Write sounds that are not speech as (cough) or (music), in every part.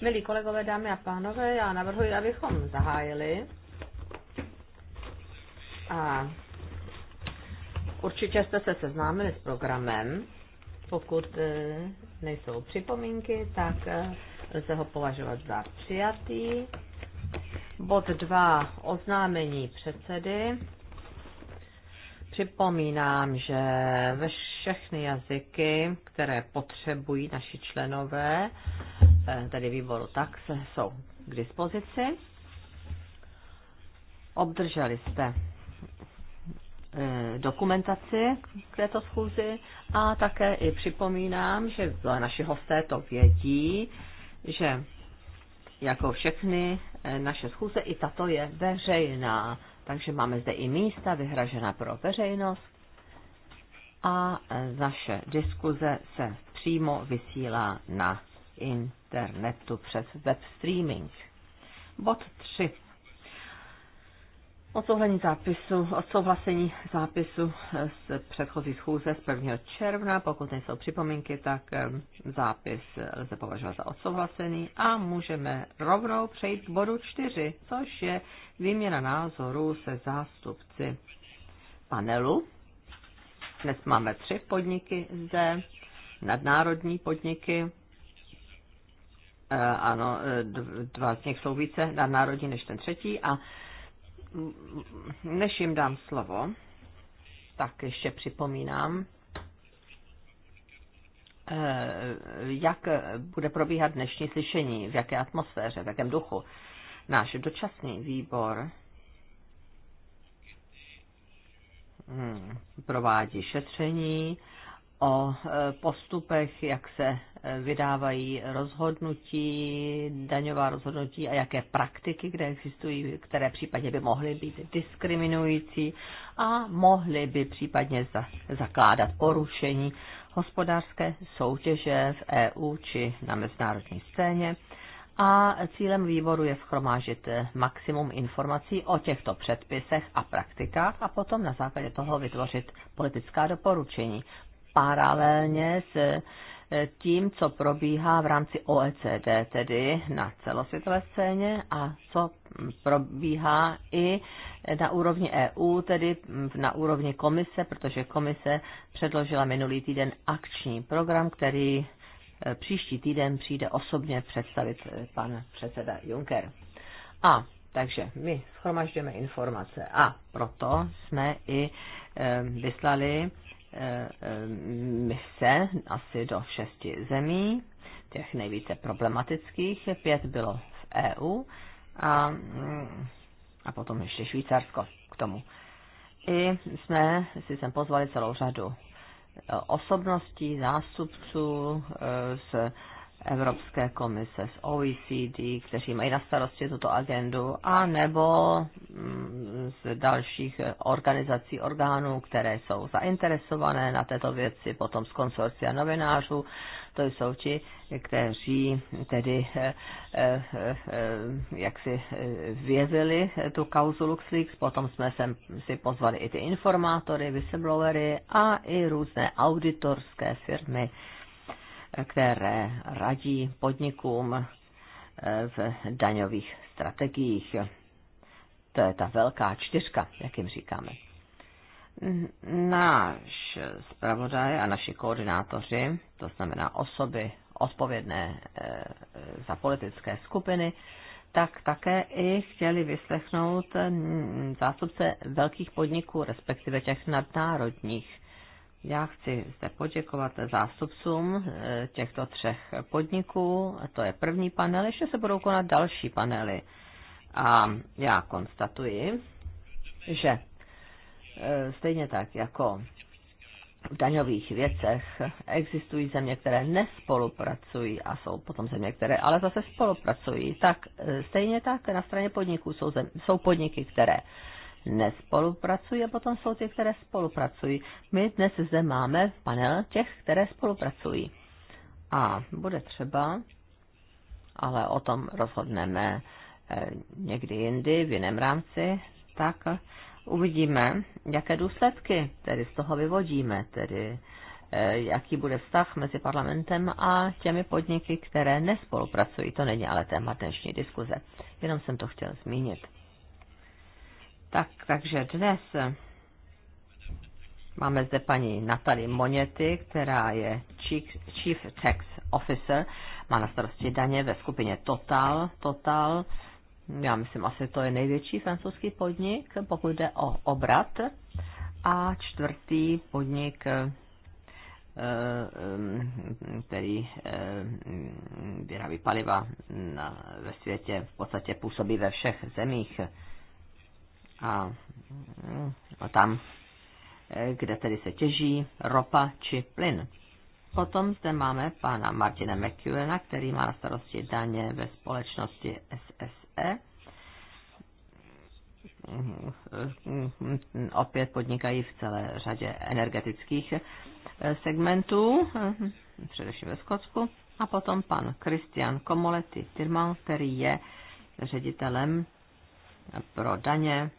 Milí kolegové, dámy a pánové, já navrhuji, abychom zahájili. A určitě jste se seznámili s programem. Pokud eh, nejsou připomínky, tak eh, lze ho považovat za přijatý. Bod 2. Oznámení předsedy. Připomínám, že ve všechny jazyky, které potřebují naši členové, eh, tedy výboru tak, se jsou k dispozici. Obdrželi jste eh, dokumentaci k této schůzi a také i připomínám, že naši hosté to vědí, že jako všechny eh, naše schůze i tato je veřejná. Takže máme zde i místa vyhražena pro veřejnost a e, naše diskuze se přímo vysílá na internetu přes web streaming. Bod 3. Odsouhlení zápisu, odsouhlasení zápisu z předchozí schůze z 1. června. Pokud nejsou připomínky, tak zápis lze považovat za odsouhlasený a můžeme rovnou přejít k bodu 4, což je výměna názorů se zástupci panelu. Dnes máme tři podniky zde, nadnárodní podniky, eh, ano, eh, dva z nich jsou více nadnárodní než ten třetí a než jim dám slovo, tak ještě připomínám, eh, jak bude probíhat dnešní slyšení, v jaké atmosféře, v jakém duchu. Náš dočasný výbor hm, provádí šetření o eh, postupech, jak se vydávají rozhodnutí, daňová rozhodnutí a jaké praktiky, kde existují, které případně by mohly být diskriminující a mohly by případně za, zakládat porušení hospodářské soutěže v EU či na mezinárodní scéně. A cílem výboru je schromážit maximum informací o těchto předpisech a praktikách a potom na základě toho vytvořit politická doporučení paralelně s tím, co probíhá v rámci OECD, tedy na celosvětové scéně, a co probíhá i na úrovni EU, tedy na úrovni komise, protože komise předložila minulý týden akční program, který e, příští týden přijde osobně představit e, pan předseda Juncker. A takže my schromažďujeme informace a proto jsme i e, vyslali mise asi do šesti zemí, těch nejvíce problematických, pět bylo v EU a, a potom ještě Švýcarsko k tomu. I jsme si sem pozvali celou řadu e, osobností, zástupců e, z Evropské komise, z OECD, kteří mají na starosti tuto agendu, a nebo mm, z dalších organizací, orgánů, které jsou zainteresované na této věci, potom z konsorcia novinářů, to jsou ti, kteří tedy eh, eh, eh, jak si vězili tu kauzu LuxLeaks, potom jsme sem si pozvali i ty informátory, whistleblowery a i různé auditorské firmy, které radí podnikům eh, v daňových strategiích. To je ta velká čtyřka, jak jim říkáme. Náš zpravodaj a naši koordinátoři, to znamená osoby odpovědné eh, za politické skupiny, tak také i chtěli vyslechnout mm, zástupce velkých podniků, respektive těch nadnárodních já chci zde poděkovat zástupcům eh, těchto třech podniků. To je první panel, ještě se budou konat další panely. A já konstatuji, že eh, stejně tak jako v daňových věcech existují země, které nespolupracují a jsou potom země, které ale zase spolupracují, tak eh, stejně tak na straně podniků jsou, zem, jsou podniky, které nespolupracují a potom jsou ty, které spolupracují. My dnes zde máme panel těch, které spolupracují. A bude třeba, ale o tom rozhodneme eh, někdy jindy, v jiném rámci, tak uvidíme, jaké důsledky tedy z toho vyvodíme, tedy eh, jaký bude vztah mezi parlamentem a těmi podniky, které nespolupracují. To není ale téma dnešní diskuze. Jenom jsem to chtěl zmínit. Tak, takže dnes máme zde paní Natalie Monety, která je Chief, Tax Officer, má na starosti daně ve skupině Total. Total, já myslím, asi to je největší francouzský podnik, pokud jde o obrat. A čtvrtý podnik eh, eh, který eh, vyrábí paliva ve světě, v podstatě působí ve všech zemích a, a tam, e, kde tedy se těží ropa či plyn. Potom zde máme pana Martina McEwena, který má na starosti daně ve společnosti SSE. Opět podnikají v celé řadě energetických e, segmentů, především ve Skotsku. A potom pan Christian Komolety Tirman, který je ředitelem pro daně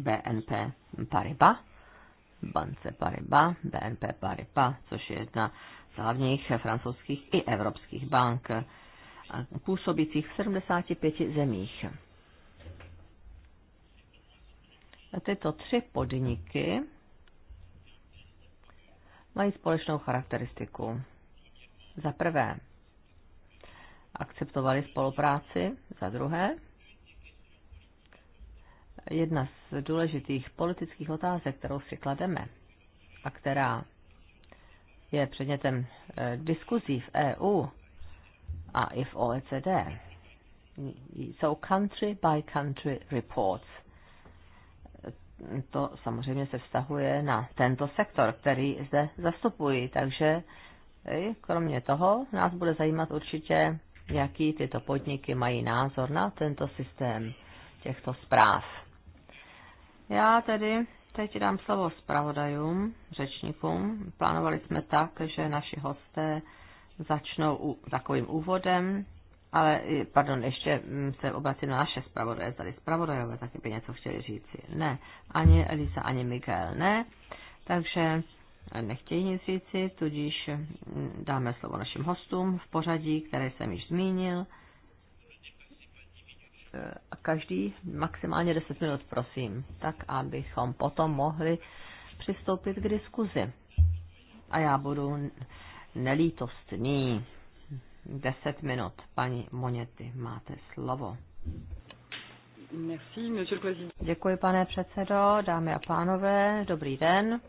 BNP Paribas, bance Paribas, BNP Paribas, což je jedna z hlavních francouzských i evropských bank, působících v 75 zemích. Tyto tři podniky mají společnou charakteristiku. Za prvé, akceptovali spolupráci, za druhé, jedna z důležitých politických otázek, kterou si klademe a která je předmětem eh, diskuzí v EU a i v OECD, jsou country by country reports. To samozřejmě se vztahuje na tento sektor, který zde zastupují. takže eh, kromě toho nás bude zajímat určitě, jaký tyto podniky mají názor na tento systém těchto zpráv. Já tedy teď dám slovo zpravodajům, řečníkům. Plánovali jsme tak, že naši hosté začnou u, takovým úvodem, ale, pardon, ještě mm, se obracím na naše zpravodaje, tady zpravodajové taky by něco chtěli říci. Ne, ani Elisa, ani Mikael ne, takže nechtějí nic říci, tudíž mm, dáme slovo našim hostům v pořadí, které jsem již zmínil každý maximálně 10 minut, prosím, tak abychom potom mohli přistoupit k diskuzi. A já budu nelítostný. 10 minut. Paní Monety, máte slovo. Merci, monsieur le Děkuji, pane předsedo, dámy a pánové, dobrý den.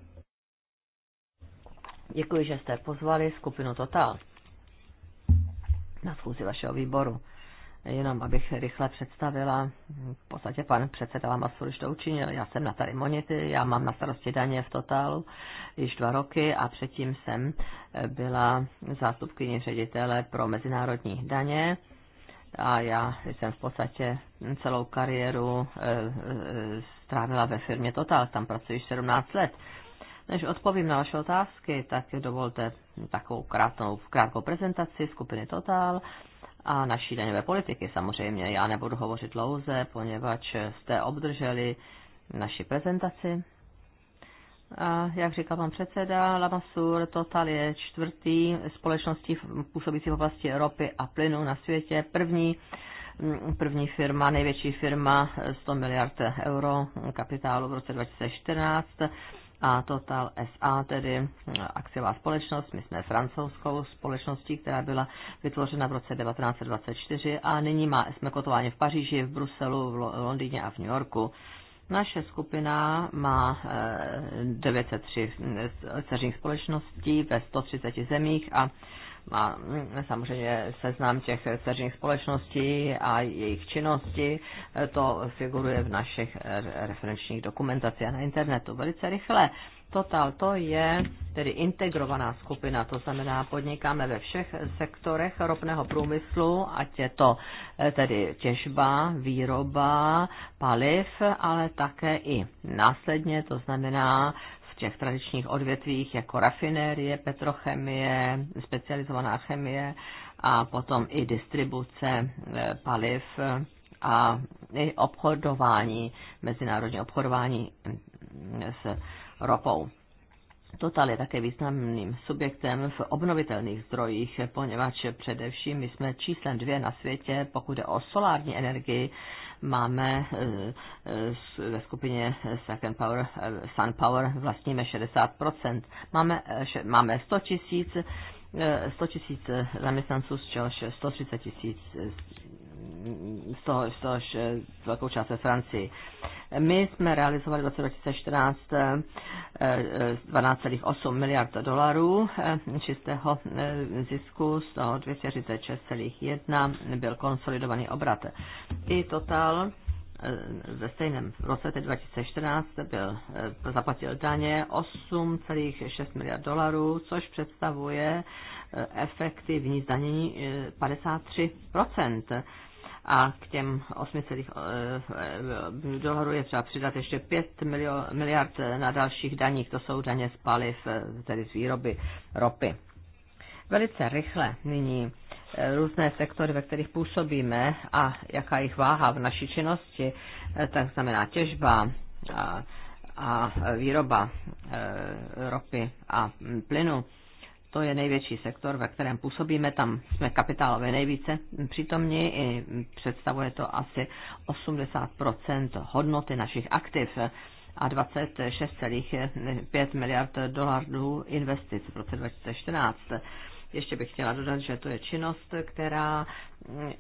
Děkuji, že jste pozvali skupinu Total na schůzi vašeho výboru. Jenom abych rychle představila, v podstatě pan předseda Lamasur už to učinil, já jsem na tady monity, já mám na starosti daně v totálu již dva roky a předtím jsem byla zástupkyně ředitele pro mezinárodní daně a já jsem v podstatě celou kariéru eh, eh, strávila ve firmě Total, tam pracuji 17 let. Než odpovím na vaše otázky, tak dovolte takovou krátkou, krátkou prezentaci skupiny Total a naší daňové politiky samozřejmě. Já nebudu hovořit dlouze, poněvadž jste obdrželi naši prezentaci. A jak říkal pan předseda, Lamassur Total je čtvrtý společností působící v oblasti ropy a plynu na světě. První, mm, první firma, největší firma 100 miliard euro kapitálu v roce 2014 a Total SA, tedy akciová společnost, my jsme francouzskou společností, která byla vytvořena v roce 1924 a nyní má, jsme kotováni v Paříži, v Bruselu, v Londýně a v New Yorku. Naše skupina má 903 dceřních společností ve 130 zemích a má mm, samozřejmě seznam těch dceřiných společností a jejich činnosti. E, to figuruje v našich e, referenčních dokumentacích na internetu velice rychle. Total to je tedy integrovaná skupina, to znamená podnikáme ve všech sektorech ropného průmyslu, ať je to e, tedy těžba, výroba, paliv, ale také i následně, to znamená těch tradičních odvětvích jako rafinérie, petrochemie, specializovaná chemie a potom i distribuce e, paliv e, a i obchodování, mezinárodní obchodování mm, s ropou. Total je také významným subjektem v obnovitelných zdrojích, poněvadž především my jsme číslem dvě na světě, pokud je o solární energii, máme eh, eh, ve skupině Second Power, eh, Sun Power vlastníme 60%. Máme, máme 100 tisíc 100 tisíc zaměstnanců, z čehož 130 tisíc z toho, z toho z velkou část ve Francii. My jsme realizovali v roce 2014 12,8 eh, eh, miliard dolarů eh, čistého zisku, z toho 236,1 byl konsolidovaný obrat. I total ve stejném roce, 2014, byl, zaplatil daně 8,6 miliard dolarů, což představuje efektivní zdanění 53 a k těm 8, eh, dolarů je třeba přidat ještě 5 miliard na dalších daních, to jsou daně z paliv, eh, tedy z výroby ropy. Velice rychle nyní eh, různé sektory, ve kterých působíme a jaká jich váha v naší činnosti, tak znamená těžba a, a výroba ropy a plynu to je největší sektor, ve kterém působíme, tam jsme kapitálově nejvíce přítomní, i představuje to asi 80 hodnoty našich aktiv a 26,5 miliard dolarů investic v roce 2014. Ještě bych chtěla dodat, že to je činnost, která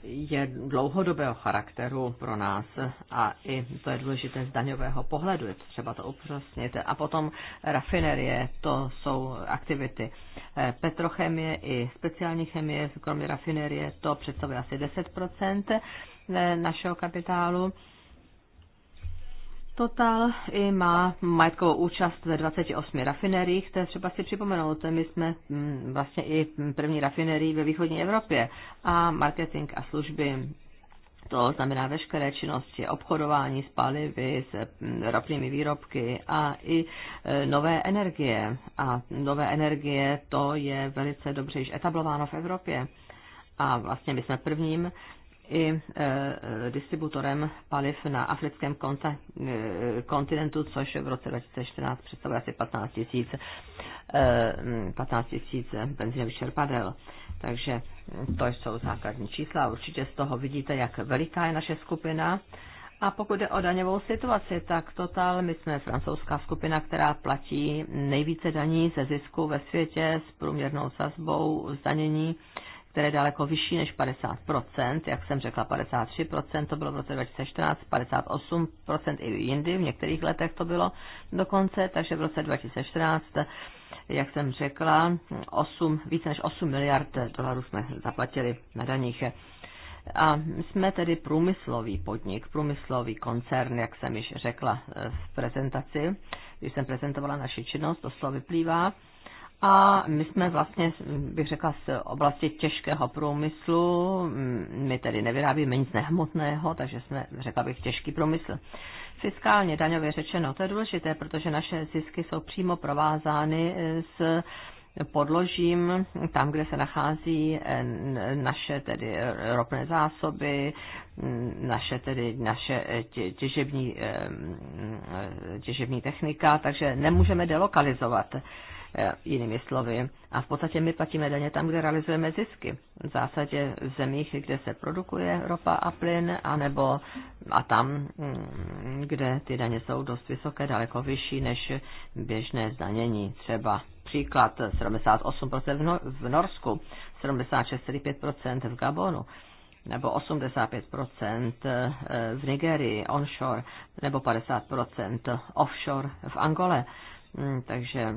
je dlouhodobého charakteru pro nás a i to je důležité z daňového pohledu, je třeba to upřesnit. A potom rafinerie, to jsou aktivity petrochemie i speciální chemie, kromě rafinerie, to představuje asi 10 našeho kapitálu Total i má majetkovou účast ve 28 rafinériích, to je třeba si připomenout, my jsme mm, vlastně i první rafinérií ve východní Evropě a marketing a služby to znamená veškeré činnosti, obchodování s palivy, s mm, ropnými výrobky a i e, nové energie. A nové energie to je velice dobře již etablováno v Evropě. A vlastně my jsme prvním i e, distributorem paliv na africkém e, kontinentu, což v roce 2014 představuje asi 15 tisíc 15 e, tisíc benzínových čerpadel. Takže to jsou základní čísla. Určitě z toho vidíte, jak veliká je naše skupina. A pokud jde o daňovou situaci, tak Total, my jsme francouzská skupina, která platí nejvíce daní ze zisku ve světě s průměrnou sazbou zdanění které je daleko vyšší než 50%, jak jsem řekla 53%, to bylo v roce 2014, 58% i jindy, v některých letech to bylo dokonce, takže v roce 2014, jak jsem řekla, 8, více než 8 miliard dolarů jsme zaplatili na daních. A jsme tedy průmyslový podnik, průmyslový koncern, jak jsem již řekla eh, v prezentaci, když jsem prezentovala naši činnost, to slovo vyplývá. A my jsme vlastně, bych řekla, z oblasti těžkého průmyslu, mm, my tedy nevyrábíme nic nehmotného, takže jsme, řekla bych, těžký průmysl. Fiskálně, daňově řečeno, to je důležité, protože naše zisky jsou přímo provázány e, s podložím tam, kde se nachází e, naše tedy ropné zásoby, naše tedy naše e, těžební, těžební technika, takže nemůžeme delokalizovat E, jinými slovy. A v podstatě my platíme daně tam, kde realizujeme zisky. V zásadě v zemích, kde se produkuje ropa a plyn, anebo a tam, mm, kde ty daně jsou dost vysoké, daleko vyšší než běžné zdanění. Třeba příklad 78% v Norsku, 76,5% v Gabonu nebo 85% e, v Nigerii onshore, nebo 50% offshore v Angole. Mm, takže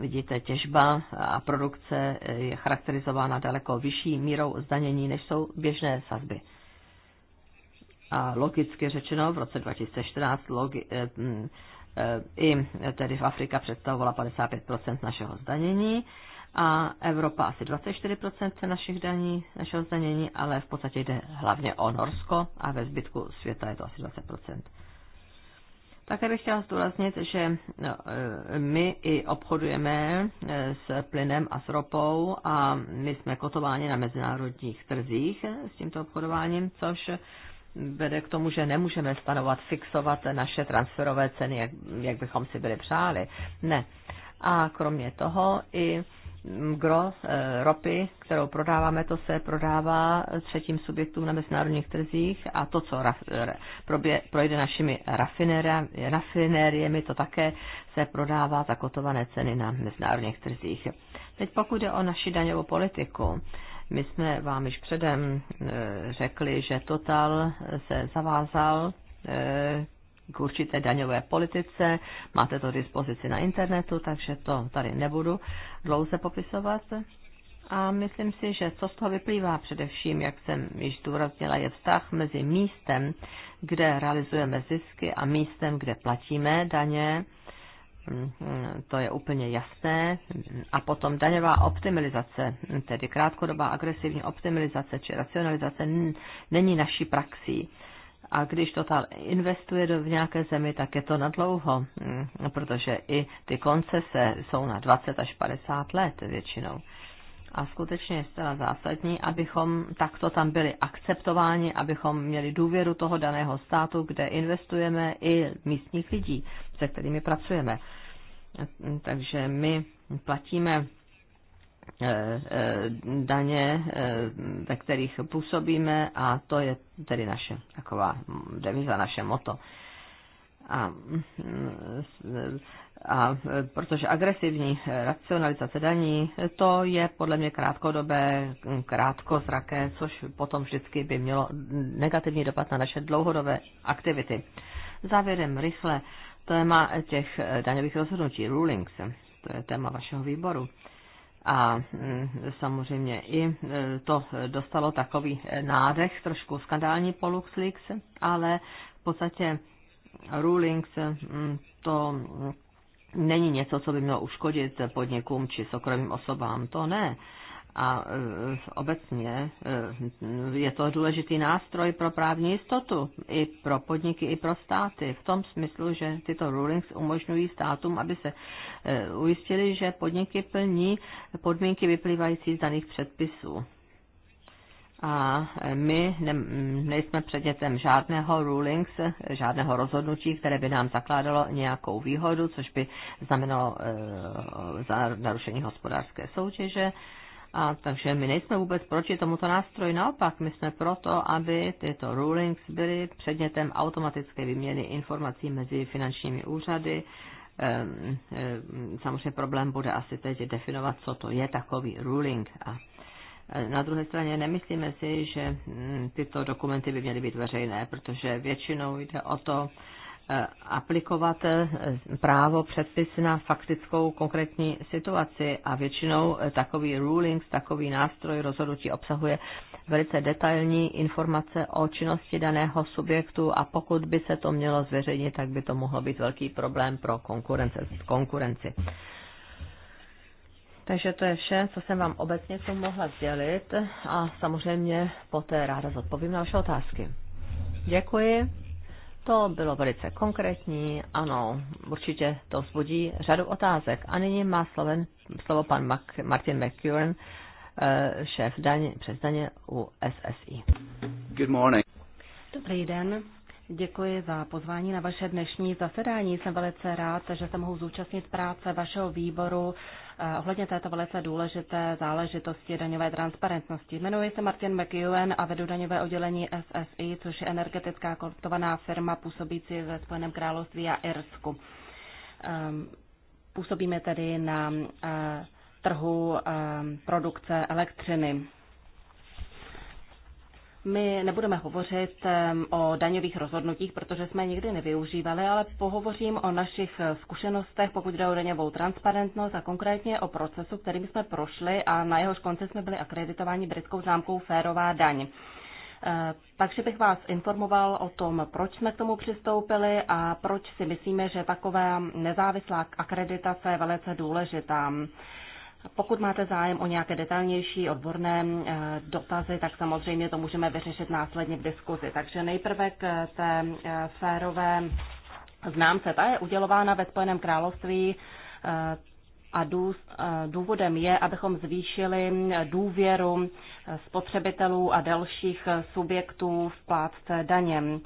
Vidíte, těžba a produkce eh, je charakterizována daleko vyšší mírou zdanění, než jsou běžné sazby. A logicky řečeno, v roce 2014 eh, mm, eh, i tedy v Afrika představovala 55 našeho zdanění a Evropa asi 24 našich daní, našeho zdanění, ale v podstatě jde hlavně o Norsko a ve zbytku světa je to asi 20 také bych chtěla zdůraznit, že no, e, my i obchodujeme e, s plynem a s ropou a my jsme kotováni na mezinárodních trzích s tímto obchodováním, což vede k tomu, že nemůžeme stanovat, fixovat naše transferové ceny, jak, jak bychom si byli přáli. Ne. A kromě toho i gro eh, ropy, kterou prodáváme, to se prodává třetím subjektům na mezinárodních trzích a to, co raf, eh, probě, projde našimi rafinériemi, to také se prodává za kotované ceny na mezinárodních trzích. Teď pokud jde o naši daňovou politiku, my jsme vám již předem eh, řekli, že Total se zavázal k určité daňové politice. Máte to k dispozici na internetu, takže to tady nebudu dlouze popisovat. A myslím si, že co z toho vyplývá především, jak jsem již zdůraznila, je vztah mezi místem, kde realizujeme zisky a místem, kde platíme daně. To je úplně jasné. A potom daňová optimalizace, tedy krátkodobá agresivní optimalizace či racionalizace, není naší praxí. A když Total investuje do, v nějaké zemi, tak je to na dlouho, mm, protože i ty koncese jsou na 20 až 50 let většinou. A skutečně je zcela zásadní, abychom takto tam byli akceptováni, abychom měli důvěru toho daného státu, kde investujeme i místních lidí, se kterými pracujeme. Mm, takže my platíme Eh, eh, daně, eh, ve kterých působíme a to je tedy naše taková deviza, naše moto. A, a protože agresivní racionalizace daní, to je podle mě krátkodobé, krátkozraké, což potom vždycky by mělo negativní dopad na naše dlouhodobé aktivity. Závěrem rychle téma těch daňových rozhodnutí, rulings, to je téma vašeho výboru a mm, samozřejmě i e, to dostalo takový nádech, trošku skandální LuxLeaks, ale v podstatě rulings mm, to není něco, co by mělo uškodit podnikům či soukromým osobám, to ne a e, obecně e, je to důležitý nástroj pro právní jistotu i pro podniky, i pro státy. V tom smyslu, že tyto rulings umožňují státům, aby se e, ujistili, že podniky plní podmínky vyplývající z daných předpisů. A my ne, nejsme předmětem žádného rulings, žádného rozhodnutí, které by nám zakládalo nějakou výhodu, což by znamenalo e, narušení hospodářské soutěže. E, a takže my nejsme vůbec proti tomuto nástroji, naopak my jsme proto, aby tyto rulings byly předmětem automatické vyměny informací mezi finančními úřady. Ehm, ehm, samozřejmě problém bude asi teď definovat, co to je takový ruling. A e, na druhé straně nemyslíme si, že hm, tyto dokumenty by měly být veřejné, protože většinou jde o to, Eh, aplikovat eh, právo předpis na faktickou konkrétní situaci a většinou eh, takový rulings, takový nástroj rozhodnutí obsahuje velice detailní informace o činnosti daného subjektu a pokud by se to mělo zveřejnit, tak by to mohlo být velký problém pro konkurence, konkurenci. Takže to je vše, co jsem vám obecně co mohla sdělit a samozřejmě poté ráda zodpovím na vaše otázky. Děkuji. To bylo velice konkrétní, ano, určitě to vzbudí řadu otázek. A nyní má sloven, slovo pan Mac, Martin McEwen, eh, šéf daně, přes daně u SSI. Good morning. Dobrý den. Děkuji za pozvání na vaše dnešní zasedání. Jsem velice rád, že se mohu zúčastnit práce vašeho výboru eh, ohledně této velice důležité záležitosti daňové transparentnosti. Jmenuji se Martin McEwen a vedu daňové oddělení SSI, což je energetická kortovaná firma působící ve Spojeném království a Irsku. Ehm, působíme tedy na eh, trhu ehm, produkce elektřiny. My nebudeme hovořit o daňových rozhodnutích, protože jsme nikdy nevyužívali, ale pohovořím o našich zkušenostech, pokud jde o daňovou transparentnost a konkrétně o procesu, kterým jsme prošli a na jehož konci jsme byli akreditováni britskou známkou Férová daň. E, takže bych vás informoval o tom, proč jsme k tomu přistoupili a proč si myslíme, že taková nezávislá akreditace je velice důležitá. Pokud máte zájem o nějaké detailnější odborné eh, dotazy, tak samozřejmě to můžeme vyřešit následně v diskuzi. Takže nejprve k té eh, férové známce. Ta je udělována ve Spojeném království eh, a důvodem je, abychom zvýšili důvěru spotřebitelů a dalších subjektů v plátce daněm.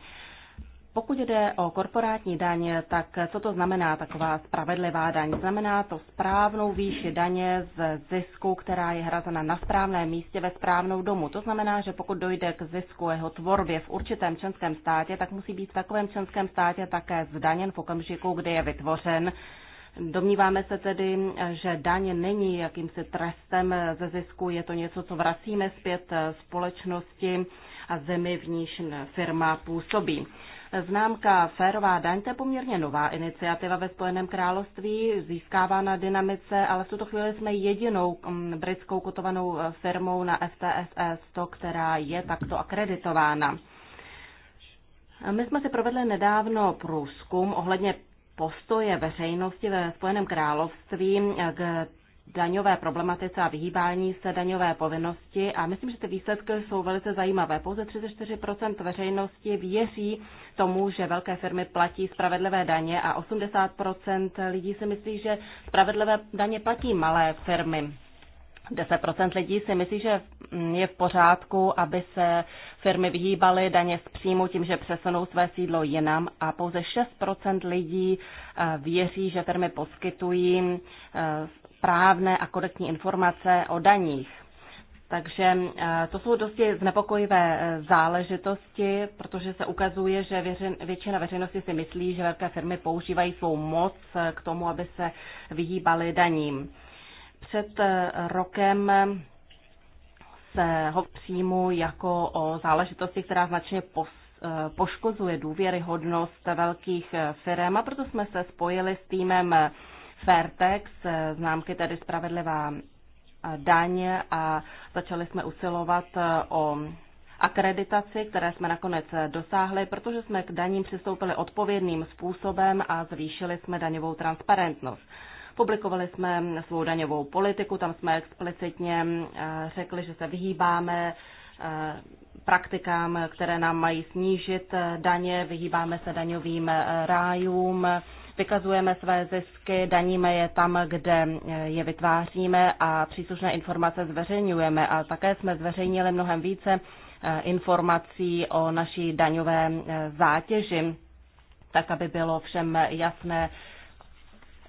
Pokud jde o korporátní daň, tak co to znamená taková spravedlivá daň? Znamená to správnou výši daně z zisku, která je hrazena na správném místě ve správnou domu. To znamená, že pokud dojde k zisku jeho tvorbě v určitém členském státě, tak musí být v takovém členském státě také zdaněn v okamžiku, kde je vytvořen. Domníváme se tedy, že daň není jakýmsi trestem ze zisku, je to něco, co vracíme zpět společnosti a zemi, v níž firma působí. Známka Férová daň to je poměrně nová iniciativa ve Spojeném království, získává na dynamice, ale v tuto chvíli jsme jedinou mm, britskou kotovanou eh, firmou na FTSE 100, která je takto akreditována. My jsme si provedli nedávno průzkum ohledně postoje veřejnosti ve Spojeném království eh, k daňové problematice a vyhýbání se daňové povinnosti a myslím, že ty výsledky jsou velice zajímavé. Pouze 34% veřejnosti věří tomu, že velké firmy platí spravedlivé daně a 80% lidí si myslí, že spravedlivé daně platí malé firmy. 10% lidí si myslí, že je v pořádku, aby se firmy vyhýbaly daně z příjmu tím, že přesunou své sídlo jinam a pouze 6% lidí eh, věří, že firmy poskytují eh, správné a korektní informace o daních. Takže eh, to jsou dosti znepokojivé eh, záležitosti, protože se ukazuje, že většina veřejnosti si myslí, že velké firmy používají svou moc eh, k tomu, aby se vyhýbaly daním. Před rokem se ho přijmu jako o záležitosti, která značně poškozuje důvěryhodnost velkých firm a proto jsme se spojili s týmem Fairtex, eh, známky tedy spravedlivá eh, daň a začali jsme usilovat eh, o akreditaci, které jsme nakonec dosáhli, protože jsme k daním přistoupili odpovědným způsobem a zvýšili jsme daňovou transparentnost. Publikovali jsme svou daňovou politiku, tam jsme explicitně řekli, že se vyhýbáme praktikám, které nám mají snížit daně, vyhýbáme se daňovým rájům, vykazujeme své zisky, daníme je tam, kde eh, je vytváříme a příslušné informace zveřejňujeme. A také jsme zveřejnili mnohem více eh, informací o naší daňové eh, zátěži, tak aby bylo všem jasné,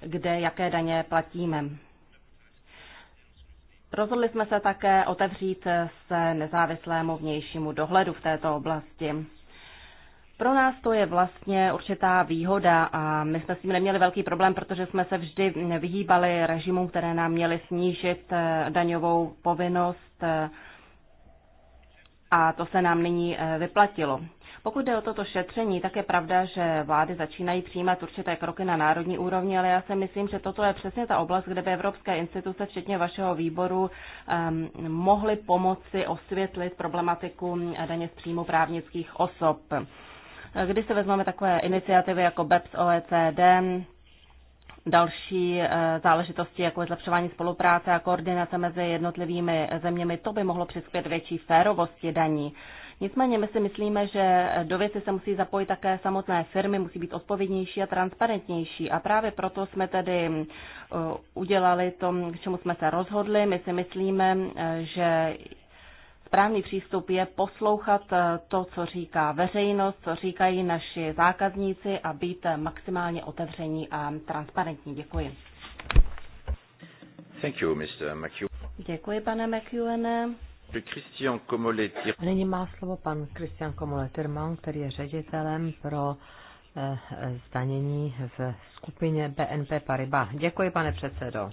kde jaké daně platíme. Rozhodli jsme se také otevřít se nezávislému vnějšímu dohledu v této oblasti. Pro nás to je vlastně určitá výhoda a my jsme s tím neměli velký problém, protože jsme se vždy vyhýbali režimům, které nám měly snížit eh, daňovou povinnost eh, a to se nám nyní eh, vyplatilo. Pokud jde o toto šetření, tak je pravda, že vlády začínají přijímat určité kroky na národní úrovni, ale já si myslím, že toto je přesně ta oblast, kde by evropské instituce, včetně vašeho výboru, um, mohly pomoci osvětlit problematiku daně z příjmu právnických osob. Když se vezmeme takové iniciativy jako BEPS, OECD, další eh, záležitosti, jako je zlepšování spolupráce a koordinace mezi jednotlivými zeměmi, to by mohlo přispět větší férovosti daní. Nicméně my si myslíme, že do věci se musí zapojit také samotné firmy, musí být odpovědnější a transparentnější. A právě proto jsme tedy eh, udělali to, k čemu jsme se rozhodli. My si myslíme, eh, že Správný přístup je poslouchat eh, to, co říká veřejnost, co říkají naši zákazníci a být eh, maximálně otevření a transparentní. Děkuji. Thank you, Mr. McEwen. Děkuji, pane McEwene. Christian Nyní má slovo pan Christian Komoletirman, který je ředitelem pro eh, zdanění v skupině BNP Paribas. Děkuji, pane předsedo.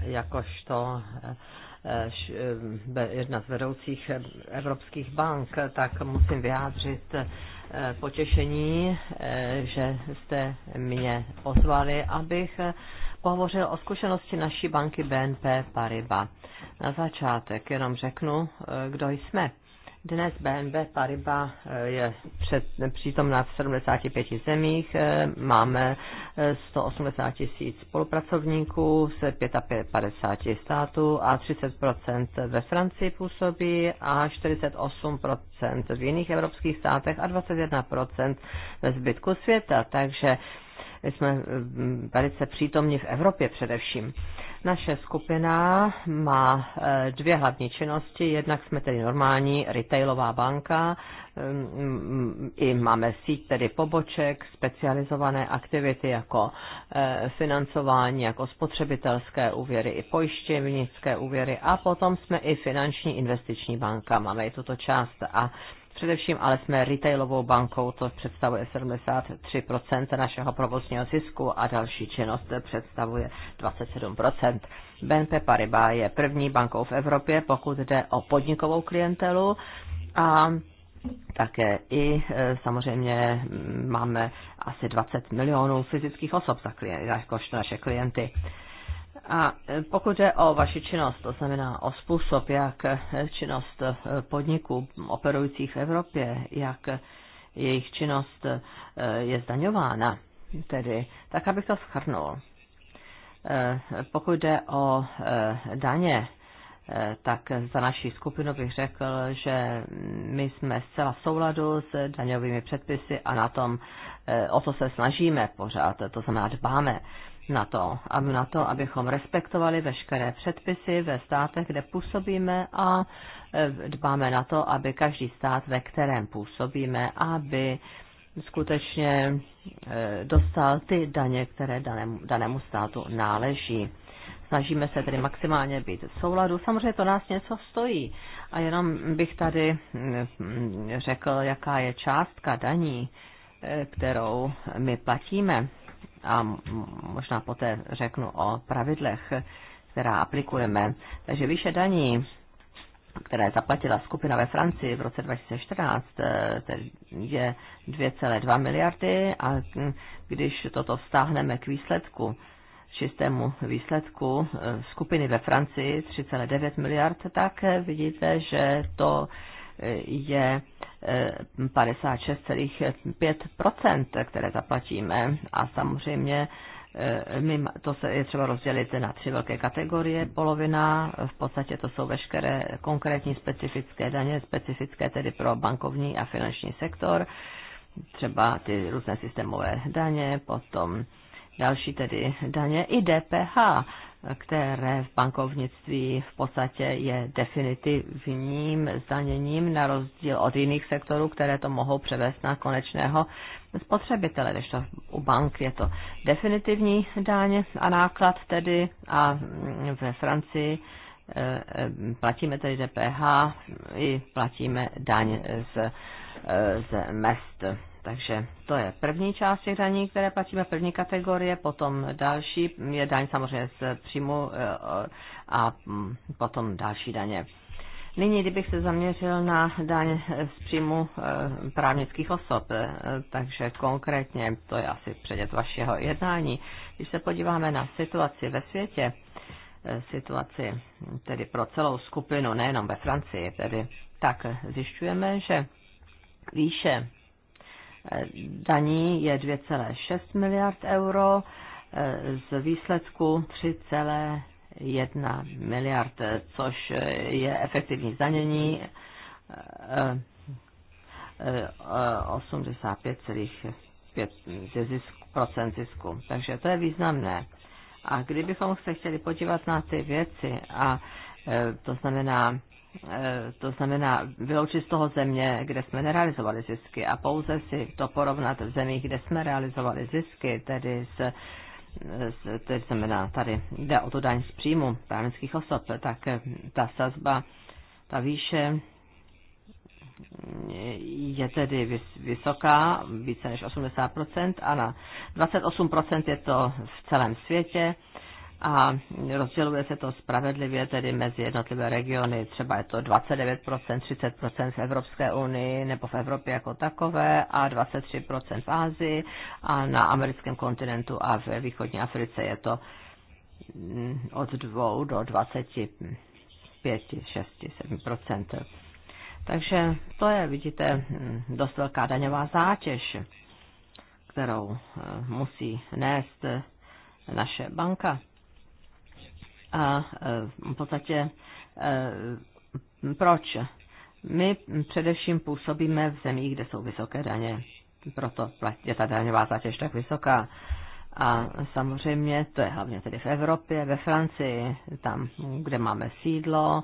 Jakožto Eh, eh, jedna z vedoucích evropských bank, tak musím vyjádřit eh, potěšení, že jste mě pozvali, abych pohovořil o zkušenosti naší banky BNP Paribas. Na začátek jenom řeknu, kdo jsme. Dnes BNB Paribas eh, je před, přítomná v 75 zemích, eh, máme 180 eh, tisíc spolupracovníků z 55 států a 30 ve Francii působí a 48 v jiných evropských státech a 21 ve zbytku světa. Takže jsme velice přítomní v Evropě především. Naše skupina má eh, dvě hlavní činnosti. Jednak jsme tedy normální retailová banka, mm, mm, i máme síť tedy poboček, specializované aktivity jako eh, financování, jako spotřebitelské úvěry i pojištěvnické úvěry a potom jsme i finanční investiční banka, máme i tuto část a především, ale jsme retailovou bankou, to představuje 73% našeho provozního zisku a další činnost představuje 27%. BNP Paribas je první bankou v Evropě, pokud jde o podnikovou klientelu a také i e, samozřejmě máme asi 20 milionů fyzických osob za klient, jakožto naše klienty. A e, pokud je o vaši činnost, to znamená o způsob, jak e, činnost e, podniků operujících v Evropě, jak jejich činnost je zdaňována, tedy, tak abych to schrnul. Pokud jde o daně, tak za naší skupinu bych řekl, že my jsme zcela v souladu s daňovými předpisy a na tom, o to se snažíme pořád, to znamená dbáme na to, aby na to, abychom respektovali veškeré předpisy ve státech, kde působíme a e, dbáme na to, aby každý stát, ve kterém působíme, aby skutečně e, dostal ty daně, které danému, danému státu náleží. Snažíme se tedy maximálně být v souladu. Samozřejmě to nás něco stojí. A jenom bych tady mm, řekl, jaká je částka daní, e, kterou my platíme a možná poté řeknu o pravidlech, která aplikujeme. Takže výše daní, které zaplatila skupina ve Francii v roce 2014, eh, je 2,2 miliardy a hm, když toto vztáhneme k výsledku, čistému výsledku eh, skupiny ve Francii 3,9 miliard, tak eh, vidíte, že to je 56,5%, eh, které zaplatíme. A samozřejmě eh, my, to se je třeba rozdělit na tři velké kategorie. Polovina, v podstatě to jsou veškeré konkrétní specifické daně, specifické tedy pro bankovní a finanční sektor, třeba ty různé systémové daně, potom další tedy daně, i DPH, které v bankovnictví v podstatě je definitivním zdaněním na rozdíl od jiných sektorů, které to mohou převést na konečného spotřebitele, když to u bank je to definitivní daň a náklad tedy a ve Francii eh, eh, platíme tedy DPH i platíme daň z, eh, z mest takže to je první část těch daní, které platíme, první kategorie, potom další je daň samozřejmě z příjmu e, a mm, potom další daně. Nyní, kdybych se zaměřil na daň z příjmu e, právnických osob, e, takže konkrétně, to je asi předět vašeho jednání, když se podíváme na situaci ve světě, situaci tedy pro celou skupinu, nejenom ve Francii, tedy tak zjišťujeme, že výše daní je 2,6 miliard euro, eh, z výsledku 3,1 miliard, což je efektivní zdanění 85,5 eh, eh, zisku. Takže to je významné. A kdybychom se chtěli podívat na ty věci, a to znamená Eh, to znamená vyloučit z toho země, kde jsme nerealizovali zisky a pouze si to porovnat v zemích, kde jsme realizovali zisky, tedy s to znamená tady jde o to daň z příjmu právnických osob, tak eh, ta sazba, ta výše eh, je tedy vysoká, více než 80%, a na 28% je to v celém světě a rozděluje se to spravedlivě tedy mezi jednotlivé regiony. Třeba je to 29%, 30% v Evropské unii nebo v Evropě jako takové a 23% v Ázii a na americkém kontinentu a ve východní Africe je to mm, od 2 do 25, 6, 7%. Takže to je, vidíte, mm, dost velká daňová zátěž, kterou eh, musí nést eh, naše banka. A e, v podstatě e, proč? My především působíme v zemích, kde jsou vysoké daně, proto je ta daňová zátěž tak vysoká. A samozřejmě to je hlavně tedy v Evropě, ve Francii, tam, kde máme sídlo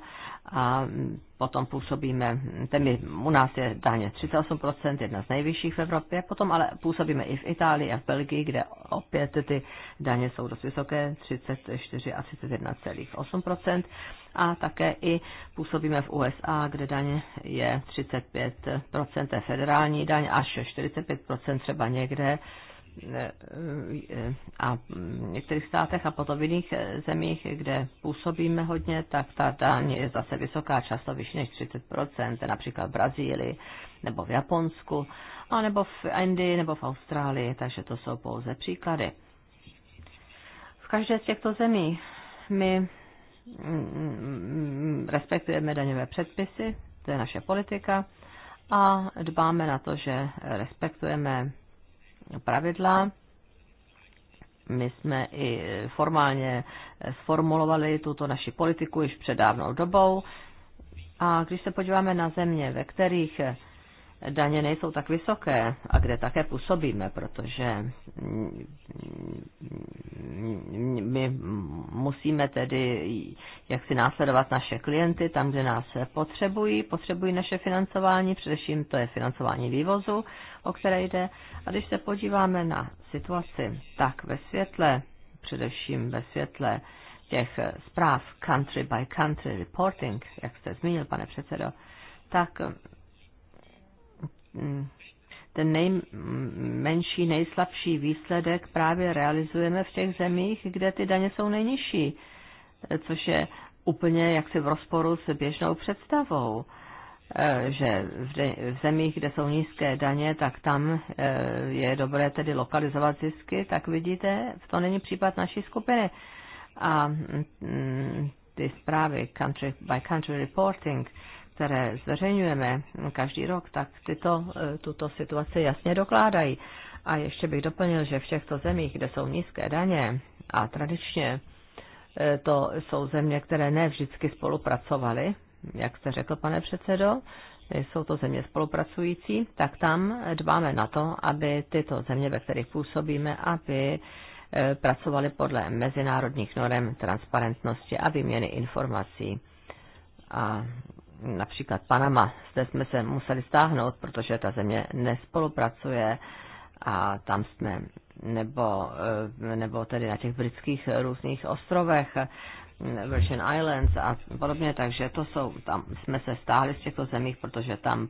a potom působíme, ten je, u nás je daně 38%, jedna z nejvyšších v Evropě, potom ale působíme i v Itálii a v Belgii, kde opět ty daně jsou dost vysoké, 34 a 31,8% a také i působíme v USA, kde daň je 35%, je federální daň, až 45% třeba někde, Eh, a v některých státech a potom v jiných eh, zemích, kde působíme hodně, tak ta daň je zase vysoká, často vyšší než 30%, například v Brazílii nebo v Japonsku, a nebo v Indii nebo v Austrálii, takže to jsou pouze příklady. V každé z těchto zemí my mm, mm, respektujeme daňové předpisy, to je naše politika, a dbáme na to, že respektujeme pravidla. My jsme i formálně sformulovali tuto naši politiku již před dávnou dobou. A když se podíváme na země, ve kterých daně nejsou tak vysoké a kde také působíme, protože my musíme tedy jak si následovat naše klienty tam, kde nás potřebují, potřebují naše financování, především to je financování vývozu, o které jde. A když se podíváme na situaci, tak ve světle, především ve světle těch zpráv country by country reporting, jak jste zmínil, pane předsedo, tak Mm. ten nejmenší, nejslabší výsledek právě realizujeme v těch zemích, kde ty daně jsou nejnižší, což je úplně jaksi v rozporu s běžnou představou eh, že v, zemích, kde jsou nízké daně, tak tam eh, je dobré tedy lokalizovat zisky, tak vidíte, to není případ naší skupiny. A mm, ty zprávy country by country reporting, které zveřejňujeme každý rok, tak tyto, e, tuto situaci jasně dokládají. A ještě bych doplnil, že v těchto zemích, kde jsou nízké daně a tradičně e, to jsou země, které ne vždycky spolupracovaly, jak jste řekl, pane předsedo, jsou to země spolupracující, tak tam dbáme na to, aby tyto země, ve kterých působíme, aby e, pracovali podle mezinárodních norem transparentnosti a výměny informací. A například Panama, zde jsme se museli stáhnout, protože ta země nespolupracuje a tam jsme, nebo, eh, nebo tedy na těch britských různých ostrovech, Virgin Islands a podobně, takže to jsou, tam jsme se stáhli z těchto zemích, protože tam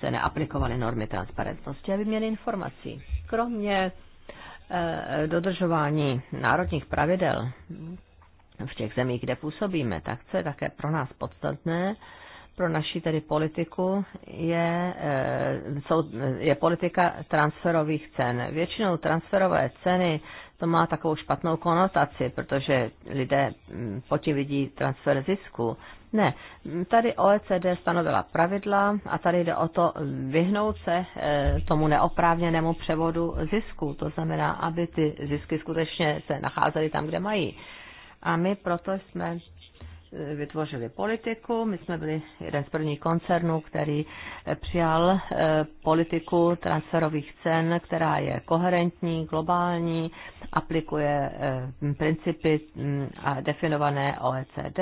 se neaplikovaly normy transparentnosti a vyměny informací. Kromě eh, dodržování národních pravidel v těch zemích, kde působíme, tak co je také pro nás podstatné, eh, pro naší tedy politiku je, eh, jsou, je politika transferových cen. Většinou transferové ceny to má takovou špatnou konotaci, protože lidé hm, potom vidí transfer zisku. Ne, tady OECD stanovila pravidla a tady jde o to vyhnout se eh, tomu neoprávněnému převodu zisku. To znamená, aby ty zisky skutečně se nacházely tam, kde mají. A my proto jsme vytvořili politiku. My jsme byli jeden z prvních koncernů, který přijal eh, politiku transferových cen, která je koherentní, globální, aplikuje eh, principy mm, definované OECD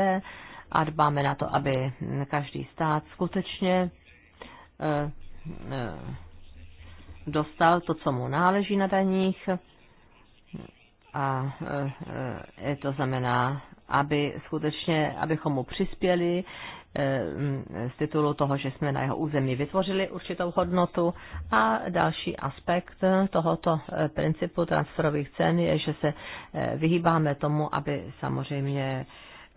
a dbáme na to, aby každý stát skutečně eh, dostal to, co mu náleží na daních a to znamená aby skutečně, abychom mu přispěli eh, z titulu toho, že jsme na jeho území vytvořili určitou hodnotu. A další aspekt tohoto eh, principu transferových cen je, že se eh, vyhýbáme tomu, aby samozřejmě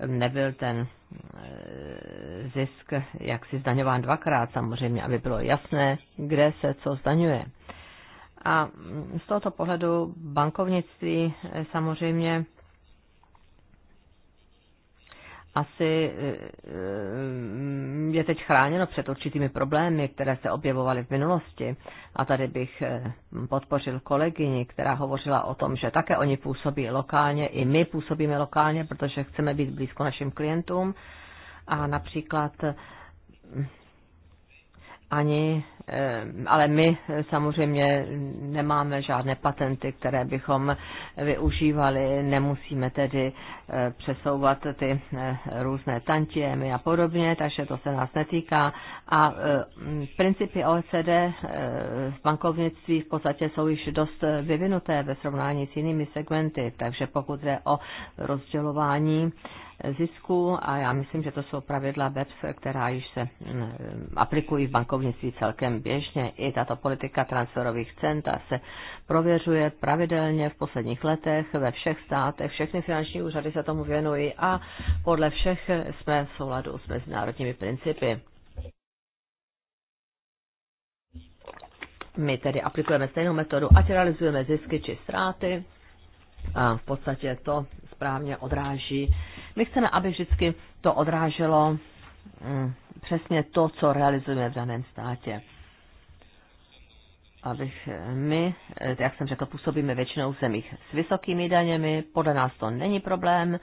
nebyl ten zisk jaksi zdaňován dvakrát samozřejmě, aby bylo jasné, kde se co zdaňuje. A mm, z tohoto pohledu bankovnictví samozřejmě asi eh, eh, je teď chráněno před určitými problémy, které se objevovaly v minulosti. A tady bych eh, podpořil kolegyni, která hovořila o tom, že také oni působí lokálně, i my působíme lokálně, protože chceme být blízko našim klientům. A například ani, eh, ale my samozřejmě nemáme žádné patenty, které bychom využívali, nemusíme tedy eh, přesouvat ty eh, různé tantiemy a podobně, takže to se nás netýká. A principy OECD v bankovnictví v podstatě jsou již dost vyvinuté ve srovnání s jinými segmenty, takže pokud jde o rozdělování, zisku a já myslím, že to jsou pravidla BEPS, která již se mm, aplikují v bankovnictví celkem běžně. I tato politika transferových cen ta se prověřuje pravidelně v posledních letech ve všech státech. Všechny finanční úřady se tomu věnují a podle všech jsme v souladu s mezinárodními principy. My tedy aplikujeme stejnou metodu, ať realizujeme zisky či ztráty. A v podstatě to správně odráží my chceme, aby vždycky to odráželo mm, přesně to, co realizujeme v daném státě. Abych my, eh, jak jsem řekl, působíme většinou v zemích s vysokými daněmi, podle nás to není problém,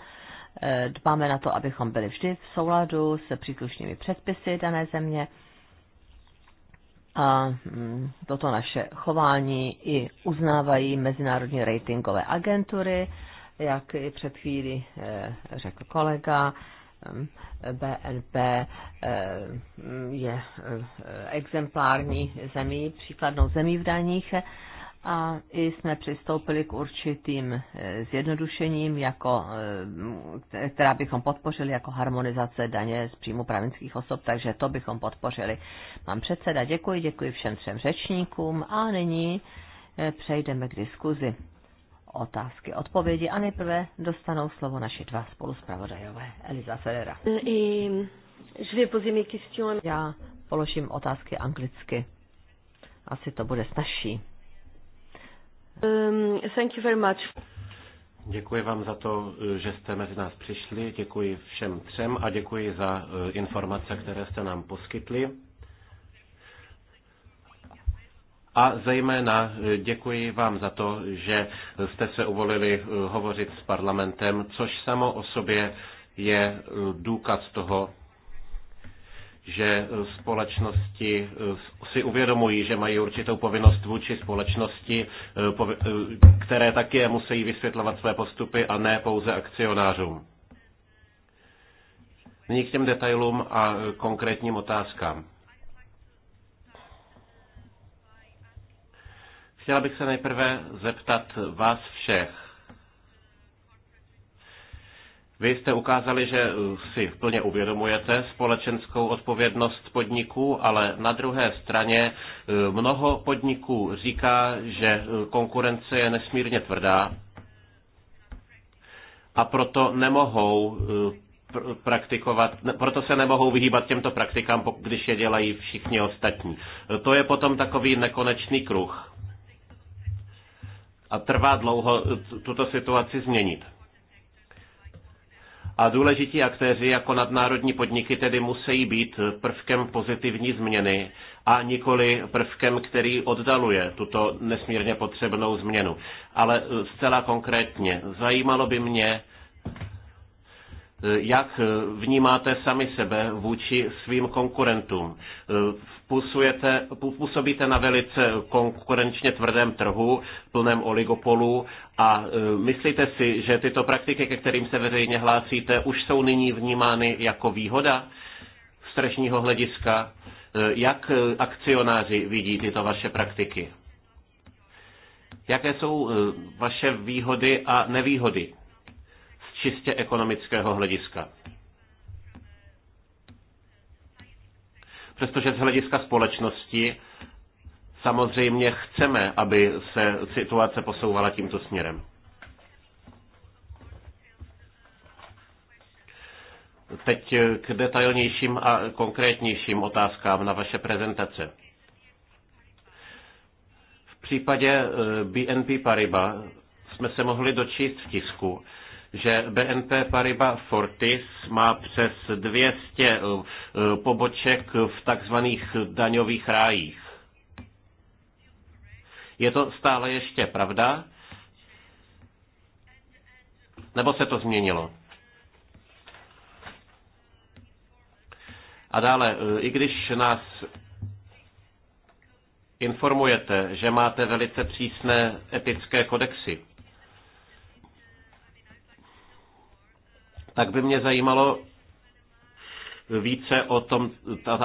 eh, dbáme na to, abychom byli vždy v souladu s příslušnými předpisy dané země. A mm, toto naše chování i uznávají mezinárodní ratingové agentury jak i před chvíli eh, řekl kolega, eh, BNP eh, je exemplární zemí, příkladnou zemí v daních a i jsme přistoupili k určitým zjednodušením, jako, která bychom podpořili jako harmonizace daně z příjmu právnických osob, takže to bychom podpořili. Mám předseda, děkuji, děkuji všem třem řečníkům a nyní přejdeme k diskuzi otázky, odpovědi a nejprve dostanou slovo naše dva spoluspravodajové. Eliza Ferrera. Já položím otázky anglicky. Asi to bude snažší. Um, thank you very much. Děkuji vám za to, že jste mezi nás přišli. Děkuji všem třem a děkuji za eh, informace, které jste nám poskytli. A zejména eh, děkuji vám za to, že jste se uvolili eh, hovořit s parlamentem, což samo o sobě je eh, důkaz toho, že společnosti si uvědomují, že mají určitou povinnost vůči společnosti, které také musí vysvětlovat své postupy a ne pouze akcionářům. Nyní k těm detailům a konkrétním otázkám. Chtěla bych se nejprve zeptat vás všech. Vy jste ukázali, že eh, si plně uvědomujete společenskou odpovědnost podniků, ale na druhé straně eh, mnoho podniků říká, že eh, konkurence je nesmírně tvrdá a proto nemohou praktikovat, proto se nemohou vyhýbat těmto praktikám, když je dělají všichni ostatní. To je potom takový nekonečný kruh a trvá dlouho tuto situaci změnit. A důležití aktéři jako nadnárodní podniky tedy musí být prvkem pozitivní změny a nikoli prvkem, který oddaluje tuto nesmírně potřebnou změnu. Ale zcela konkrétně, zajímalo by mě, jak vnímáte sami sebe vůči svým konkurentům působíte, působíte na velice konkurenčně tvrdém trhu, plném oligopolu a e, myslíte si, že tyto praktiky, ke kterým se veřejně hlásíte, už jsou nyní vnímány jako výhoda z tržního hlediska? E, jak e, akcionáři vidí tyto vaše praktiky? Jaké jsou vaše výhody a nevýhody z čistě ekonomického hlediska? přestože z hlediska společnosti samozřejmě chceme, aby se situace posouvala tímto směrem. Teď k detailnějším a konkrétnějším otázkám na vaše prezentace. V případě eh, BNP Paribas jsme se mohli dočíst v tisku, že BNP Paribas Fortis má přes 200 eh, poboček v takzvaných daňových rájích. Je to stále ještě pravda? Nebo se to změnilo? A dále, eh, i když nás informujete, že máte velice přísné etické kodexy, tak by mě zajímalo více o, tom,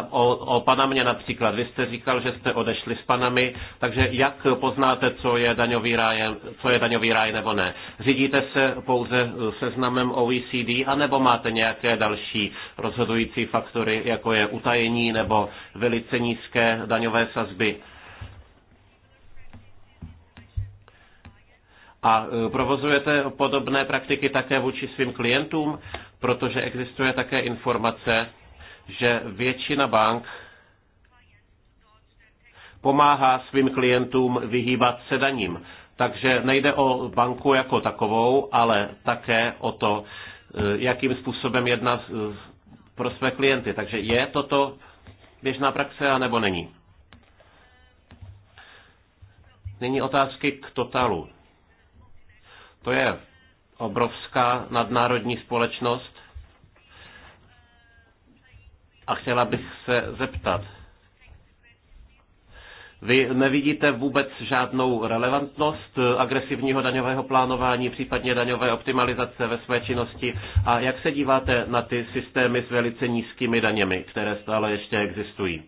o, o Panamě například. Vy jste říkal, že jste odešli s Panami, takže jak poznáte, co je daňový ráj, co je daňový ráj nebo ne? Řídíte se pouze seznamem OECD, anebo máte nějaké další rozhodující faktory, jako je utajení nebo velice nízké daňové sazby? A e, provozujete podobné praktiky také vůči svým klientům, protože existuje také informace, že většina bank pomáhá svým klientům vyhýbat se daním. Takže nejde o banku jako takovou, ale také o to, e, jakým způsobem jedná e, pro své klienty. Takže je toto běžná praxe, anebo není? Není otázky k totalu. To je obrovská nadnárodní společnost a chtěla bych se zeptat. Vy nevidíte vůbec žádnou relevantnost agresivního daňového plánování, případně daňové optimalizace ve své činnosti a jak se díváte na ty systémy s velice nízkými daněmi, které stále ještě existují?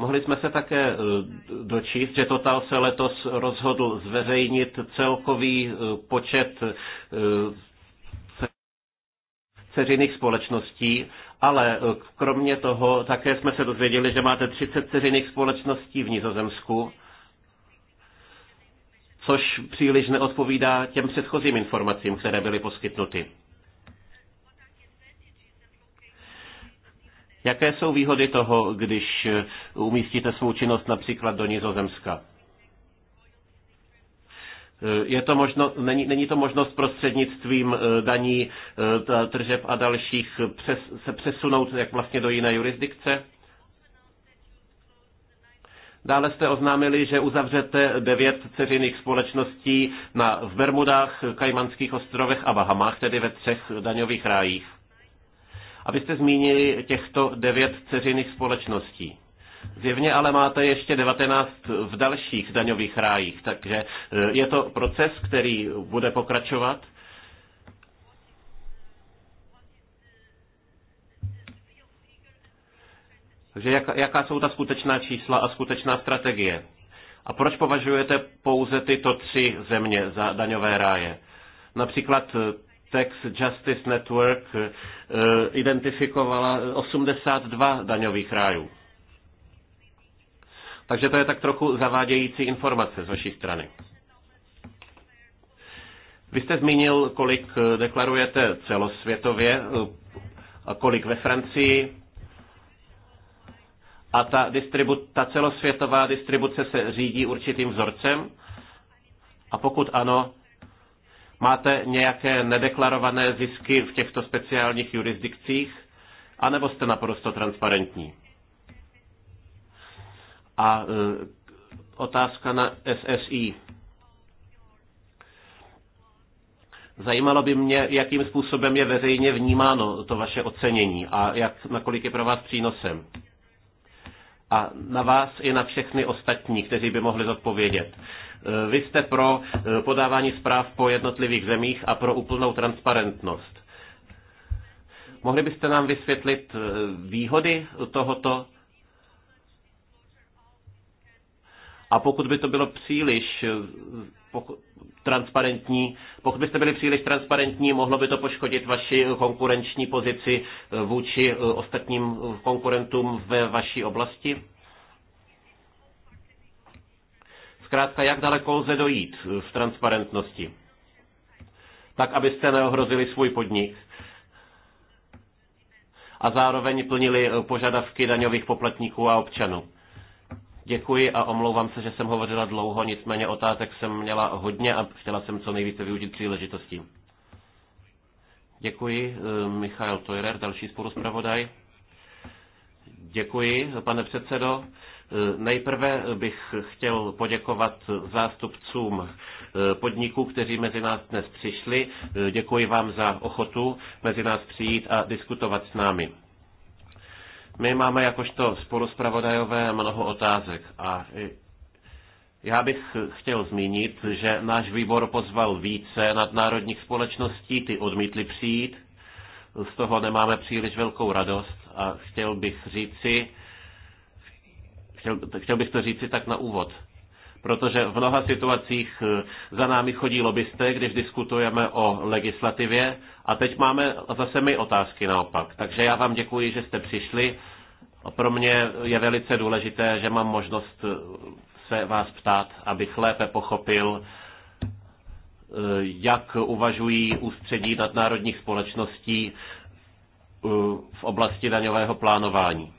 Mohli jsme se také eh, dočíst, že Total se letos rozhodl zveřejnit celkový eh, počet eh, ceřiných společností, ale kromě toho také jsme se dozvěděli, že máte 30 ceřiných společností v Nizozemsku, což příliš neodpovídá těm předchozím informacím, které byly poskytnuty. Jaké jsou výhody toho, když eh, umístíte svou činnost například do Nizozemska? Eh, je to možno, není, není to možnost prostřednictvím eh, daní, tržeb a dalších přes, se přesunout jak vlastně do jiné jurisdikce? Dále jste oznámili, že uzavřete devět ceřiných společností na, v Bermudách, Kajmanských ostrovech a Bahamách, tedy ve třech daňových rájích. A vy jste zmínili těchto devět ceřiných společností. Zjevně ale máte ještě 19 v dalších daňových rájích, takže eh, je to proces, který bude pokračovat. Takže jak, jaká jsou ta skutečná čísla a skutečná strategie? A proč považujete pouze tyto tři země za daňové ráje? Například eh, Tax Justice Network eh, eh, identifikovala 82 daňových rájů. Takže to je tak trochu zavádějící informace z vaší strany. Vy jste zmínil, kolik eh, deklarujete celosvětově a kolik ve Francii. A ta, distribu, ta celosvětová distribuce se řídí určitým vzorcem? A pokud ano, Máte nějaké nedeklarované zisky v těchto speciálních jurisdikcích? A nebo jste naprosto transparentní? A e, otázka na SSI. Zajímalo by mě, jakým způsobem je veřejně vnímáno to vaše ocenění a jak, nakolik je pro vás přínosem a na vás i na všechny ostatní, kteří by mohli zodpovědět. E, vy jste pro e, podávání zpráv po jednotlivých zemích a pro úplnou transparentnost. Mohli byste nám vysvětlit e, výhody tohoto? A pokud by to bylo příliš pokud, transparentní. Pokud byste byli příliš transparentní, mohlo by to poškodit vaši konkurenční pozici eh, vůči eh, ostatním eh, konkurentům ve vaší oblasti? Zkrátka, jak daleko lze dojít v transparentnosti? Tak, abyste neohrozili svůj podnik a zároveň plnili požadavky daňových poplatníků a občanů. Děkuji a omlouvám se, že jsem hovořila dlouho, nicméně otázek jsem měla hodně a chtěla jsem co nejvíce využít příležitostí. Děkuji, eh, Michal Tojrer, další spoluzpravodaj. Děkuji, pane předsedo. Eh, nejprve bych chtěl poděkovat zástupcům eh, podniků, kteří mezi nás dnes přišli. Děkuji vám za ochotu mezi nás přijít a diskutovat s námi. My máme jakožto spoluspravodajové mnoho otázek a já bych chtěl zmínit, že náš výbor pozval více nadnárodních společností, ty odmítli přijít, z toho nemáme příliš velkou radost a chtěl bych říci, chtěl, chtěl bych to říci tak na úvod protože v mnoha situacích eh, za námi chodí lobbysté, když diskutujeme o legislativě a teď máme zase my otázky naopak. Takže já vám děkuji, že jste přišli pro mě je velice důležité, že mám možnost eh, se vás ptát, abych lépe pochopil, eh, jak uvažují ústředí nadnárodních společností eh, v oblasti daňového plánování.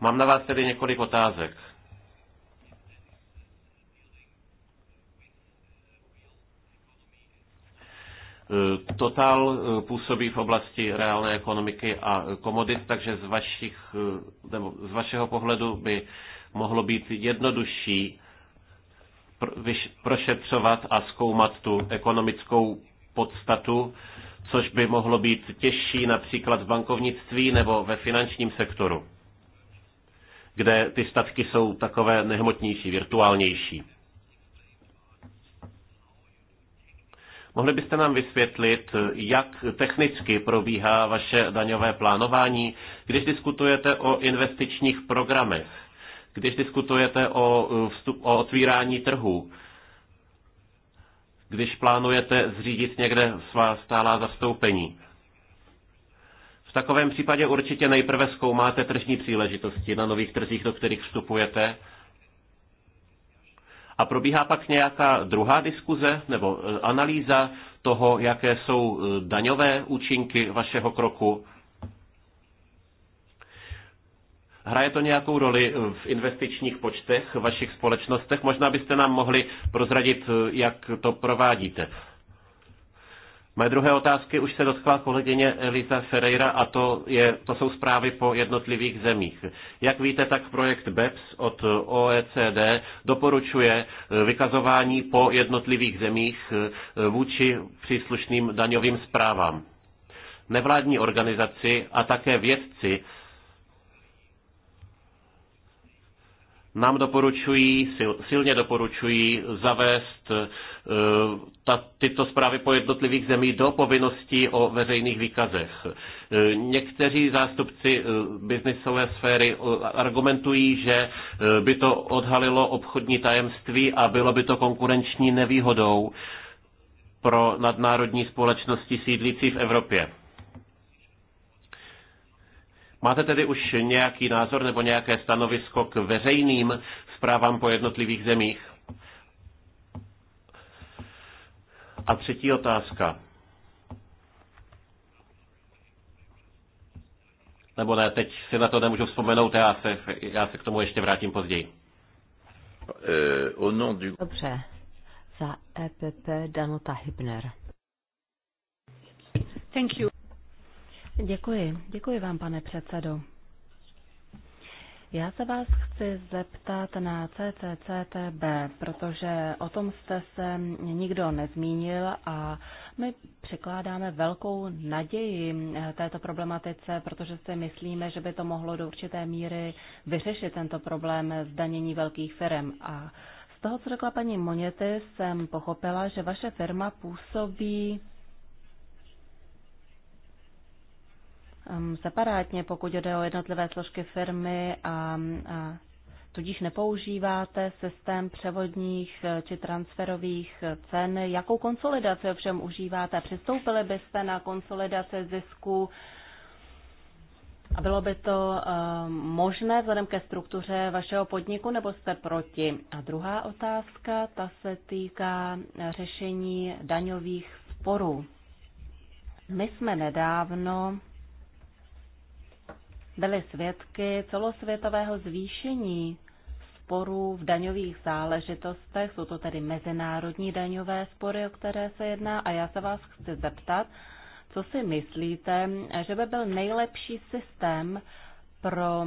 Mám na vás tedy několik otázek. Eh, Total eh, působí v oblasti reálné ekonomiky a komodit, takže z, vašich, eh, nebo z vašeho pohledu by mohlo být jednodušší prošetřovat a zkoumat tu ekonomickou podstatu, což by mohlo být těžší například v bankovnictví nebo ve finančním sektoru, kde ty statky jsou takové nehmotnější, virtuálnější. Mohli byste nám vysvětlit, jak technicky probíhá vaše daňové plánování, když diskutujete o investičních programech, když diskutujete o, eh, vstup, o otvírání trhu, když plánujete zřídit někde svá stálá zastoupení? V takovém případě určitě nejprve zkoumáte tržní příležitosti na nových trzích, do kterých vstupujete a probíhá pak nějaká druhá diskuze nebo e, analýza toho, jaké jsou e, daňové účinky vašeho kroku? Hraje to nějakou roli e, v investičních počtech vašich společnostech? Možná byste nám mohli prozradit, jak to provádíte. Moje druhé otázky už se dotkla kolegyně Elisa Ferreira a to, je, to jsou zprávy po jednotlivých zemích. Jak víte, tak projekt BEPS od OECD doporučuje eh, vykazování po jednotlivých zemích eh, vůči příslušným daňovým zprávám. Nevládní organizaci a také vědci nám doporučují, sil, silně doporučují zavést uh, ta, tyto zprávy po jednotlivých zemí do povinností o veřejných výkazech. Uh, někteří zástupci uh, biznisové sféry uh, argumentují, že uh, by to odhalilo obchodní tajemství a bylo by to konkurenční nevýhodou pro nadnárodní společnosti sídlící v Evropě. Máte tedy už nějaký názor nebo nějaké stanovisko k veřejným zprávám po jednotlivých zemích? A třetí otázka. Nebo ne, teď si na to nemůžu vzpomenout, já se, já se k tomu ještě vrátím později. Eh, Dobře. Za EPP Danuta Hybner. Thank you. Děkuji. Děkuji vám, pane předsedo. Já se vás chci zeptat na CCCTB, protože o tom jste se nikdo nezmínil a my překládáme velkou naději této problematice, protože si myslíme, že by to mohlo do určité míry vyřešit tento problém zdanění velkých firm. A z toho, co řekla paní Monety, jsem pochopila, že vaše firma působí separátně, pokud jde o jednotlivé složky firmy a, a tudíž nepoužíváte systém převodních eh, či transferových eh, cen. Jakou konsolidaci ovšem užíváte? Přistoupili byste na konsolidaci zisku a bylo by to možné vzhledem ke struktuře vašeho podniku, nebo jste proti? A druhá otázka, ta se týká eh, řešení daňových sporů. My jsme nedávno byli svědky celosvětového zvýšení sporů v daňových záležitostech. Jsou to tedy mezinárodní daňové spory, o které se jedná. A já se vás chci zeptat, co si myslíte, že by byl nejlepší systém pro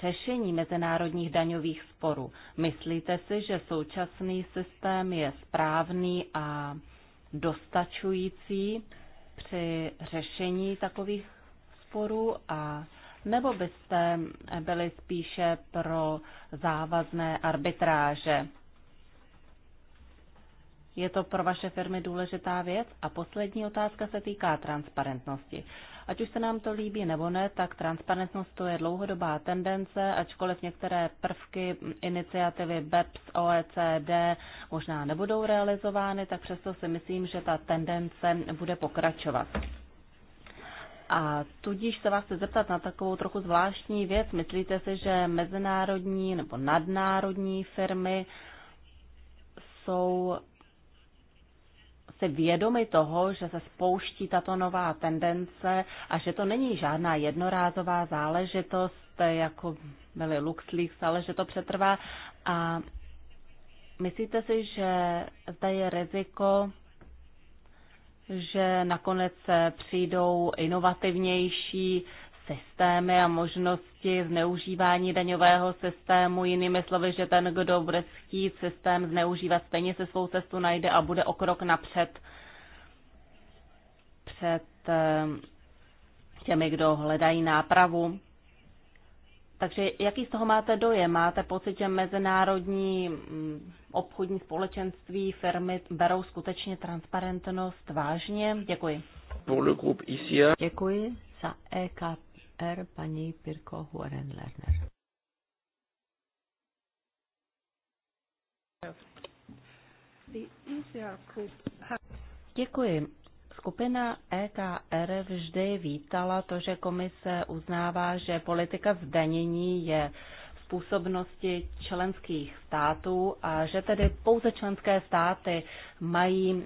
řešení mezinárodních daňových sporů? Myslíte si, že současný systém je správný a dostačující při řešení takových sporů a nebo byste byli spíše pro závazné arbitráže? Je to pro vaše firmy důležitá věc? A poslední otázka se týká transparentnosti. Ať už se nám to líbí nebo ne, tak transparentnost to je dlouhodobá tendence, ačkoliv některé prvky iniciativy BEPS, OECD možná nebudou realizovány, tak přesto si myslím, že ta tendence bude pokračovat. A tudíž se vás chci zeptat na takovou trochu zvláštní věc. Myslíte si, že mezinárodní nebo nadnárodní firmy jsou si vědomi toho, že se spouští tato nová tendence a že to není žádná jednorázová záležitost, jako byly LuxLeaks, ale že to přetrvá. A myslíte si, že zde je riziko, že nakonec přijdou inovativnější systémy a možnosti zneužívání daňového systému. Jinými slovy, že ten, kdo bude chtít systém zneužívat, stejně se svou cestu najde a bude o krok napřed před eh, těmi, kdo hledají nápravu. Takže jaký z toho máte dojem? Máte pocit, že mezinárodní mm, obchodní společenství, firmy berou skutečně transparentnost vážně? Děkuji. Děkuji za EKR paní Pirko Hueren-Lerner. E Děkuji. Skupina EKR vždy vítala to, že komise uznává, že politika zdanění je v působnosti členských států a že tedy pouze členské státy mají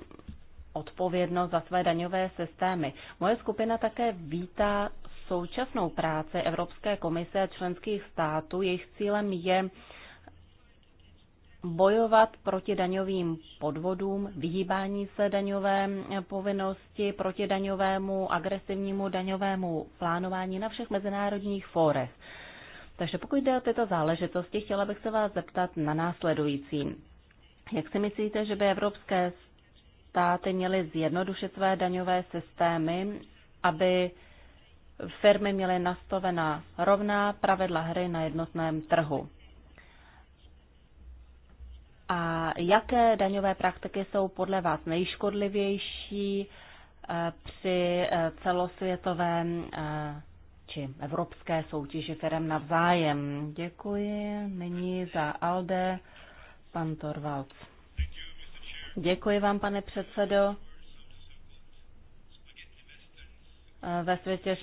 odpovědnost za své daňové systémy. Moje skupina také vítá současnou práci Evropské komise a členských států. Jejich cílem je bojovat proti daňovým podvodům, vyhýbání se daňové povinnosti, proti daňovému agresivnímu daňovému plánování na všech mezinárodních fórech. Takže pokud jde o tyto záležitosti, chtěla bych se vás zeptat na následující. Jak si myslíte, že by evropské státy měly zjednodušit své daňové systémy, aby firmy měly nastavená rovná pravidla hry na jednotném trhu? a jaké daňové praktiky jsou podle vás nejškodlivější eh, při eh, celosvětové eh, či evropské soutěži firm navzájem. Děkuji. Nyní za Alde pan Torvalds. Děkuji vám, pane předsedo. Ve světě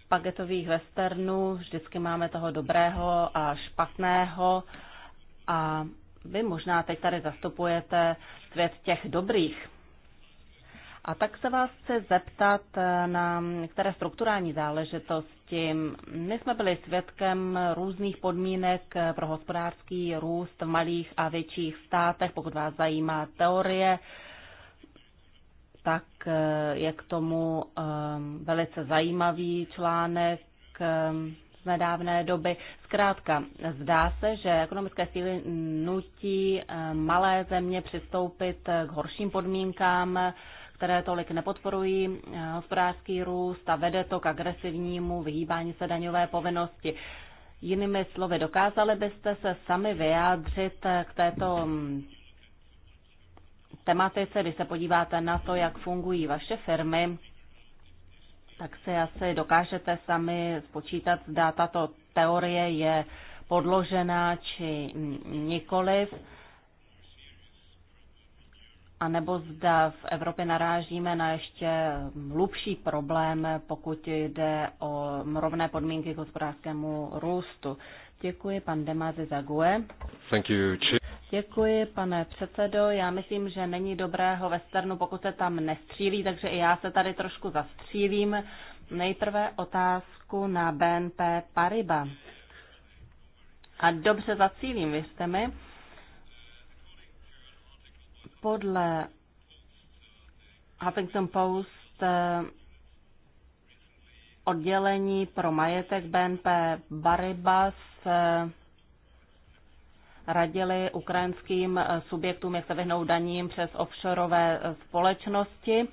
špagetových westernů vždycky máme toho dobrého a špatného a vy možná teď tady zastupujete svět těch dobrých. A tak se vás chci zeptat eh, na některé strukturální záležitosti. My jsme byli svědkem různých podmínek eh, pro hospodářský růst v malých a větších státech. Pokud vás zajímá teorie, tak eh, je k tomu velice zajímavý článek nedávné doby. Zkrátka, zdá se, že ekonomické síly nutí eh, malé země přistoupit k horším podmínkám, které tolik nepodporují eh, hospodářský růst a vede to k agresivnímu vyhýbání se daňové povinnosti. Jinými slovy, dokázali byste se sami vyjádřit eh, k této mm, tematice, když se podíváte na to, jak fungují vaše firmy, tak se asi dokážete sami spočítat, zda tato teorie je podložená či nikoliv, anebo zda v Evropě narážíme na ještě hlubší problém, pokud jde o rovné podmínky k hospodářskému růstu. Děkuji, pan Demaze Zague. Thank you, Děkuji, pane předsedo. Já myslím, že není dobrého westernu, pokud se tam nestřílí, takže i já se tady trošku zastřílím. Nejprve otázku na BNP Paribas. A dobře zacílím, věřte mi. Podle Huffington Post eh, oddělení pro majetek BNP Baribas eh, radili ukrajinským eh, subjektům, jak se vyhnout daním přes offshoreové eh, společnosti.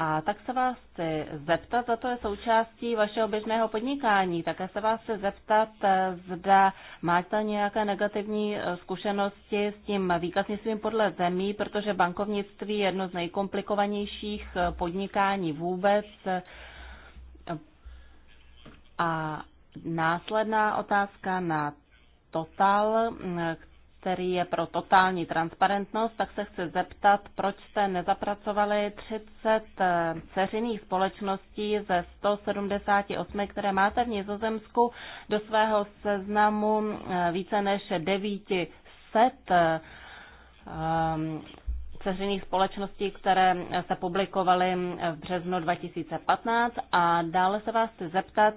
A tak se vás chci zeptat, za to je součástí vašeho běžného podnikání, také se vás chci zeptat, zda máte nějaké negativní zkušenosti s tím výkaznictvím podle zemí, protože bankovnictví je jedno z nejkomplikovanějších podnikání vůbec. A následná otázka na Total, který je pro totální transparentnost, tak se chci zeptat, proč jste nezapracovali 30 eh, ceřiných společností ze 178, které máte v Nizozemsku, do svého seznamu eh, více než 900 eh, ehm, ceřiných společností, které se publikovaly v březnu 2015. A dále se vás chci zeptat,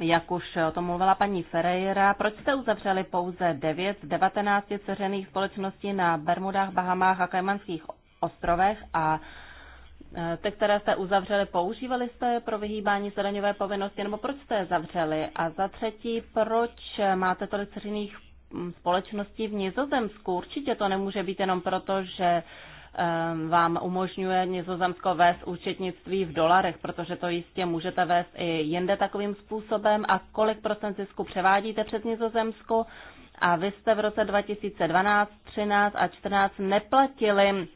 jak už o tom mluvila paní Ferreira, proč jste uzavřeli pouze 9 z 19 ceřených společností na Bermudách, Bahamách a Kajmanských ostrovech a e, ty, které jste uzavřeli, používali jste pro vyhýbání zadaňové povinnosti, nebo proč jste je zavřeli? A za třetí, proč máte tolik ceřiných mm, společností v Nizozemsku? Určitě to nemůže být jenom proto, že uh, Ehm, vám umožňuje Nizozemsko vést účetnictví v dolarech, protože to jistě můžete vést i jinde takovým způsobem a kolik procent zisku převádíte přes Nizozemsko a vy jste v roce 2012, 13 a 14 neplatili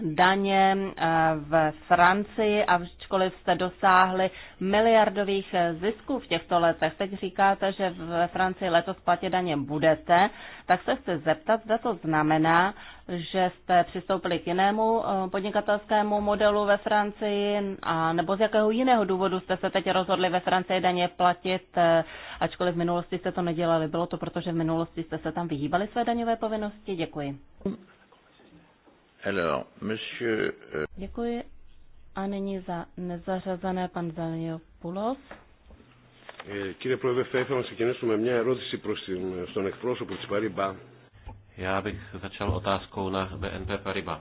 daně eh, v Francii, ačkoliv jste dosáhli miliardových eh, zisků v těchto letech. Teď říkáte, že ve Francii letos platit daně budete, tak se chci zeptat, zda to znamená, že jste přistoupili k jinému eh, podnikatelskému modelu ve Francii, a nebo z jakého jiného důvodu jste se teď rozhodli ve Francii daně platit, ačkoliv v minulosti jste to nedělali. Bylo to proto, že v minulosti jste se tam vyhýbali své daňové povinnosti? Děkuji. Alors, monsieur... Euh, Děkuji. A nyní za nezařazené pan Zaniopoulos. Κύριε Πρόεδρε, θα ήθελα να ξεκινήσουμε μια ερώτηση προς την, στον εκπρόσωπο της Já bych začal otázkou na BNP Paribas.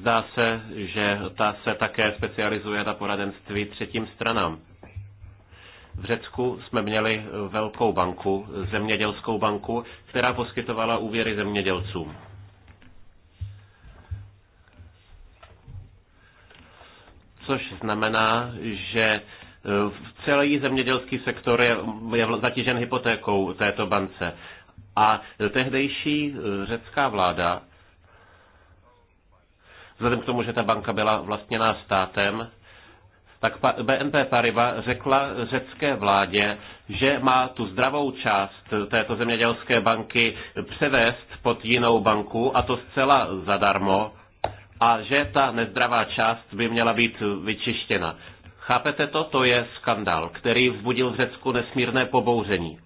Zdá se, že ta se také specializuje na poradenství třetím stranám. V Řecku jsme měli eh, velkou banku, eh, zemědělskou banku, která poskytovala úvěry zemědělcům. Což znamená, že eh, celý zemědělský sektor je, je zatížen hypotékou této bance. A tehdejší řecká vláda, vzhledem k tomu, že ta banka byla vlastněná státem, tak BNP Paribas řekla řecké vládě, že má tu zdravou část této zemědělské banky převést pod jinou banku a to zcela zadarmo a že ta nezdravá část by měla být vyčištěna. Chápete to? To je skandál, který vzbudil v Řecku nesmírné pobouření.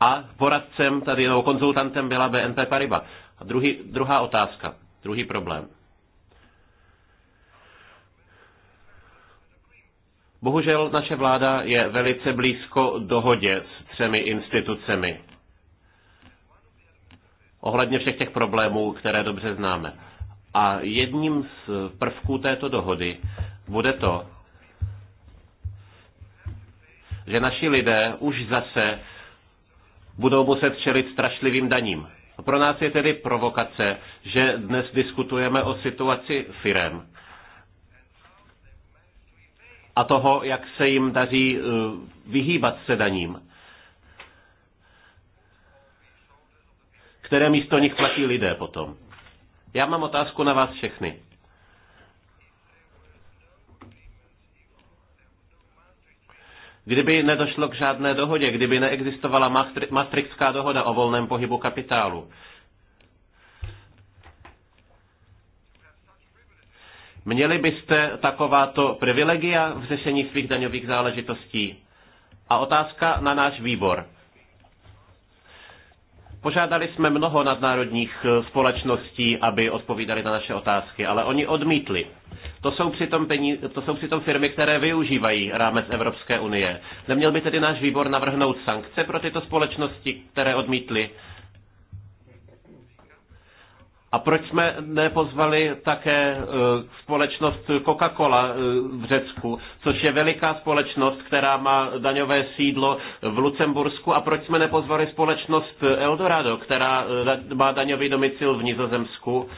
A poradcem, tady nebo konzultantem byla BNP Paribas. A druhý, druhá otázka, druhý problém. Bohužel naše vláda je velice blízko dohodě s třemi institucemi ohledně všech těch problémů, které dobře známe. A jedním z prvků této dohody bude to, že naši lidé už zase budou muset čelit strašlivým daním. Pro nás je tedy provokace, že dnes diskutujeme o situaci firem, a toho, jak se jim daří eh, vyhýbat se daním, které místo nich platí lidé potom. Já mám otázku na vás všechny. Kdyby nedošlo k žádné dohodě, kdyby neexistovala Maastrichtská dohoda o volném pohybu kapitálu, Měli byste takováto privilegia v řešení svých daňových záležitostí? A otázka na náš výbor. Požádali jsme mnoho nadnárodních eh, společností, aby odpovídali na naše otázky, ale oni odmítli. To jsou, přitom peníze, to jsou přitom firmy, které využívají rámec Evropské unie. Neměl by tedy náš výbor navrhnout sankce pro tyto společnosti, které odmítly a proč jsme nepozvali také e, společnost Coca-Cola e, v Řecku, což je veliká společnost, která má daňové sídlo v Lucembursku, a proč jsme nepozvali společnost Eldorado, která e, má daňový domicil v Nizozemsku?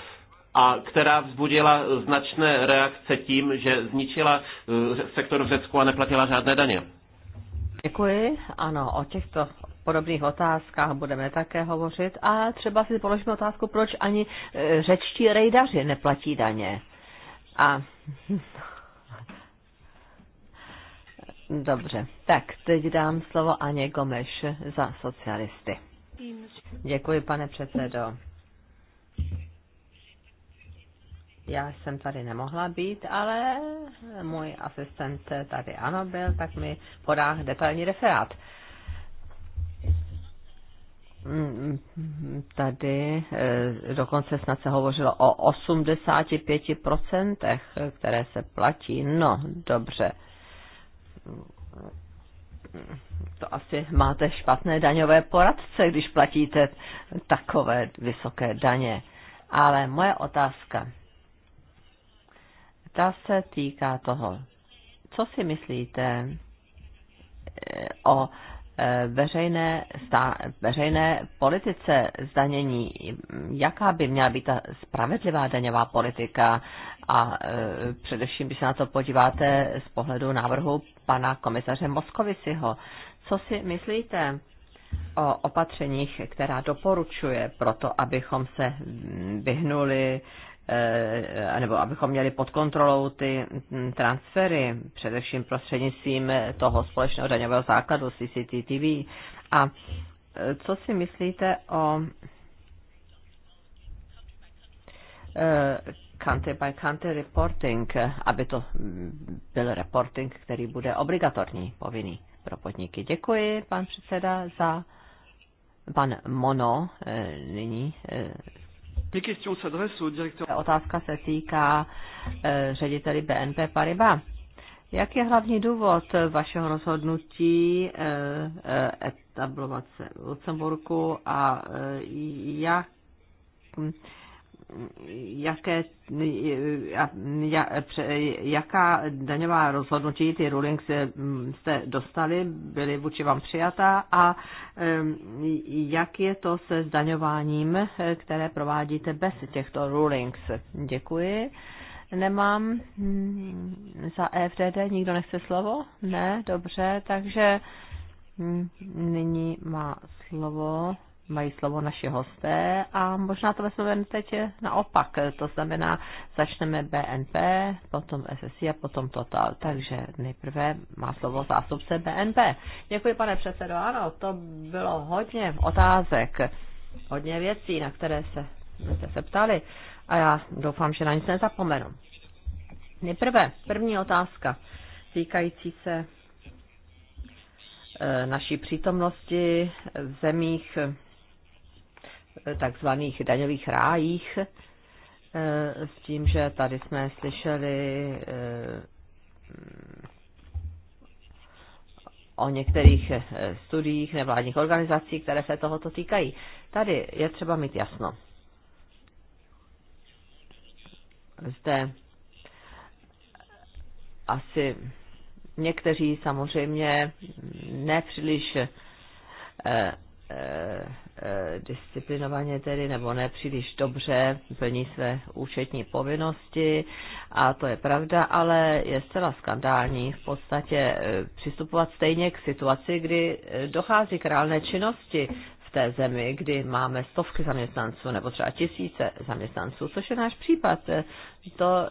a která vzbudila značné reakce tím, že zničila sektor v Řecku a neplatila žádné daně. Děkuji. Ano, o těchto podobných otázkách budeme také hovořit a třeba si položíme otázku, proč ani e, řečtí rejdaři neplatí daně. A Dobře, tak teď dám slovo Aně Gomeš za socialisty. Děkuji, pane předsedo. Já jsem tady nemohla být, ale můj asistent tady ano byl, tak mi podá detailní referát. Mm, mm, tady eh, dokonce snad se hovořilo o 85%, které se platí. No, dobře. To asi máte špatné daňové poradce, když platíte takové vysoké daně. Ale moje otázka, ta se týká toho, co si myslíte eh, o Eh, veřejné, stá, veřejné politice zdanění, jaká by měla být ta spravedlivá daňová politika a eh, především, když se na to podíváte z pohledu návrhu pana komisaře Moskovisiho. Co si myslíte o opatřeních, která doporučuje proto abychom se vyhnuli Eh, nebo abychom měli pod kontrolou ty transfery, především prostřednictvím toho společného daňového základu CCTV. A eh, co si myslíte o country eh, by country reporting, aby to byl reporting, který bude obligatorní, povinný pro podniky. Děkuji, pan předseda, za pan Mono nyní Otázka se týká eh, řediteli BNP Paribas. Jak je hlavní důvod vašeho rozhodnutí eh, eh, etablovat se v Lucemburku a jak hm, jaké, jaká daňová rozhodnutí, ty rulings eh, jste dostali, byly vůči vám přijatá a eh, jak je to se zdaňováním, eh, které provádíte bez těchto rulings? Děkuji. Nemám hm, za EFDD, nikdo nechce slovo? Ne, dobře, takže hm, nyní má slovo mají slovo naši hosté a možná to vezmeme teď naopak. To znamená, začneme BNP, potom SSI a potom Total. Takže nejprve má slovo zástupce BNP. Děkuji, pane předsedo. Ano, to bylo hodně otázek, hodně věcí, na které se, jste se ptali a já doufám, že na nic nezapomenu. Nejprve, první otázka týkající se e, naší přítomnosti v zemích takzvaných daňových rájích, eh, s tím, že tady jsme slyšeli eh, o některých eh, studiích nevládních organizací, které se tohoto týkají. Tady je třeba mít jasno. Zde asi někteří samozřejmě nepříliš Eh, disciplinovaně tedy nebo ne dobře plní své účetní povinnosti a to je pravda, ale je zcela skandální v podstatě eh, přistupovat stejně k situaci, kdy eh, dochází k reálné činnosti v té zemi, kdy máme stovky zaměstnanců nebo třeba tisíce zaměstnanců, což je náš případ. To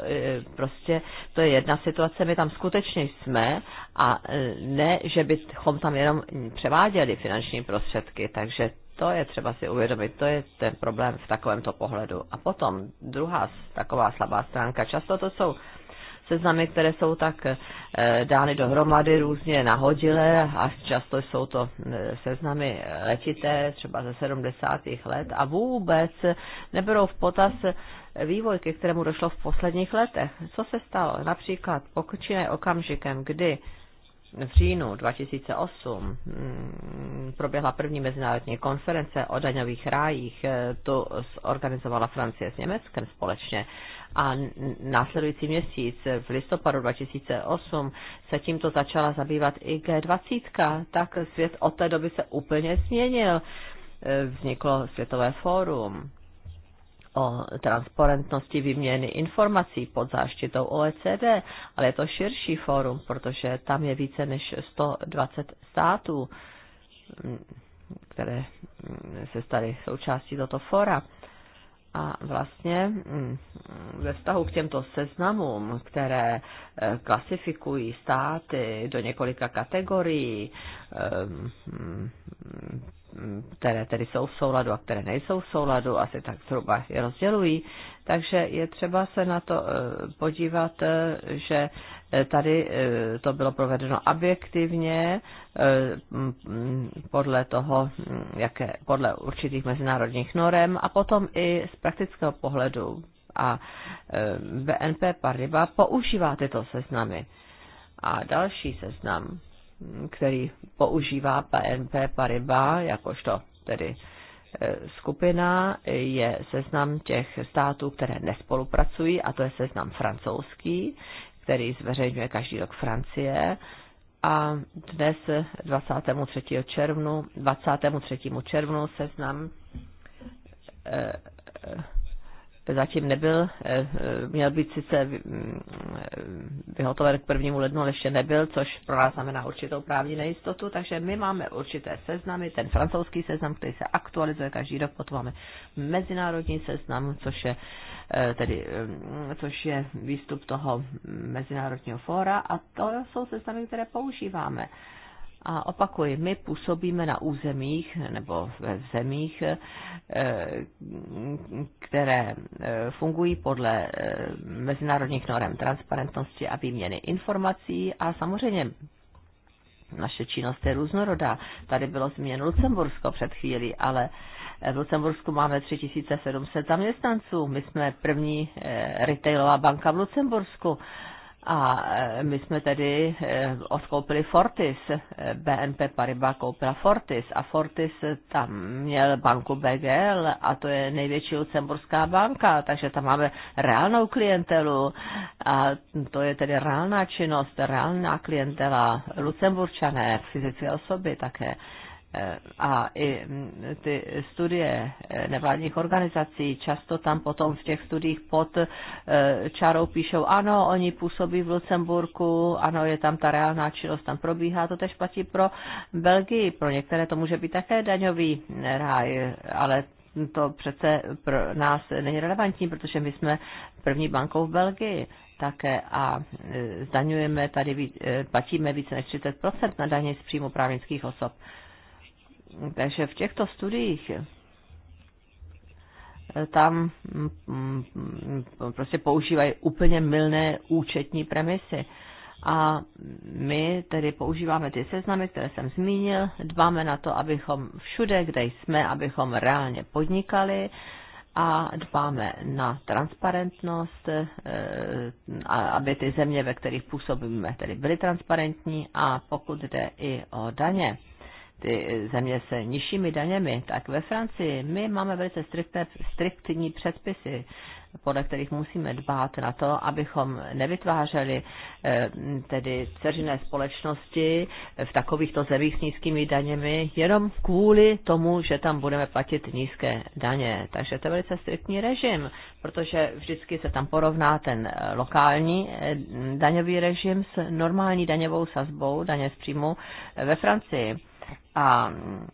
prostě, to je jedna situace, my tam skutečně jsme a ne, že bychom tam jenom převáděli finanční prostředky, takže to je třeba si uvědomit, to je ten problém v takovémto pohledu. A potom druhá taková slabá stránka, často to jsou seznamy, které jsou tak eh, dány dohromady různě nahodilé a často jsou to eh, seznamy letité, třeba ze 70. let a vůbec neberou v potaz vývoj, ke kterému došlo v posledních letech. Co se stalo? Například pokud okamžikem, kdy v říjnu 2008 mm, proběhla první mezinárodní konference o daňových rájích. E, to zorganizovala Francie s Německem společně. A následující měsíc, v listopadu 2008, se tímto začala zabývat i G20. Tak svět od té doby se úplně změnil. E, vzniklo Světové fórum o transparentnosti výměny informací pod záštitou OECD, ale je to širší fórum, protože tam je více než 120 států, mm, které mm, se staly součástí tohoto fóra. A vlastně mm, ve vztahu k těmto seznamům, které eh, klasifikují státy do několika kategorií, eh, mm, které tedy jsou v souladu a které nejsou v souladu, asi tak zhruba je rozdělují, takže je třeba se na to eh, podívat, že Eh, tady eh, to bylo provedeno objektivně eh, mm, podle toho, mm, jaké, podle určitých mezinárodních norem a potom i z praktického pohledu. A BNP Paribas používá tyto seznamy. A další seznam, mm, který používá BNP Paribas jakožto tedy skupina je seznam těch států, které nespolupracují, a to je seznam francouzský, který zveřejňuje každý rok Francie. A dnes 23. červnu, 23. červnu seznam eh, zatím nebyl, eh, eh, měl být sice mm, eh, vyhotoven k prvnímu lednu, ale ještě nebyl, což pro nás znamená určitou právní nejistotu, takže my máme určité seznamy, ten francouzský seznam, který se aktualizuje každý rok, potom máme mezinárodní seznam, což je, tedy, mm, což je výstup toho mezinárodního fóra a to jsou seznamy, které používáme. A opakuji, my působíme na územích nebo v zemích, eh, které eh, fungují podle eh, mezinárodních norm transparentnosti a výměny informací a samozřejmě naše činnost je různorodá. Tady bylo zmíněno Lucembursko před chvílí, ale v Lucembursku máme 3700 zaměstnanců. My jsme první retailová banka v Lucembursku. A e, my jsme tedy e, odkoupili Fortis, e, BNP Paribas koupila Fortis a Fortis tam měl banku BGL a to je největší lucemburská banka, takže tam máme reálnou klientelu a to je tedy reálná činnost, reálná klientela, lucemburčané, fyzické osoby také. Eh, a i mm, ty studie eh, nevládních organizací, často tam potom v těch studiích pod eh, čarou píšou, ano, oni působí v Lucemburku, ano, je tam ta reálná činnost, tam probíhá, to tež platí pro Belgii, pro některé to může být také daňový ráj, ale to přece pro nás není relevantní, protože my jsme první bankou v Belgii také a zdaňujeme tady, platíme více než 30% na daně z příjmu právnických osob. Takže v těchto studiích eh, tam mm, mm, prostě používají úplně mylné účetní premisy. A my tedy používáme ty seznamy, které jsem zmínil, dbáme na to, abychom všude, kde jsme, abychom reálně podnikali a dbáme na transparentnost, eh, aby ty země, ve kterých působíme, tedy byly transparentní a pokud jde i o daně ty země se nižšími daněmi, tak ve Francii my máme velice striktné, striktní předpisy, podle kterých musíme dbát na to, abychom nevytvářeli eh, tedy ceřiné společnosti v takovýchto zemích s nízkými daněmi, jenom kvůli tomu, že tam budeme platit nízké daně. Takže to je velice striktní režim, protože vždycky se tam porovná ten eh, lokální eh, daňový režim s normální daňovou sazbou daně z příjmu ve Francii. A mm,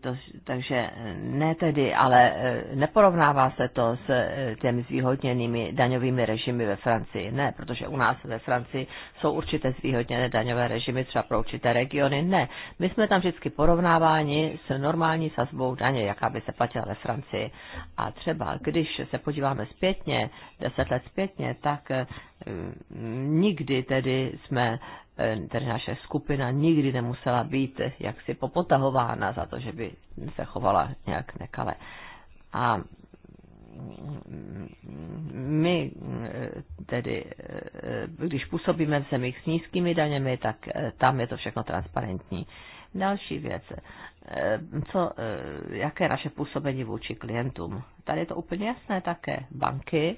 to, takže eh, ne tedy, ale eh, neporovnává se to s eh, těmi zvýhodněnými daňovými režimy ve Francii. Ne, protože u nás ve Francii jsou určité zvýhodněné daňové režimy třeba pro určité regiony. Ne, my jsme tam vždycky porovnáváni s normální sazbou daně, jaká by se platila ve Francii. A třeba, když se podíváme zpětně, deset let zpětně, tak nikdy tedy jsme, eh, tedy naše skupina nikdy nemusela být eh, jaksi popotahována za to, že by se chovala nějak nekale. A my eh, tedy, když působíme v zemích s nízkými daněmi, tak tam je to všechno transparentní. Další věc, co, jaké naše působení vůči klientům. Tady je to úplně jasné také. Banky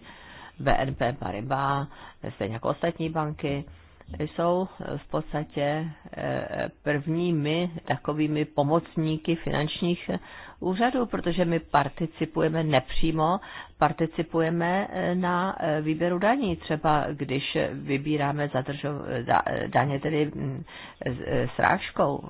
BNP Paribas, stejně jako ostatní banky, jsou v podstatě eh, prvními takovými pomocníky finančních úřadu, protože my participujeme nepřímo, participujeme e, na e, výběru daní. Třeba když vybíráme zadržov, e, daně tedy mm, srážkou,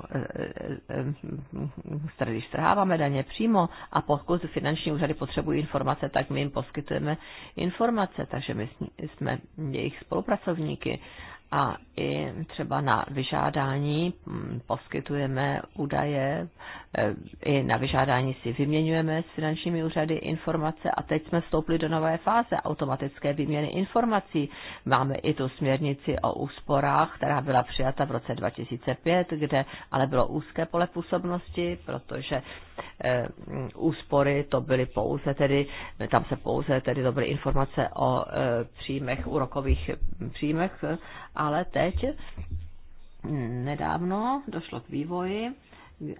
mm, když strháváme daně přímo a pokud finanční úřady potřebují informace, tak my jim poskytujeme informace, takže my jsme jejich spolupracovníky a i třeba na vyžádání mm, poskytujeme údaje Eh, i na vyžádání si vyměňujeme s finančními úřady informace a teď jsme vstoupili do nové fáze automatické výměny informací. Máme i tu směrnici o úsporách, která byla přijata v roce 2005, kde ale bylo úzké pole působnosti, protože eh, úspory to byly pouze tedy, tam se pouze tedy to byly informace o eh, příjmech, úrokových příjmech, ale teď hm, nedávno došlo k vývoji,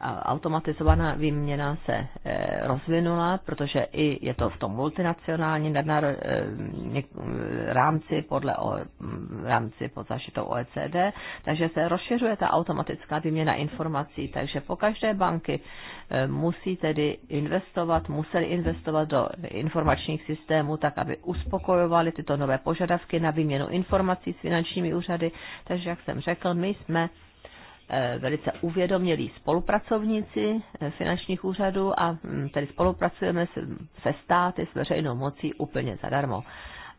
automatizovaná výměna se eh, rozvinula, protože i je to v tom multinacionální eh, eh, rámci podle o, mm, rámci pod zašitou OECD, takže se rozšiřuje ta automatická výměna informací, takže po každé banky musí tedy investovat, museli investovat do informačních systémů, tak aby uspokojovali tyto nové požadavky na výměnu informací s finančními úřady, takže jak jsem řekl, my jsme Eh, velice uvědomělí spolupracovníci eh, finančních úřadů a mm, tedy spolupracujeme se státy, s veřejnou mocí úplně zadarmo.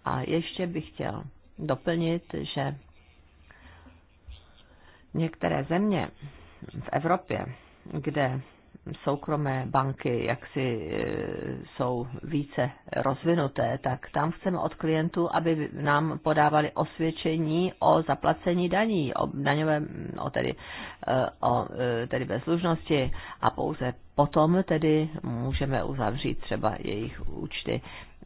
A ještě bych chtěl doplnit, že některé země v Evropě, kde soukromé banky jaksi e, jsou více rozvinuté, tak tam chceme od klientů, aby nám podávali osvědčení o zaplacení daní, o daňové, o tedy, e, o e, tedy bezlužnosti a pouze potom tedy můžeme uzavřít třeba jejich účty.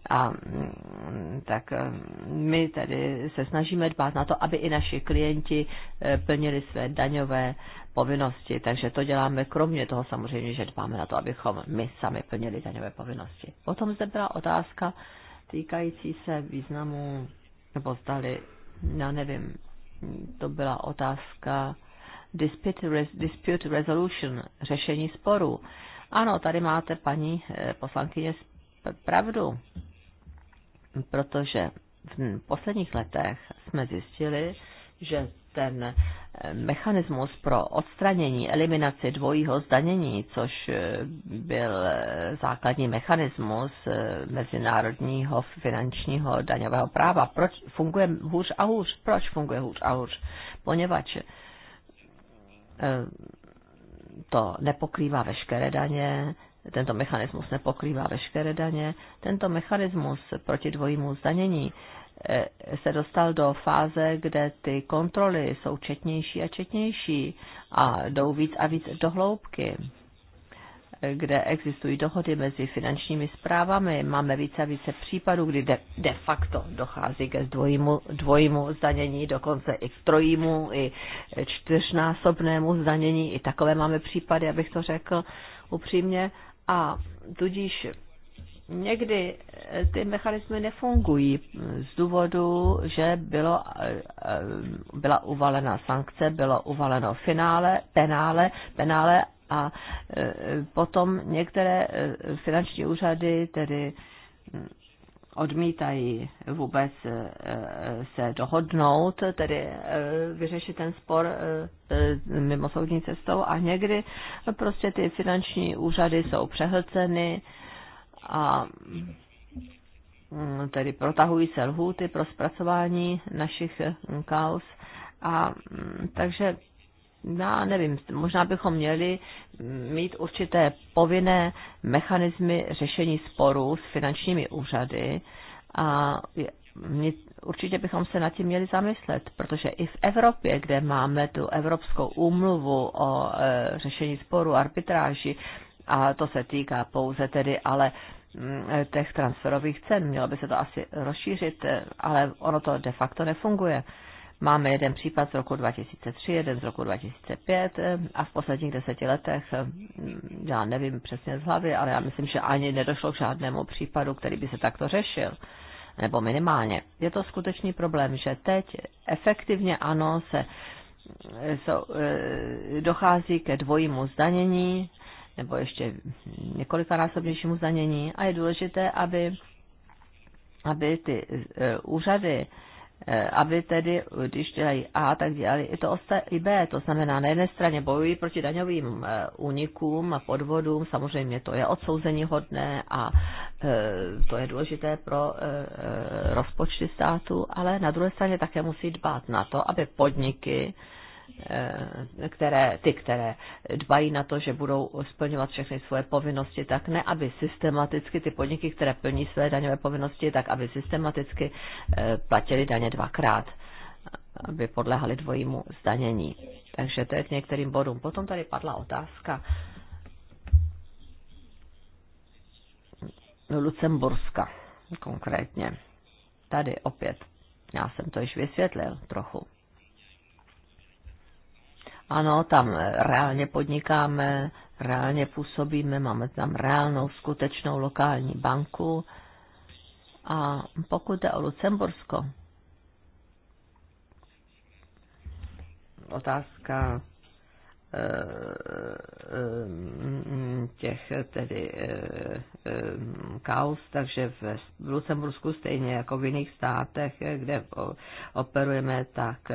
A mm, tak mm, my tady se snažíme dbát na to, aby i naši klienti e, plnili své daňové povinnosti. Takže to děláme kromě toho samozřejmě, že dbáme na to, abychom my sami plnili daňové povinnosti. Potom zde byla otázka týkající se významu, nebo zdali, já nevím, to byla otázka dispute, res, dispute resolution, řešení sporů. Ano, tady máte paní e, poslankyně pravdu protože v posledních letech jsme zjistili, že ten eh, mechanismus pro odstranění, eliminaci dvojího zdanění, což eh, byl eh, základní mechanismus mezinárodního finančního daňového práva, proč funguje hůř a hůř? Proč funguje hůř a hůř? Poněvadž to nepokrývá veškeré daně, tento mechanismus nepokrývá veškeré daně. Tento mechanismus proti dvojímu zdanění eh, se dostal do fáze, kde ty kontroly jsou četnější a četnější a jdou víc a víc do hloubky eh, kde existují dohody mezi finančními zprávami. Máme více a více případů, kdy de, de facto dochází ke dvojímu, dvojímu zdanění, dokonce i k trojímu, i čtyřnásobnému zdanění. I takové máme případy, abych to řekl upřímně. A tudíž někdy eh, ty mechanismy nefungují z důvodu, že bylo, eh, eh, byla uvalena sankce, bylo uvaleno finále, penále, penále a potom některé finanční úřady tedy hm, odmítají vůbec eh, se dohodnout, tedy eh, vyřešit ten spor eh, mimo soudní cestou a někdy prostě ty finanční úřady jsou přehlceny a mm, tedy protahují se lhůty pro zpracování našich kaus. A mm, takže já nevím, možná bychom měli mít určité povinné mechanismy řešení sporů s finančními úřady a určitě bychom se nad tím měli zamyslet, protože i v Evropě, kde máme tu Evropskou úmluvu o e, řešení sporů, arbitráži, a to se týká pouze tedy ale mm, e, těch transferových cen. Mělo by se to asi rozšířit, e, ale ono to de facto nefunguje. Máme jeden případ z roku 2003, jeden z roku 2005 eh, a v posledních deseti letech, eh, já nevím přesně z hlavy, ale já myslím, že ani nedošlo k žádnému případu, který by se takto řešil nebo minimálně. Je to skutečný problém, že teď efektivně ano se eh, dochází ke dvojímu zdanění nebo ještě několikanásobnějšímu zdanění a je důležité, aby, aby ty úřady Eh, aby tedy, když dělají A, tak dělali i to i B. To znamená, na jedné straně bojují proti daňovým eh, únikům a podvodům, samozřejmě to je odsouzení hodné a eh, to je důležité pro rozpočty státu, ale na druhé straně také musí dbát na to, aby podniky, Eh, které, ty, které dbají na to, že budou splňovat všechny svoje povinnosti, tak ne, aby systematicky ty podniky, které plní své daňové povinnosti, tak aby systematicky eh, platili daně dvakrát, aby podléhali dvojímu zdanění. Takže to je k některým bodům. Potom tady padla otázka Lucemburska konkrétně. Tady opět, já jsem to již vysvětlil trochu ano, tam reálně podnikáme, reálně působíme, máme tam reálnou, skutečnou lokální banku. A pokud jde o Lucembursko, otázka eh, eh, těch tedy eh, kaus, takže v Lucembursku stejně jako v jiných státech, kde operujeme, tak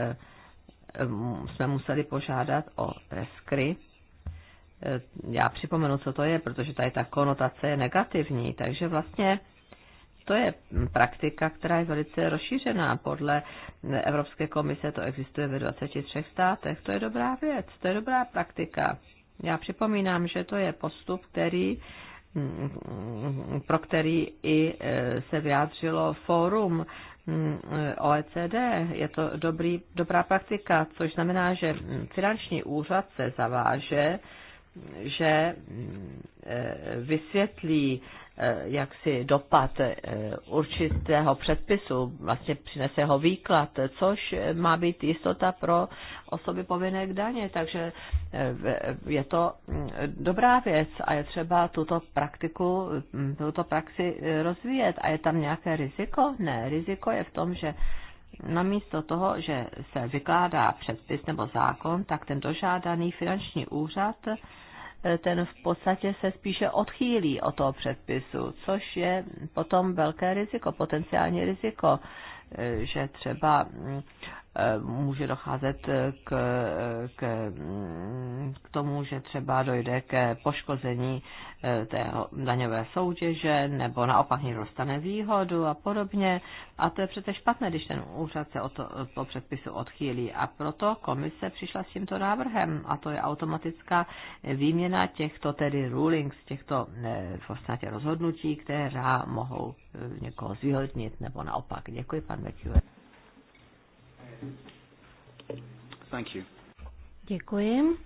jsme museli požádat o reskry. E, já připomenu, co to je, protože tady ta konotace je negativní, takže vlastně to je praktika, která je velice rozšířená. Podle Evropské komise to existuje ve 23 státech. To je dobrá věc, to je dobrá praktika. Já připomínám, že to je postup, který mm, pro který i e, se vyjádřilo fórum Mm, OECD. Je to dobrý, dobrá praktika, což znamená, že finanční úřad se zaváže že eh, vysvětlí eh, jaksi dopad eh, určitého předpisu, vlastně přinese ho výklad, což má být jistota pro osoby povinné k daně. Takže je to mm, dobrá věc a je třeba tuto praktiku, mm, tuto praxi rozvíjet. A je tam nějaké riziko? Ne, riziko je v tom, že namísto toho, že se vykládá předpis nebo zákon, tak ten dožádaný finanční úřad ten v podstatě se spíše odchýlí od toho předpisu, což je potom velké riziko, potenciální riziko, eh, že třeba mm, může docházet eh, k, eh, k, mm, k tomu, že třeba dojde k poškození eh, té daňové soutěže nebo naopak někdo dostane výhodu a podobně. A to je přece špatné, když ten úřad se o to, po předpisu odchýlí. A proto komise přišla s tímto návrhem a to je automatická výměna těchto tedy rulings, těchto v podstatě rozhodnutí, která mohou někoho zvýhodnit nebo naopak. Děkuji, pan Vekjuje. Thank you. Děkuji.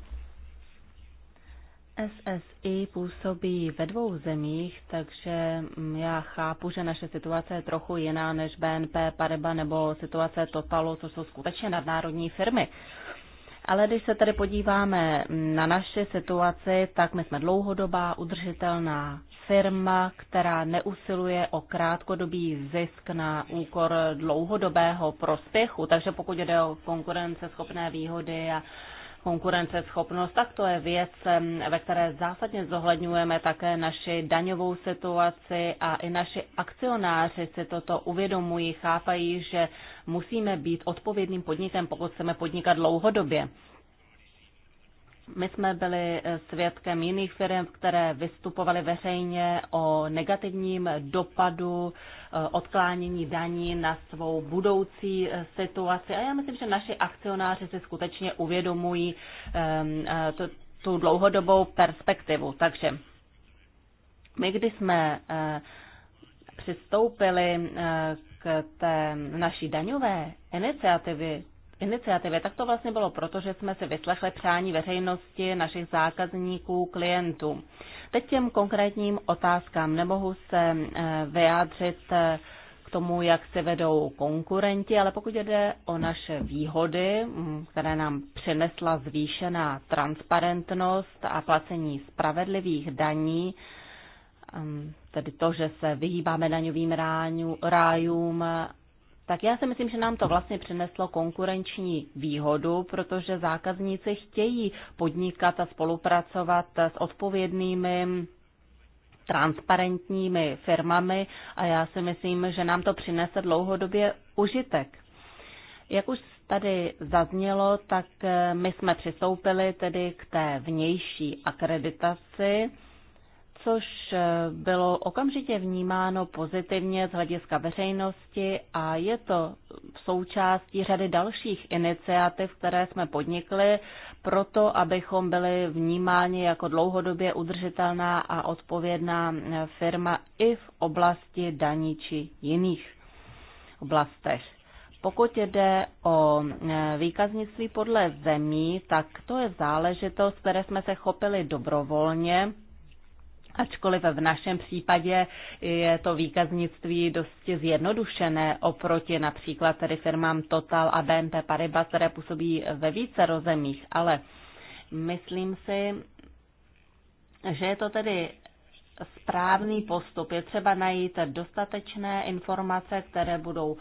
SSI působí ve dvou zemích, takže já chápu, že naše situace je trochu jiná než BNP Pareba nebo situace Totalu, co jsou skutečně nadnárodní firmy. Ale když se tady podíváme na naši situaci, tak my jsme dlouhodobá, udržitelná firma, která neusiluje o krátkodobý zisk na úkor dlouhodobého prospěchu. Takže pokud jde o konkurenceschopné výhody a konkurenceschopnost, tak to je věc, ve které zásadně zohledňujeme také naši daňovou situaci a i naši akcionáři si toto uvědomují, chápají, že musíme být odpovědným podnikem, pokud chceme podnikat dlouhodobě. My jsme byli eh, svědkem jiných firm, které vystupovaly veřejně o negativním dopadu eh, odklánění daní na svou budoucí eh, situaci. A já myslím, že naši akcionáři si skutečně uvědomují ehm, tu dlouhodobou perspektivu. Takže my, když jsme přistoupili k té naší daňové iniciativy, iniciativy, tak to vlastně bylo proto, že jsme si vyslechli přání veřejnosti, našich zákazníků, klientů. Teď těm konkrétním otázkám nemohu se eh, vyjádřit eh, k tomu, jak se vedou konkurenti, ale pokud jde o naše výhody, mm, které nám přinesla zvýšená transparentnost a placení spravedlivých daní, mm, tedy to, že se vyhýbáme daňovým rájům tak já si myslím, že nám to vlastně přineslo konkurenční výhodu, protože zákazníci chtějí podnikat a spolupracovat s odpovědnými transparentními firmami a já si myslím, že nám to přinese dlouhodobě užitek. Jak už tady zaznělo, tak eh, my jsme přistoupili tedy k té vnější akreditaci což eh, bylo okamžitě vnímáno pozitivně z hlediska veřejnosti a je to součástí řady dalších iniciativ, které jsme podnikli proto, abychom byli vnímáni jako dlouhodobě udržitelná a odpovědná eh, firma i v oblasti daní či jiných oblastech. Pokud jde o eh, výkaznictví podle zemí, tak to je záležitost, které jsme se chopili dobrovolně Ačkoliv v našem případě je to výkaznictví dosti zjednodušené oproti například tedy firmám Total a BNP Paribas, které působí ve více rozemích, ale myslím si, že je to tedy správný postup. Je třeba najít dostatečné informace, které budou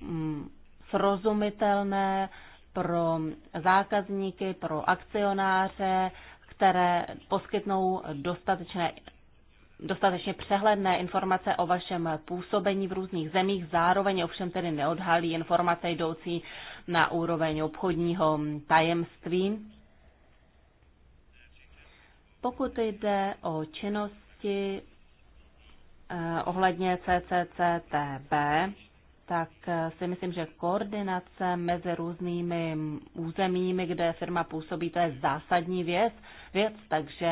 mm, srozumitelné pro zákazníky, pro akcionáře, které poskytnou dostatečné dostatečně přehledné informace o vašem působení v různých zemích, zároveň ovšem tedy neodhalí informace jdoucí na úroveň obchodního tajemství. Pokud jde o činnosti eh, ohledně CCCTB, tak eh, si myslím, že koordinace mezi různými územími, kde firma působí, to je zásadní věc věc, takže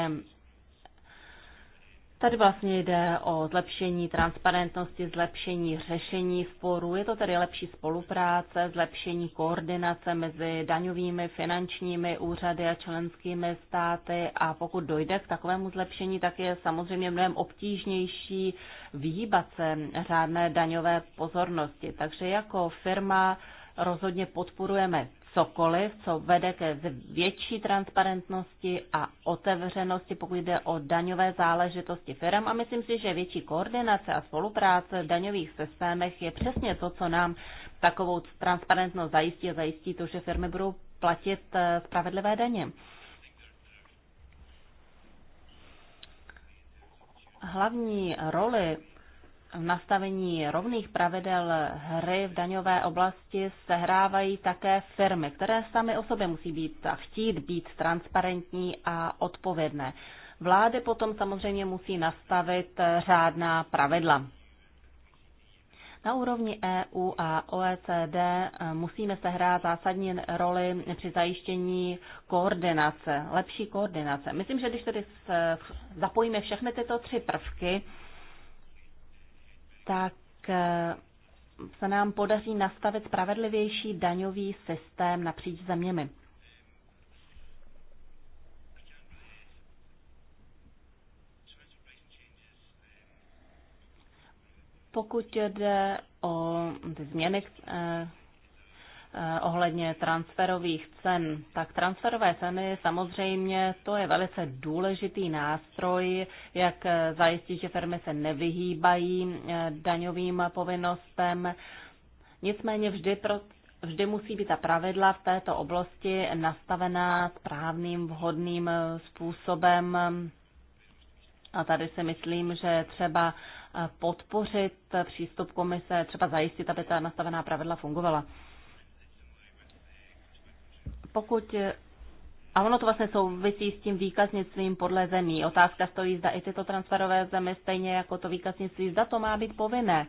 Tady vlastně jde o zlepšení transparentnosti, zlepšení řešení sporů, je to tedy lepší spolupráce, zlepšení koordinace mezi daňovými, finančními úřady a členskými státy a pokud dojde k takovému zlepšení, tak je samozřejmě mnohem obtížnější vyhýbat se řádné daňové pozornosti. Takže jako firma rozhodně podporujeme cokoliv, co vede ke větší transparentnosti a otevřenosti, pokud jde o daňové záležitosti firm. A myslím si, že větší koordinace a spolupráce v daňových systémech je přesně to, co nám takovou transparentnost zajistí a zajistí to, že firmy budou platit eh, spravedlivé daně. Hlavní roli nastavení rovných pravidel hry v daňové oblasti sehrávají také firmy, které sami o sobě musí být a chtít být transparentní a odpovědné. Vlády potom samozřejmě musí nastavit řádná pravidla. Na úrovni EU a OECD eh, musíme sehrát zásadní roli při zajištění koordinace, lepší koordinace. Myslím, že když tedy eh, zapojíme všechny tyto tři prvky, tak eh, se nám podaří nastavit spravedlivější daňový systém napříč zeměmi. Pokud jde o ty změny, eh, Eh, ohledně transferových cen. Tak transferové ceny samozřejmě to je velice důležitý nástroj, jak eh, zajistit, že firmy se nevyhýbají eh, daňovým povinnostem. Nicméně vždy, pro, vždy musí být ta pravidla v této oblasti nastavená správným, vhodným způsobem. A tady si myslím, že třeba podpořit přístup komise, třeba zajistit, aby ta nastavená pravidla fungovala pokud eh, a ono to vlastně souvisí s tím výkaznictvím podle zemí. Otázka stojí, zda i tyto transferové zemi, stejně jako to výkaznictví, zda to má být povinné.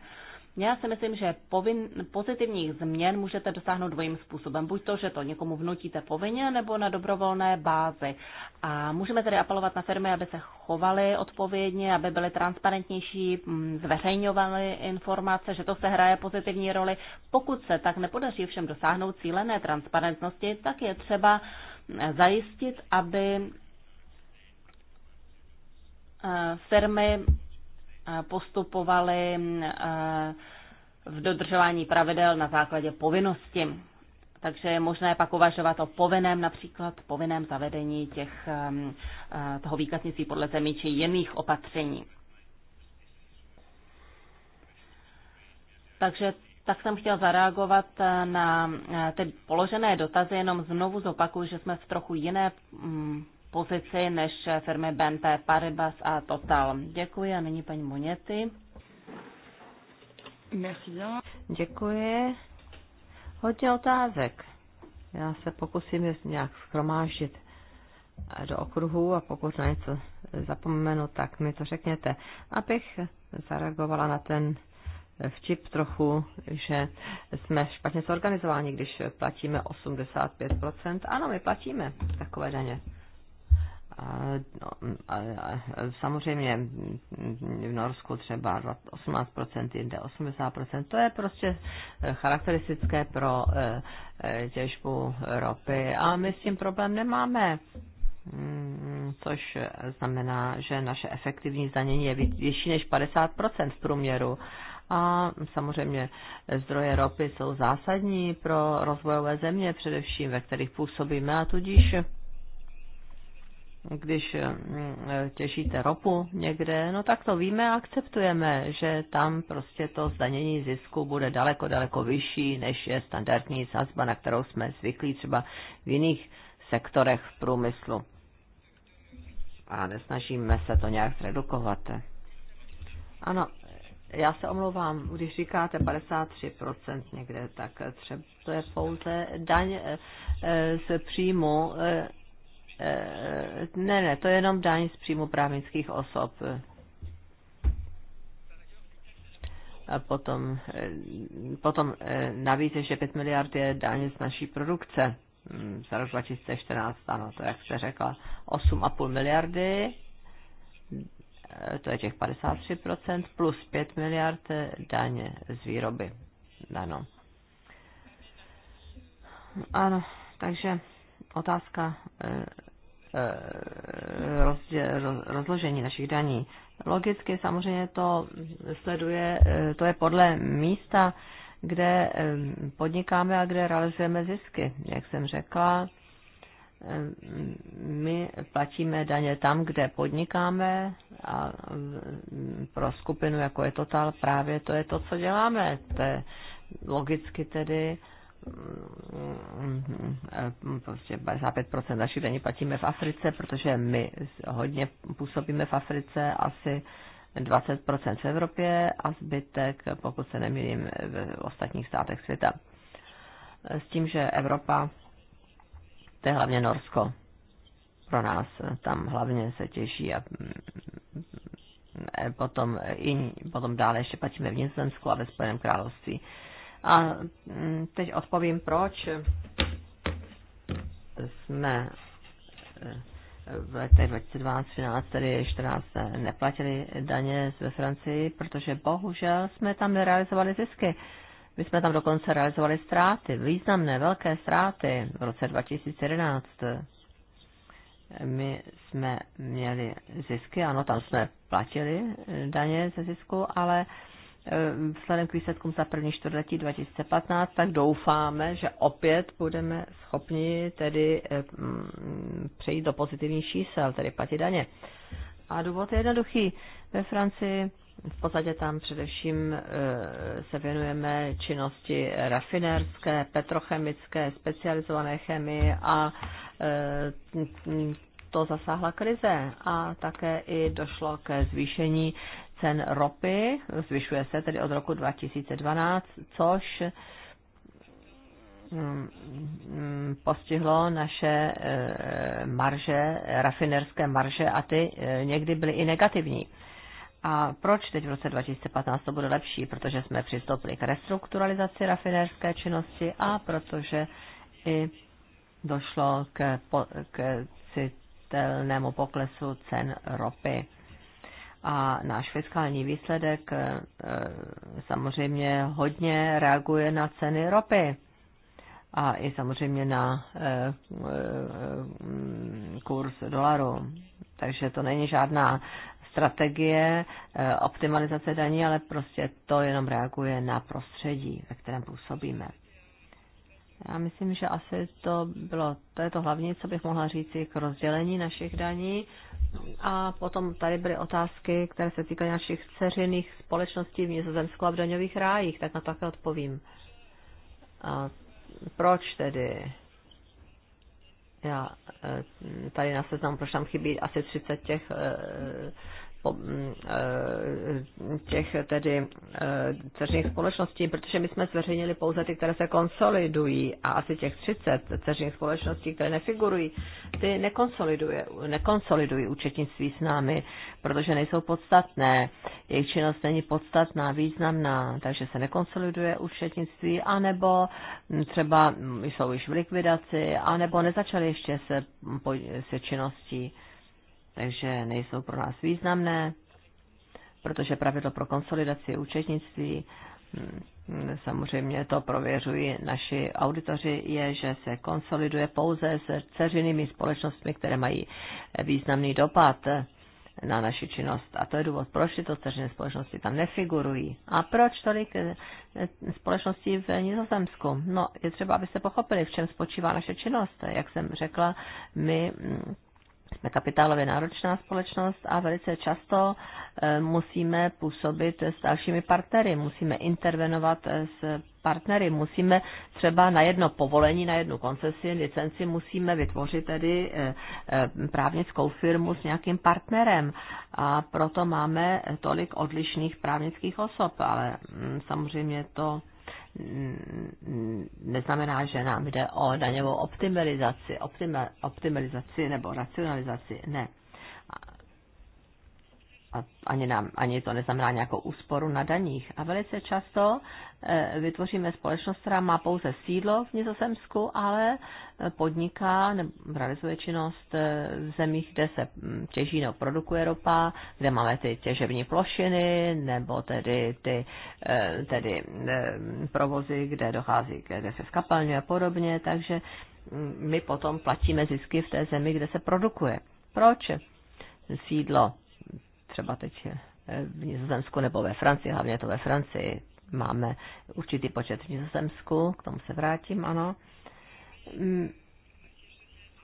Já si myslím, že povin, pozitivních změn můžete dosáhnout dvojím způsobem. Buď to, že to někomu vnutíte povinně, nebo na dobrovolné bázi. A můžeme tedy apelovat na firmy, aby se chovaly odpovědně, aby byly transparentnější, mm, zveřejňovaly informace, že to se hraje pozitivní roli. Pokud se tak nepodaří všem dosáhnout cílené transparentnosti, tak je třeba mm, zajistit, aby eh, firmy Eh, postupovali eh, v dodržování pravidel na základě povinnosti. Takže je možné pak uvažovat o povinném například povinném zavedení těch, eh, toho výkaznictví podle zemí či jiných opatření. Takže tak jsem chtěl zareagovat na ty položené dotazy, jenom znovu zopakuju, že jsme v trochu jiné mm, pozici než firmy BNP Paribas a Total. Děkuji a nyní paní Moněty. Děkuji. Hodně otázek. Já se pokusím je nějak schromáždit do okruhu a pokud na něco zapomenu, tak mi to řekněte. Abych zareagovala na ten vtip trochu, že jsme špatně zorganizováni, když platíme 85%. Ano, my platíme takové daně. No, samozřejmě v Norsku třeba 18%, jinde 80%. To je prostě charakteristické pro e, e, těžbu ropy a my s tím problém nemáme. Mm, což znamená, že naše efektivní zdanění je větší než 50% v průměru. A samozřejmě zdroje ropy jsou zásadní pro rozvojové země, především ve kterých působíme a tudíž když mm, těžíte ropu někde, no tak to víme a akceptujeme, že tam prostě to zdanění zisku bude daleko, daleko vyšší, než je standardní sazba, na kterou jsme zvyklí třeba v jiných sektorech v průmyslu. A nesnažíme se to nějak zredukovat. Ano, já se omlouvám, když říkáte 53% někde, tak třeba to je pouze daň eh, eh, z příjmu eh, Eh, ne, ne, to je jenom daň z příjmu právnických osob. A potom, eh, potom eh, navíc ještě 5 miliard je daň z naší produkce hmm, za rok 2014, ano, to jak jste řekla, 8,5 miliardy, to je těch 53%, plus 5 miliard daň z výroby. Ano. Ano, takže otázka Eh, rozložení našich daní. Logicky samozřejmě to sleduje, eh, to je podle místa, kde eh, podnikáme a kde realizujeme zisky. Jak jsem řekla, my platíme daně tam, kde podnikáme a pro skupinu, jako je Total, právě to je to, co děláme. To je logicky tedy prostě 55% našich daní platíme v Africe, protože my hodně působíme v Africe, asi 20% v Evropě a zbytek, pokud se nemýlím, v ostatních státech světa. S tím, že Evropa, to je hlavně Norsko pro nás, tam hlavně se těší a mm, e, potom, i, potom dále ještě platíme v Nizozemsku a ve Spojeném království. A mm, teď odpovím, proč jsme e, v letech 2012 tedy 14 e, neplatili daně ve Francii, protože bohužel jsme tam nerealizovali zisky. My jsme tam dokonce realizovali ztráty, významné velké ztráty v roce 2011. My jsme měli zisky, ano, tam jsme platili e, daně ze zisku, ale eh, Eh, vzhledem k výsledkům za první čtvrtletí 2015, tak doufáme, že opět budeme schopni tedy eh, mm, přejít do pozitivních čísel, tedy platit daně. A důvod je jednoduchý. Ve Francii v podstatě tam především eh, se věnujeme činnosti rafinérské, petrochemické, specializované chemii a mm, to zasáhla krize a také i došlo ke zvýšení cen ropy, zvyšuje se tedy od roku 2012, což mm, mm, postihlo naše eh, marže, rafinerské marže a ty eh, někdy byly i negativní. A proč teď v roce 2015 to bude lepší? Protože jsme přistoupili k restrukturalizaci rafinerské činnosti a protože i došlo k, po, k citelnému poklesu cen ropy a náš fiskální výsledek eh, samozřejmě hodně reaguje na ceny ropy a i samozřejmě na eh, eh, kurz dolaru. Takže to není žádná strategie optimalizace daní, ale prostě to jenom reaguje na prostředí, ve kterém působíme. Já myslím, že asi to bylo, to je to hlavní, co bych mohla říci k rozdělení našich daní. A potom tady byly otázky, které se týkají našich dceřiných společností v Nizozemsku a v daňových rájích, tak na to také odpovím. A proč tedy? Já eh, tady na seznamu, proč tam chybí asi 30 těch eh, Mm, eh, těch tedy eh, dceřních společností, protože my jsme zveřejnili pouze ty, které se konsolidují a asi těch 30 dceřních společností, které nefigurují, ty nekonsoliduje, nekonsolidují účetnictví s námi, protože nejsou podstatné. Jejich činnost není podstatná, významná, takže se nekonsoliduje účetnictví, anebo mm, třeba jsou již v likvidaci, anebo nezačaly ještě se, se činností takže nejsou pro nás významné, protože pravidlo pro konsolidaci účetnictví, mm, samozřejmě to prověřují naši auditoři, je, že se konsoliduje pouze se ceřinými společnostmi, které mají významný dopad na naši činnost. A to je důvod, proč tyto ceřinné společnosti tam nefigurují. A proč tolik eh, společností v Nizozemsku? No, je třeba, abyste pochopili, v čem spočívá naše činnost. Jak jsem řekla, my mm, jsme kapitálově náročná společnost a velice často eh, musíme působit s dalšími partnery, musíme intervenovat eh, s partnery, musíme třeba na jedno povolení, na jednu koncesi, licenci musíme vytvořit tedy eh, právnickou firmu s nějakým partnerem a proto máme tolik odlišných právnických osob, ale mm, samozřejmě to Mm, neznamená, že nám jde o daňovou optimalizaci, optima, optimalizaci nebo racionalizaci. Ne a ani, nám, ani to neznamená nějakou úsporu na daních. A velice často eh, vytvoříme společnost, která má pouze sídlo v Nizozemsku, ale eh, podniká nebo realizuje činnost eh, v zemích, kde se mm, těží nebo produkuje ropa, kde máme ty těžební plošiny nebo tedy ty tedy provozy, kde dochází, kde se skapelňuje a podobně, takže mm, my potom platíme zisky v té zemi, kde se produkuje. Proč? Sídlo třeba teď eh, v Nizozemsku nebo ve Francii, hlavně to ve Francii, máme určitý počet v Nizozemsku, k tomu se vrátím, ano. Mm,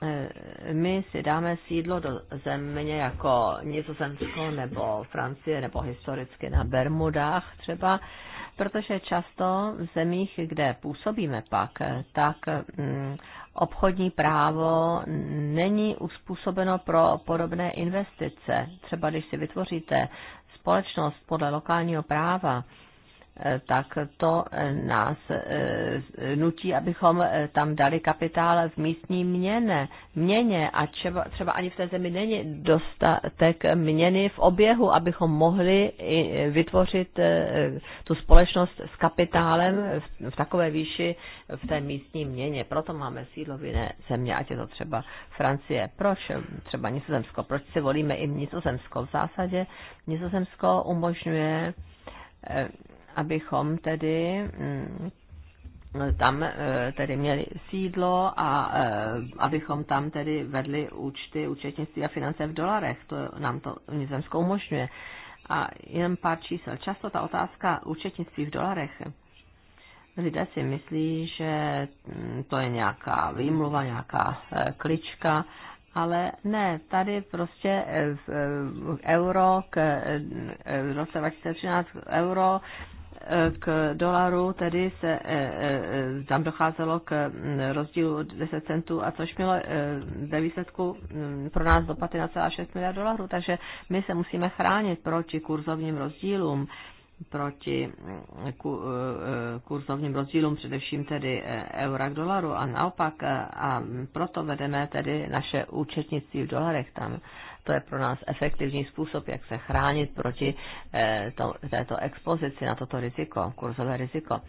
eh, my si dáme sídlo do země jako Nizozemsko nebo Francie nebo historicky na Bermudách třeba, protože často v zemích, kde působíme pak, eh, tak mm, obchodní právo není uspůsobeno pro podobné investice. Třeba když si vytvoříte společnost podle lokálního práva, tak to eh, nás eh, nutí, abychom eh, tam dali kapitál v místní měně, měně a třeba, třeba ani v té zemi není dostatek měny v oběhu, abychom mohli vytvořit tu společnost s kapitálem v takové výši v té místní měně. Proto máme sídlo v jiné země, ať je to třeba Francie. Proč třeba Nizozemsko? Proč si volíme i Nizozemsko? V zásadě Nizozemsko umožňuje abychom tedy mm, tam eh, tedy měli sídlo a eh, abychom tam tedy vedli účty, účetnictví a finance v dolarech. To nám to Nizemsko umožňuje. A jen pár čísel. Často ta otázka účetnictví v dolarech lidé si myslí, že mm, to je nějaká výmluva, nějaká eh, klička, ale ne, tady prostě euro k v roce 2013 euro k dolaru, tedy se, e, e, e, tam docházelo k mm, rozdílu 10 centů, a což mělo ve výsledku mm, pro nás celá 1,6 miliard dolarů, takže my se musíme chránit proti kurzovním rozdílům proti mm, kurzovním rozdílům, především tedy eura k dolaru a naopak a proto vedeme tedy naše účetnictví v dolarech tam to je pro nás efektivní způsob, jak se chránit proti eh, to, této expozici na toto riziko, kurzové riziko.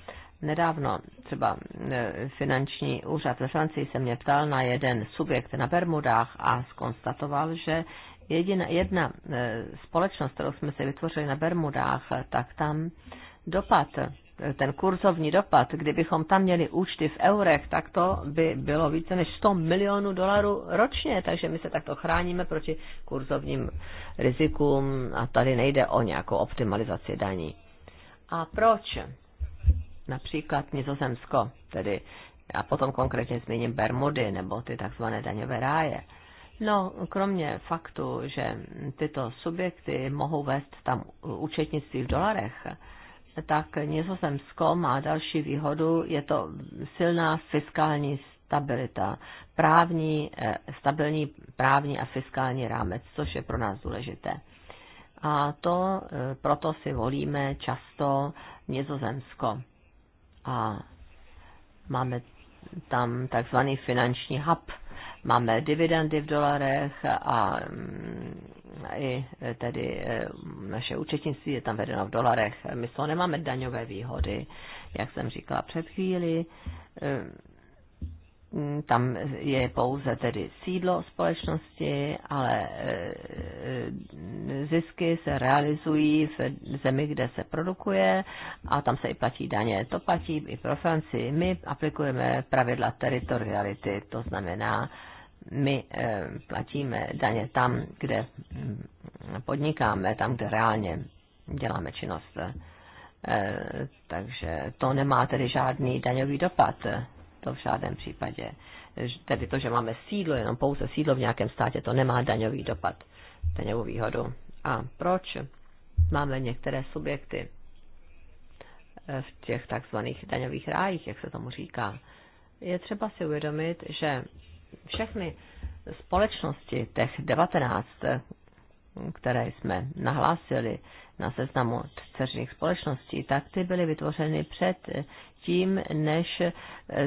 Nedávno třeba eh, finanční úřad ve Francii se mě ptal na jeden subjekt na Bermudách a skonstatoval, že jedina, jedna eh, společnost, kterou jsme si vytvořili na Bermudách, tak tam dopad ten kurzovní dopad, kdybychom tam měli účty v eurech, tak to by bylo více než 100 milionů dolarů ročně, takže my se takto chráníme proti kurzovním rizikům a tady nejde o nějakou optimalizaci daní. A proč? Například Nizozemsko, tedy a potom konkrétně zmíním Bermudy nebo ty takzvané daňové ráje. No, kromě faktu, že tyto subjekty mohou vést tam účetnictví v dolarech, tak Nizozemsko má další výhodu, je to silná fiskální stabilita, právní, eh, stabilní právní a fiskální rámec, což je pro nás důležité. A to eh, proto si volíme často Nizozemsko. A máme tam takzvaný finanční hub, máme dividendy v dolarech a mm, i tedy e, naše účetnictví je tam vedeno v dolarech. My to nemáme daňové výhody, jak jsem říkala před chvíli. E, mm, tam je pouze tedy sídlo společnosti, ale e, zisky se realizují v zemi, kde se produkuje a tam se i platí daně. To platí i pro Francii. My aplikujeme pravidla teritoriality, to znamená, my eh, platíme daně tam, kde mm, podnikáme, tam, kde reálně děláme činnost. Eh, takže to nemá tedy žádný daňový dopad, to v žádném případě. Tedy to, že máme sídlo, jenom pouze sídlo v nějakém státě, to nemá daňový dopad, daňovou výhodu. A proč máme některé subjekty eh, v těch takzvaných daňových rájích, jak se tomu říká? Je třeba si uvědomit, že všechny společnosti, těch 19, které jsme nahlásili na seznamu dceřních společností, tak ty byly vytvořeny před tím, než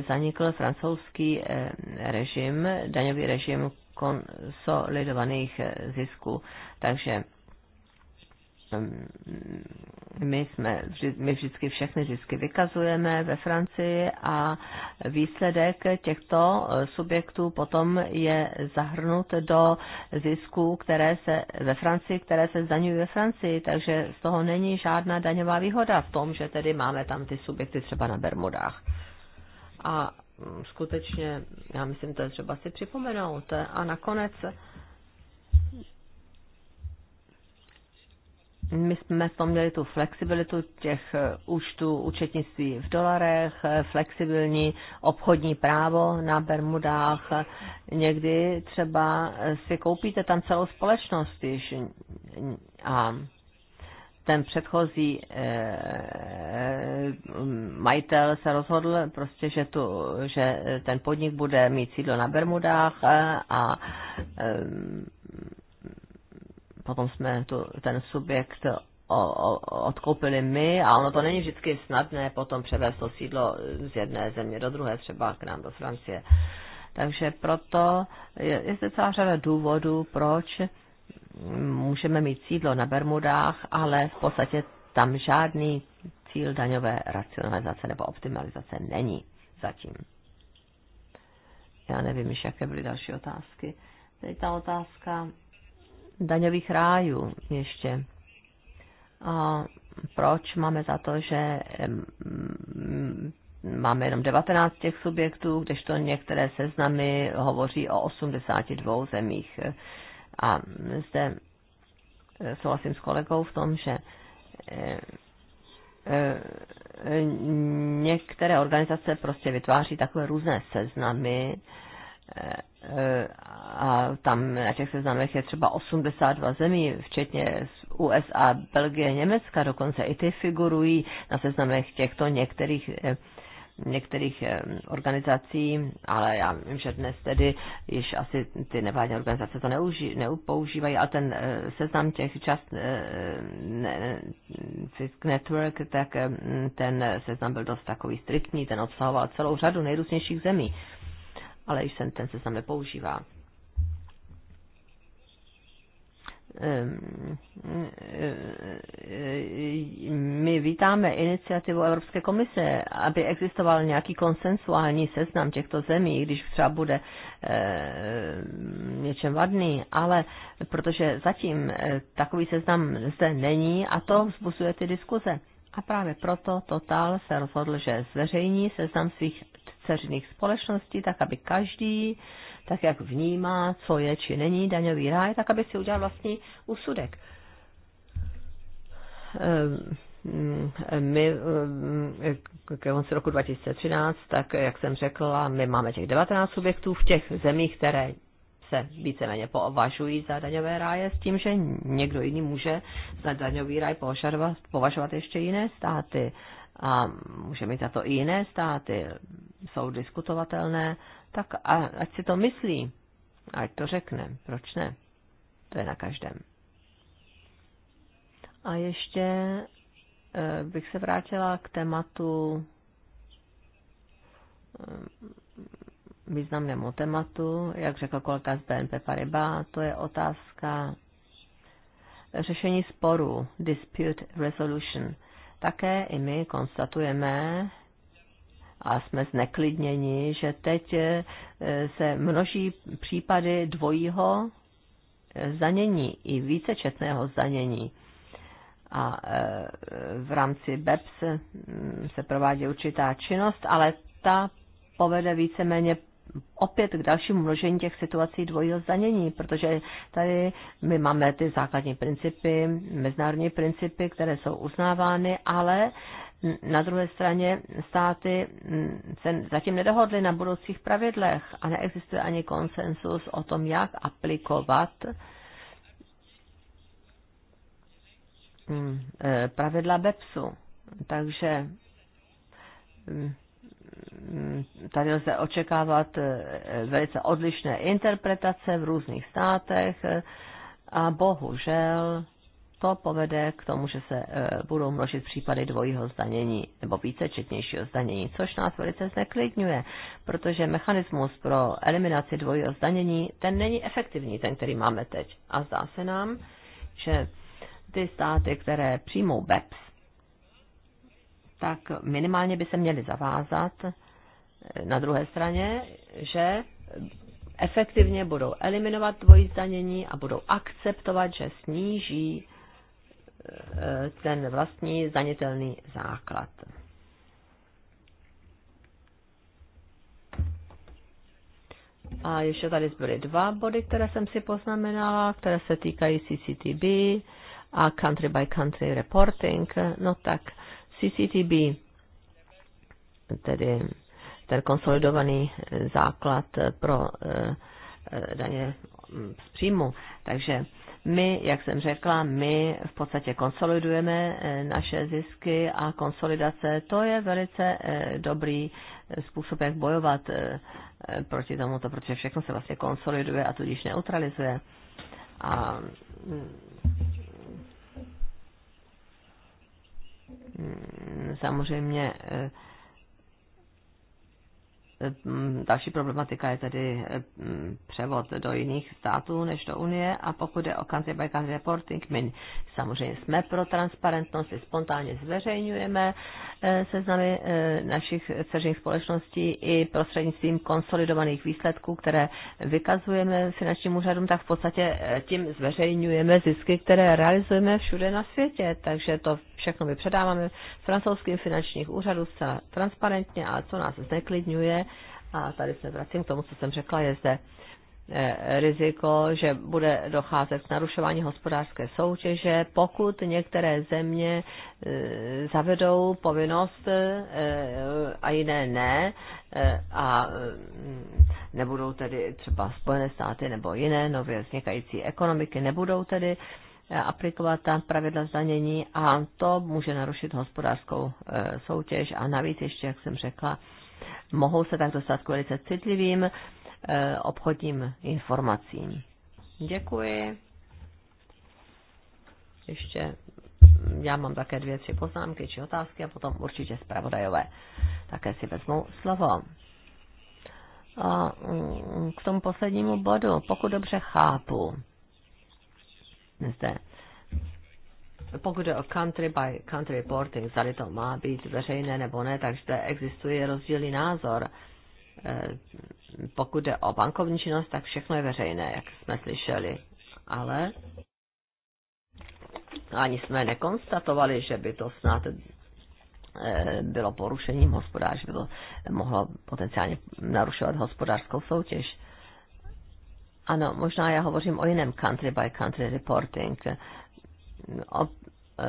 zanikl francouzský eh, režim, daňový režim konsolidovaných zisků. Takže Ehm, my, jsme, my vždycky všechny zisky vykazujeme ve Francii a výsledek těchto eh, subjektů potom je zahrnut do zisků, které se ve Francii, které se zdaňují ve Francii, takže z toho není žádná daňová výhoda v tom, že tedy máme tam ty subjekty třeba na Bermudách. A mm, skutečně, já myslím, to je třeba si připomenout. A nakonec my jsme v tom měli tu flexibilitu těch účtů eh, účetnictví v dolarech, eh, flexibilní obchodní právo na Bermudách. Někdy třeba eh, si koupíte tam celou společnost již a ten předchozí majitel se rozhodl prostě, že, tu, že ten podnik bude mít sídlo na Bermudách a potom jsme tu, ten subjekt o, o, odkoupili my a ono to není vždycky snadné potom převést to sídlo z jedné země do druhé, třeba k nám do Francie. Takže proto je, je zde celá řada důvodů, proč můžeme mít sídlo na Bermudách, ale v podstatě tam žádný cíl daňové racionalizace nebo optimalizace není zatím. Já nevím, jaké byly další otázky. Teď ta otázka daňových rájů ještě. A proč máme za to, že máme jenom 19 těch subjektů, kdežto některé seznamy hovoří o 82 zemích. A zde e, souhlasím s kolegou v tom, že e, e, některé organizace prostě vytváří takové různé seznamy, a tam na těch seznamech je třeba 82 zemí, včetně USA, Belgie, Německa, dokonce i ty figurují na seznamech těchto některých eh, některých eh, organizací, ale já vím, že dnes tedy již asi ty nevládní organizace to neupoužívají, ale ten eh, seznam těch Just ne, Network, tak ten seznam byl dost takový striktní, ten obsahoval celou řadu nejrůznějších zemí ale jsem ten seznam nepoužívá. Ehm, ehm, ehm, my vítáme iniciativu Evropské komise, aby existoval nějaký konsensuální seznam těchto zemí, když třeba bude něčem vadný, ale protože zatím eh, takový seznam zde není a to vzbuzuje ty diskuze. A právě proto Total se rozhodl, že zveřejní seznam svých dceřiných společností, tak aby každý, tak jak vnímá, co je či není daňový ráj, tak aby si udělal vlastní úsudek. Ehm, my ehm, ke konci roku 2013, tak jak jsem řekla, my máme těch 19 subjektů v těch zemích, které se víceméně považují za daňové ráje s tím, že někdo jiný může za daňový ráj považovat, považovat ještě jiné státy a může mít za to i jiné státy, jsou diskutovatelné, tak a, ať si to myslí, ať to řekne, proč ne? To je na každém. A ještě eh, bych se vrátila k tématu, eh, významnému tématu, jak řekl kolega z BNP Paribas, to je otázka řešení sporů, dispute resolution. Také i my konstatujeme a jsme zneklidněni, že teď eh, se množí případy dvojího eh, zdanění i vícečetného zdanění. A eh, v rámci BEPS mm, se provádí určitá činnost, ale ta povede víceméně opět k dalšímu množení těch situací dvojího zdanění, protože tady my máme ty základní principy, mezinárodní principy, které jsou uznávány, ale na druhé straně státy se zatím nedohodly na budoucích pravidlech a neexistuje ani konsensus o tom, jak aplikovat mm, eh, pravidla BEPSu. Takže mm, Mm, tady lze očekávat eh, velice odlišné interpretace v různých státech eh, a bohužel to povede k tomu, že se eh, budou množit případy dvojího zdanění nebo vícečetnějšího zdanění, což nás velice zneklidňuje, protože mechanismus pro eliminaci dvojího zdanění, ten není efektivní, ten, který máme teď. A zdá se nám, že ty státy, které přijmou BEPS, tak minimálně by se měly zavázat, na druhé straně, že efektivně budou eliminovat dvojí zdanění a budou akceptovat, že sníží eh, ten vlastní zdanitelný základ. A ještě tady zbyly dva body, které jsem si poznamenala, které se týkají CCTB a country by country reporting. No tak CCTB, tedy ten konsolidovaný eh, základ eh, pro eh, daně mm, z příjmu. Takže my, jak jsem řekla, my v podstatě konsolidujeme naše zisky a konsolidace, to je velice dobrý způsob, jak bojovat proti tomuto, protože všechno se vlastně konsoliduje a tudíž neutralizuje. A mm, mm, samozřejmě Eh, další problematika je tedy eh, převod do jiných států než do Unie a pokud je o country by country reporting, my samozřejmě jsme pro transparentnost, i spontánně zveřejňujeme eh, seznamy našich dceřních společností i prostřednictvím konsolidovaných výsledků, které vykazujeme finančním úřadům, tak v podstatě tím zveřejňujeme zisky, které realizujeme všude na světě, takže to všechno my předáváme francouzským finančních úřadů zcela transparentně, ale co nás zneklidňuje, a tady se vracím k tomu, co jsem řekla, je zde eh, riziko, že bude docházet k narušování hospodářské soutěže, pokud některé země eh, zavedou povinnost eh, a jiné ne a mm, nebudou tedy třeba Spojené státy nebo jiné nově vznikající ekonomiky, nebudou tedy Eh, aplikovat tam pravidla zdanění a to může narušit hospodářskou eh, soutěž a navíc ještě, jak jsem řekla, mohou se tak dostat k velice citlivým eh, obchodním informacím. Děkuji. Ještě já mám také dvě, tři poznámky či otázky a potom určitě zpravodajové také si vezmou slovo. A mm, k tomu poslednímu bodu, pokud dobře chápu, zde. Pokud je o country by country reporting, zda to má být veřejné nebo ne, takže zde existuje rozdílný názor. Eh, pokud je o bankovní činnost, tak všechno je veřejné, jak jsme slyšeli. Ale ani jsme nekonstatovali, že by to snad eh, bylo porušením hospodářství, bylo, mohlo potenciálně narušovat hospodářskou soutěž. Ano, možná já hovořím o jiném country by country reporting.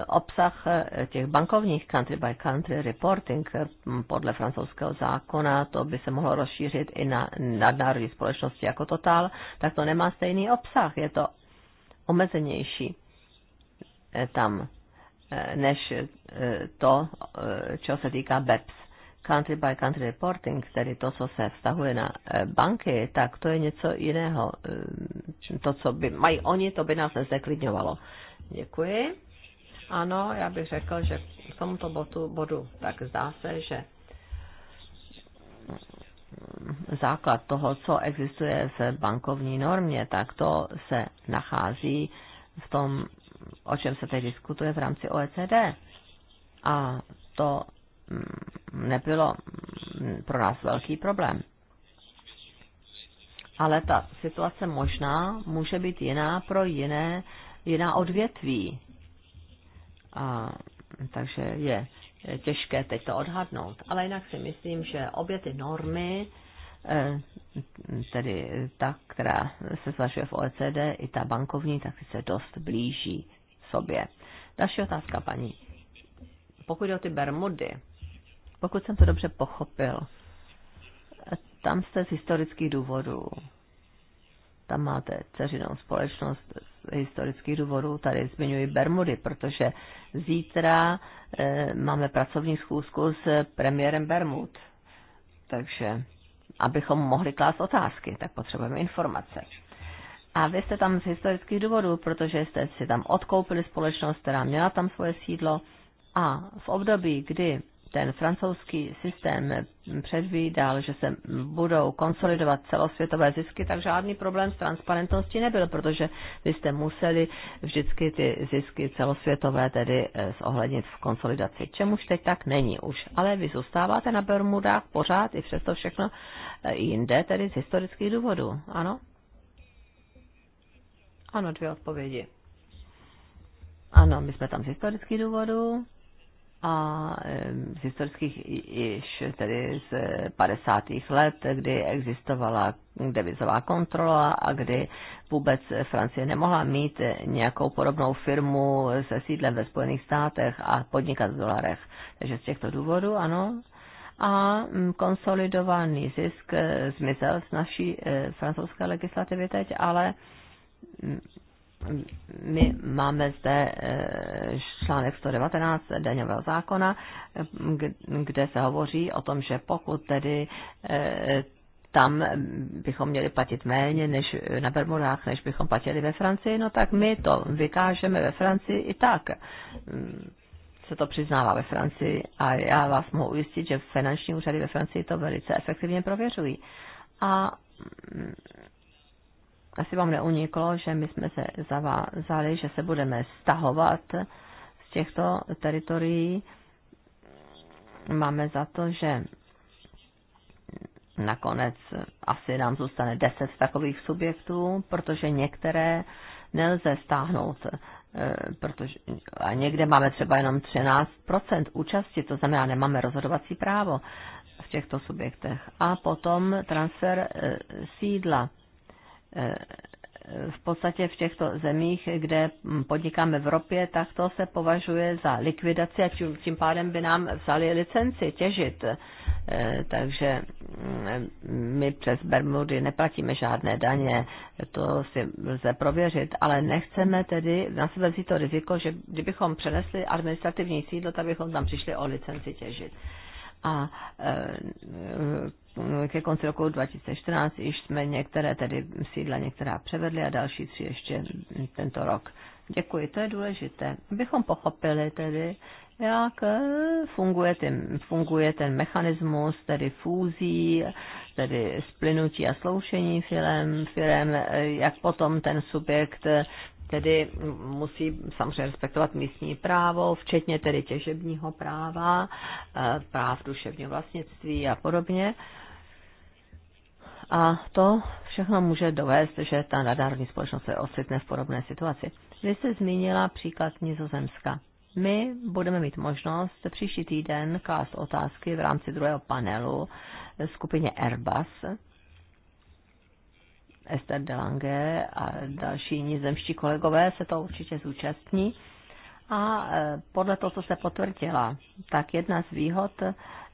obsah těch bankovních country by country reporting podle francouzského zákona, to by se mohlo rozšířit i na nadnárodní společnosti jako Total, tak to nemá stejný obsah, je to omezenější tam než to, čeho se týká BEPS country by country reporting, tedy to, co se vztahuje na eh, banky, tak to je něco jiného. Eh, to, co by mají oni, to by nás nezeklidňovalo. Děkuji. Ano, já bych řekl, že k tomuto bodu, bodu tak zdá se, že mm, základ toho, co existuje v bankovní normě, tak to se nachází v tom, o čem se teď diskutuje v rámci OECD. A to Mm, nebylo mm, pro nás velký problém. Ale ta situace možná může být jiná pro jiné, jiná odvětví. A, takže je těžké teď to odhadnout. Ale jinak si myslím, že obě ty normy, eh, tedy ta, která se zvažuje v OECD, i ta bankovní, tak se dost blíží sobě. Další otázka, paní. Pokud jde o ty Bermudy, pokud jsem to dobře pochopil, tam jste z historických důvodů. Tam máte ceřinou společnost z historických důvodů. Tady zmiňuji Bermudy, protože zítra e, máme pracovní schůzku s premiérem Bermud. Takže abychom mohli klást otázky, tak potřebujeme informace. A vy jste tam z historických důvodů, protože jste si tam odkoupili společnost, která měla tam svoje sídlo a v období, kdy ten francouzský systém předvídal, že se budou konsolidovat celosvětové zisky, tak žádný problém s transparentností nebyl, protože vy jste museli vždycky ty zisky celosvětové tedy eh, zohlednit v konsolidaci, čemuž teď tak není už. Ale vy zůstáváte na Bermudách pořád i přesto všechno eh, jinde, tedy z historických důvodů, ano? Ano, dvě odpovědi. Ano, my jsme tam z historických důvodů a z historických již tedy z 50. let, kdy existovala devizová kontrola a kdy vůbec Francie nemohla mít nějakou podobnou firmu se sídlem ve Spojených státech a podnikat v dolarech. Takže z těchto důvodů ano. A konsolidovaný zisk eh, zmizel z naší eh, francouzské legislativy teď, ale my máme zde e, článek 119 daňového zákona, kde se hovoří o tom, že pokud tedy e, tam bychom měli platit méně než na Bermudách, než bychom platili ve Francii, no tak my to vykážeme ve Francii i tak. Se to přiznává ve Francii a já vás mohu ujistit, že finanční úřady ve Francii to velice efektivně prověřují. A asi vám neuniklo, že my jsme se zavázali, že se budeme stahovat z těchto teritorií. Máme za to, že nakonec asi nám zůstane deset takových subjektů, protože některé nelze stáhnout eh, protože, a někde máme třeba jenom 13% účasti, to znamená, nemáme rozhodovací právo v těchto subjektech. A potom transfer eh, sídla Eh, v podstatě v těchto zemích, kde podnikáme v Evropě, tak to se považuje za likvidaci a tím, tím pádem by nám vzali licenci těžit. Eh, takže mm, my přes Bermudy neplatíme žádné daně, to si lze prověřit, ale nechceme tedy na sebe vzít to riziko, že kdybychom přenesli administrativní sídlo, tak bychom tam přišli o licenci těžit. A eh, ke konci roku 2014 již jsme některé tedy sídla některá převedli a další tři ještě tento rok. Děkuji, to je důležité. Abychom pochopili tedy, jak eh, funguje ten, funguje ten mechanismus, tedy fúzí, tedy splynutí a sloušení firem, firem, eh, jak potom ten subjekt eh, tedy musí samozřejmě respektovat místní právo, včetně tedy těžebního práva, práv duševního vlastnictví a podobně. A to všechno může dovést, že ta nadárodní společnost se ocitne v podobné situaci. Vy jste zmínila příklad Nizozemska. My budeme mít možnost příští týden klást otázky v rámci druhého panelu skupině Airbus. Esther Delange a další nizemští kolegové se to určitě zúčastní. A eh, podle toho, co se potvrdila, tak jedna z výhod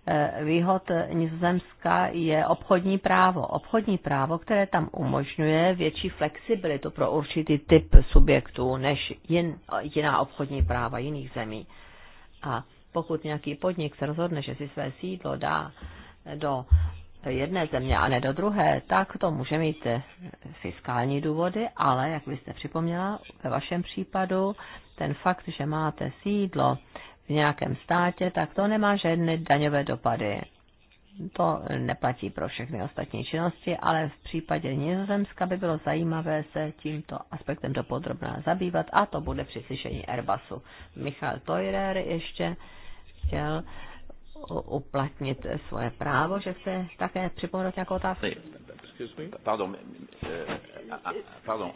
Eh, výhod eh, Nizozemska je obchodní právo. Obchodní právo, které tam umožňuje větší flexibilitu pro určitý typ subjektů než jin, jiná obchodní práva jiných zemí. A pokud nějaký podnik se rozhodne, že si své sídlo dá eh, do jedné země a ne do druhé, tak to může mít fiskální důvody, ale, jak byste připomněla, ve vašem případu ten fakt, že máte sídlo v nějakém státě, tak to nemá žádné daňové dopady. To neplatí pro všechny ostatní činnosti, ale v případě Nizozemska by bylo zajímavé se tímto aspektem dopodrobná zabývat a to bude při slyšení Airbusu. Michal Teurer ještě chtěl uh, uplatnit svoje právo, že chce také připomenout nějakou otázku? Pardon, eh, pardon.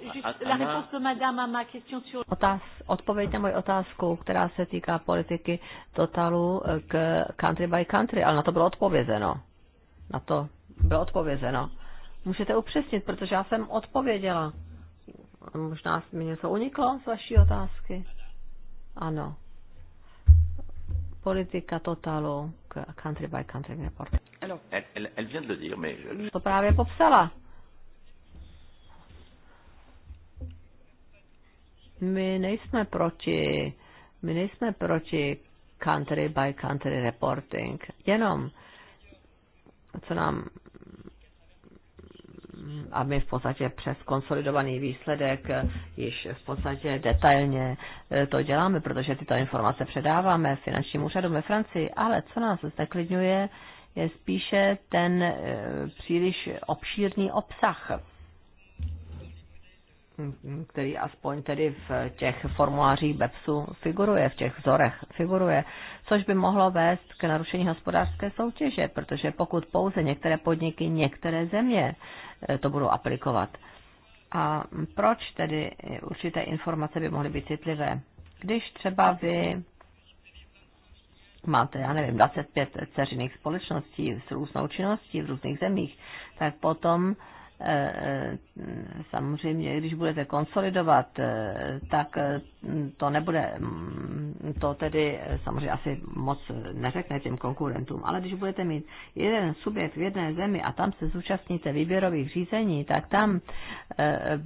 Otáz, odpověď na moji otázku, která se týká politiky totalu eh, k country by country, ale na to bylo odpovězeno. Na to bylo odpovězeno. Můžete upřesnit, protože já jsem odpověděla. Možná mi něco uniklo z vaší otázky. Ano politika totalu k country by country report. To právě popsala. My nejsme proti, my nejsme proti country by country reporting. Jenom, co nám a my v podstatě přes konsolidovaný výsledek již v podstatě detailně eh, to děláme, protože tyto informace předáváme finančním úřadům ve Francii, ale co nás zneklidňuje, je spíše ten eh, příliš obšírný obsah který aspoň tedy v těch formulářích BEPSu figuruje, v těch vzorech figuruje, což by mohlo vést k narušení hospodářské soutěže, protože pokud pouze některé podniky, některé země eh, to budou aplikovat. A proč tedy určité informace by mohly být citlivé? Když třeba vy máte, já nevím, 25 ceřiných společností s různou činností v různých zemích, tak potom Eh, eh, samozřejmě, když budete konsolidovat, eh, tak to nebude, mm, to tedy samozřejmě asi moc neřekne těm konkurentům, ale když budete mít jeden subjekt v jedné zemi a tam se zúčastníte výběrových řízení, tak tam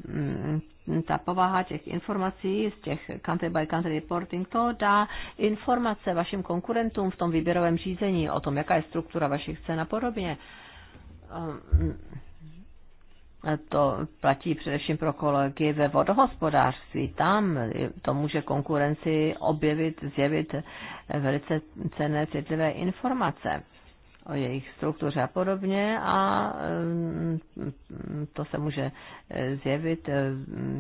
mm, ta povaha těch informací z těch country by country reporting, to dá informace vašim konkurentům v tom výběrovém řízení o tom, jaká je struktura vašich cen a podobně mm, to platí především pro kolegy ve vodohospodářství. Tam to může konkurenci objevit, zjevit velice cenné, citlivé informace o jejich struktuře a podobně a mm, to se může eh, zjevit, eh,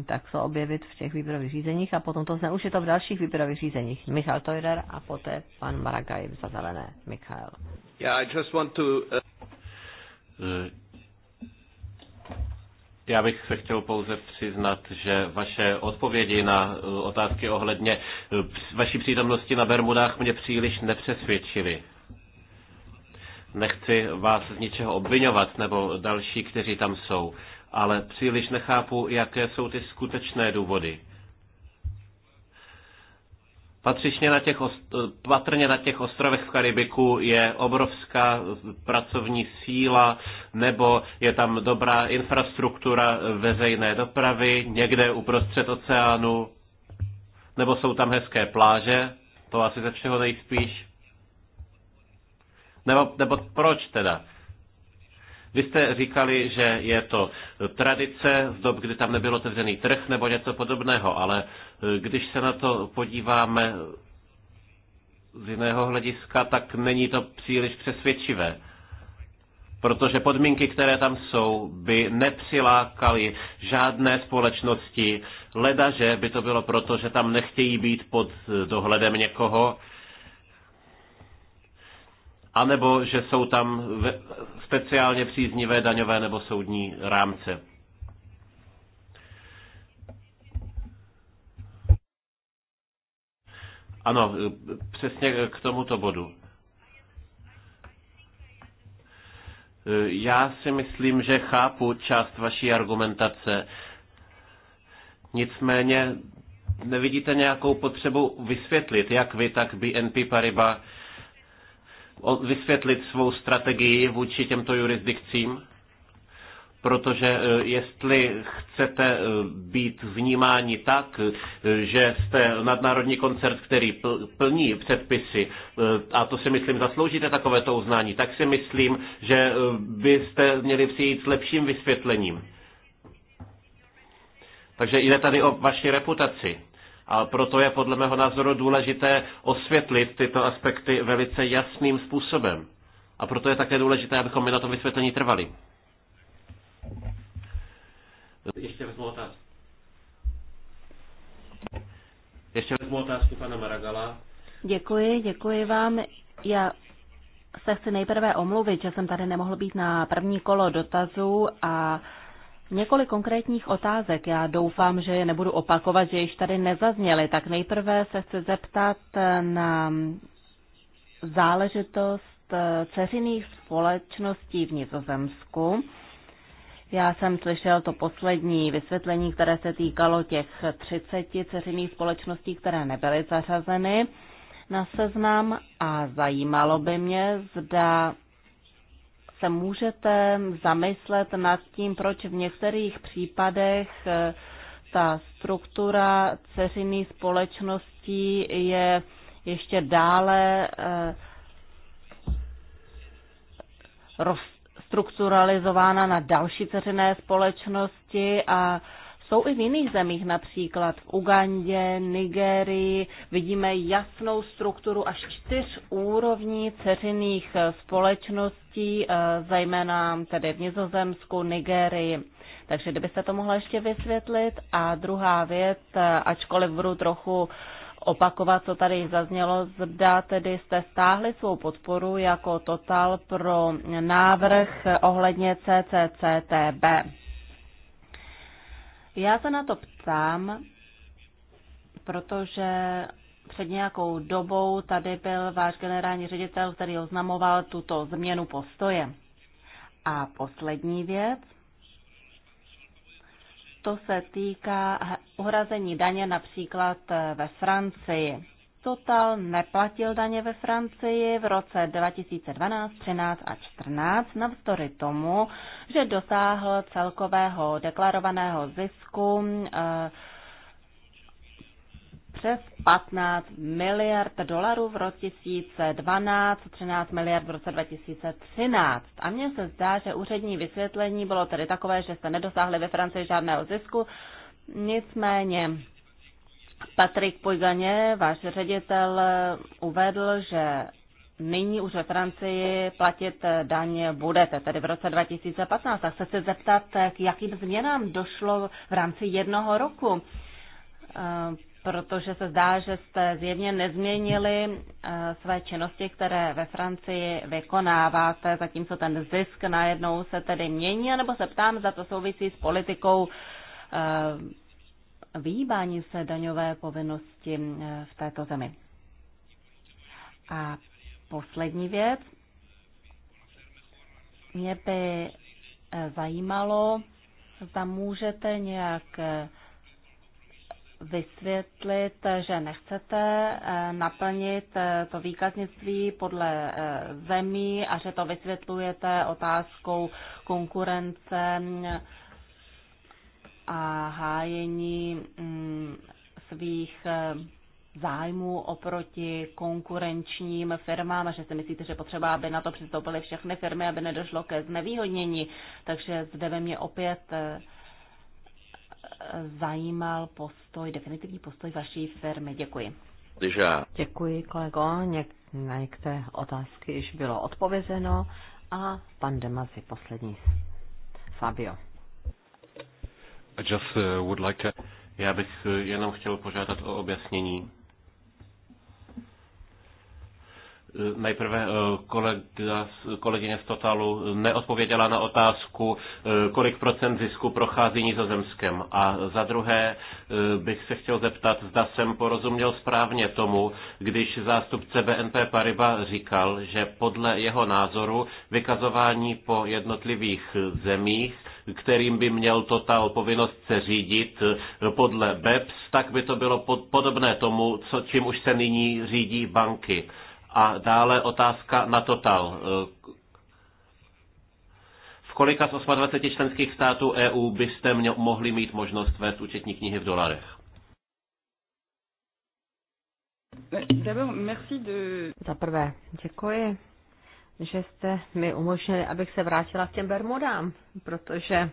tak se objevit v těch výběrových řízeních a potom to zneužito v dalších výběrových řízeních. Michal Tojder a poté pan Maragaj za zelené. Michal. Yeah, I just want to, uh... Já bych se chtěl pouze přiznat, že vaše odpovědi na eh, otázky ohledně eh, vaší přítomnosti na Bermudách mě příliš nepřesvědčily. Nechci vás z ničeho obvinovat nebo další, kteří tam jsou, ale příliš nechápu, jaké jsou ty skutečné důvody. Patřičně na těch patrně na těch ostrovech v Karibiku je obrovská pracovní síla, nebo je tam dobrá infrastruktura veřejné dopravy někde uprostřed oceánu, nebo jsou tam hezké pláže, to asi ze všeho nejspíš. Nebo, nebo proč teda? Vy jste říkali, že je to eh, tradice z dob, kdy tam nebyl otevřený trh nebo něco podobného, ale eh, když se na to podíváme eh, z jiného hlediska, tak není to příliš přesvědčivé. Protože podmínky, které tam jsou, by nepřilákaly žádné společnosti, ledaže by to bylo proto, že tam nechtějí být pod dohledem někoho, anebo že jsou tam speciálně příznivé daňové nebo soudní rámce. Ano, přesně k tomuto bodu. Já si myslím, že chápu část vaší argumentace. Nicméně nevidíte nějakou potřebu vysvětlit, jak vy, tak BNP Paribas vysvětlit svou strategii vůči těmto jurisdikcím? protože e, jestli chcete e, být vnímáni tak, e, že jste nadnárodní koncert, který plní předpisy, a to si myslím zasloužíte takovéto uznání, tak si myslím, že byste měli přijít s lepším vysvětlením. Takže jde tady o vaši reputaci. A proto je podle mého názoru důležité osvětlit tyto aspekty velice jasným způsobem. A proto je také důležité, abychom my na to vysvětlení trvali. Ještě vezmu otázku. Ještě vezmu otázku pana Maragala. Děkuji, děkuji vám. Já se chci nejprve omluvit, že jsem tady nemohl být na první kolo dotazů a Několik konkrétních otázek. Já doufám, že je nebudu opakovat, že již tady nezazněly. Tak nejprve se chci zeptat eh, na záležitost eh, ceřiných společností v Nizozemsku. Já jsem slyšel to poslední vysvětlení, které se týkalo těch 30 ceřiných společností, které nebyly zařazeny na seznam a zajímalo by mě, zda se můžete zamyslet nad tím, proč v některých případech eh, ta struktura ceřinných společností je ještě dále eh, rozstrukturalizována na další ceřiné společnosti a jsou i v jiných zemích, například v Ugandě, Nigerii. Vidíme jasnou strukturu až čtyř úrovní ceřiných eh, společností, eh, zejména tedy v Nizozemsku, Nigerii. Takže kdybyste to mohla ještě vysvětlit. A druhá věc, eh, ačkoliv budu trochu opakovat, co tady zaznělo, zda tedy jste stáhli svou podporu jako total pro návrh ohledně CCCTB. Já se na to ptám, protože před nějakou dobou tady byl váš generální ředitel, který oznamoval tuto změnu postoje. A poslední věc, to se týká uhrazení daně například ve Francii. Total neplatil daně ve Francii v roce 2012, 13 a 14, navzdory tomu, že dosáhl celkového deklarovaného zisku eh, přes 15 miliard dolarů v roce 2012, 13 miliard v roce 2013. A mně se zdá, že úřední vysvětlení bylo tedy takové, že jste nedosáhli ve Francii žádného zisku, nicméně Patrik Pojganě, váš ředitel, uvedl, že nyní už ve Francii platit daň budete, tedy v roce 2015. A chci se zeptat, k jakým změnám došlo v rámci jednoho roku, e, protože se zdá, že jste zjevně nezměnili e, své činnosti, které ve Francii vykonáváte, zatímco ten zisk najednou se tedy mění, nebo se ptám, za to souvisí s politikou e, vyhýbání se daňové povinnosti eh, v této zemi. A poslední věc. Mě by eh, zajímalo, zda můžete nějak eh, vysvětlit, že nechcete naplnit to výkaznictví podle zemí a že to vysvětlujete otázkou konkurence a hájení mm, svých eh, zájmů oproti konkurenčním firmám a že si myslíte, že potřeba, aby na to přistoupily všechny firmy, aby nedošlo ke znevýhodnění. Takže zde ve mě opět eh, zajímal postoj, definitivní postoj vaší firmy. Děkuji. Děkuji, kolego. Něk- na některé otázky již bylo odpovězeno a pan Demazi poslední. Fabio. I just uh, would like to... Já bych uh, jenom chtěl požádat o objasnění. Uh, nejprve kolega, kolegyně z Totalu neodpověděla na otázku, kolik procent zisku prochází nizozemskem. A za druhé bych se chtěl zeptat, zda jsem porozuměl správně tomu, když zástupce BNP Pariba říkal, že podle jeho názoru vykazování po jednotlivých zemích kterým by měl Total povinnost se řídit podle BEPS, tak by to bylo podobné tomu, co, čím už se nyní řídí banky. A dále otázka na Total. V kolika z 28 členských států EU byste měl, mohli mít možnost vést účetní knihy v dolarech? Za prvé, děkuji že jste mi umožnili, abych se vrátila k těm Bermudám, protože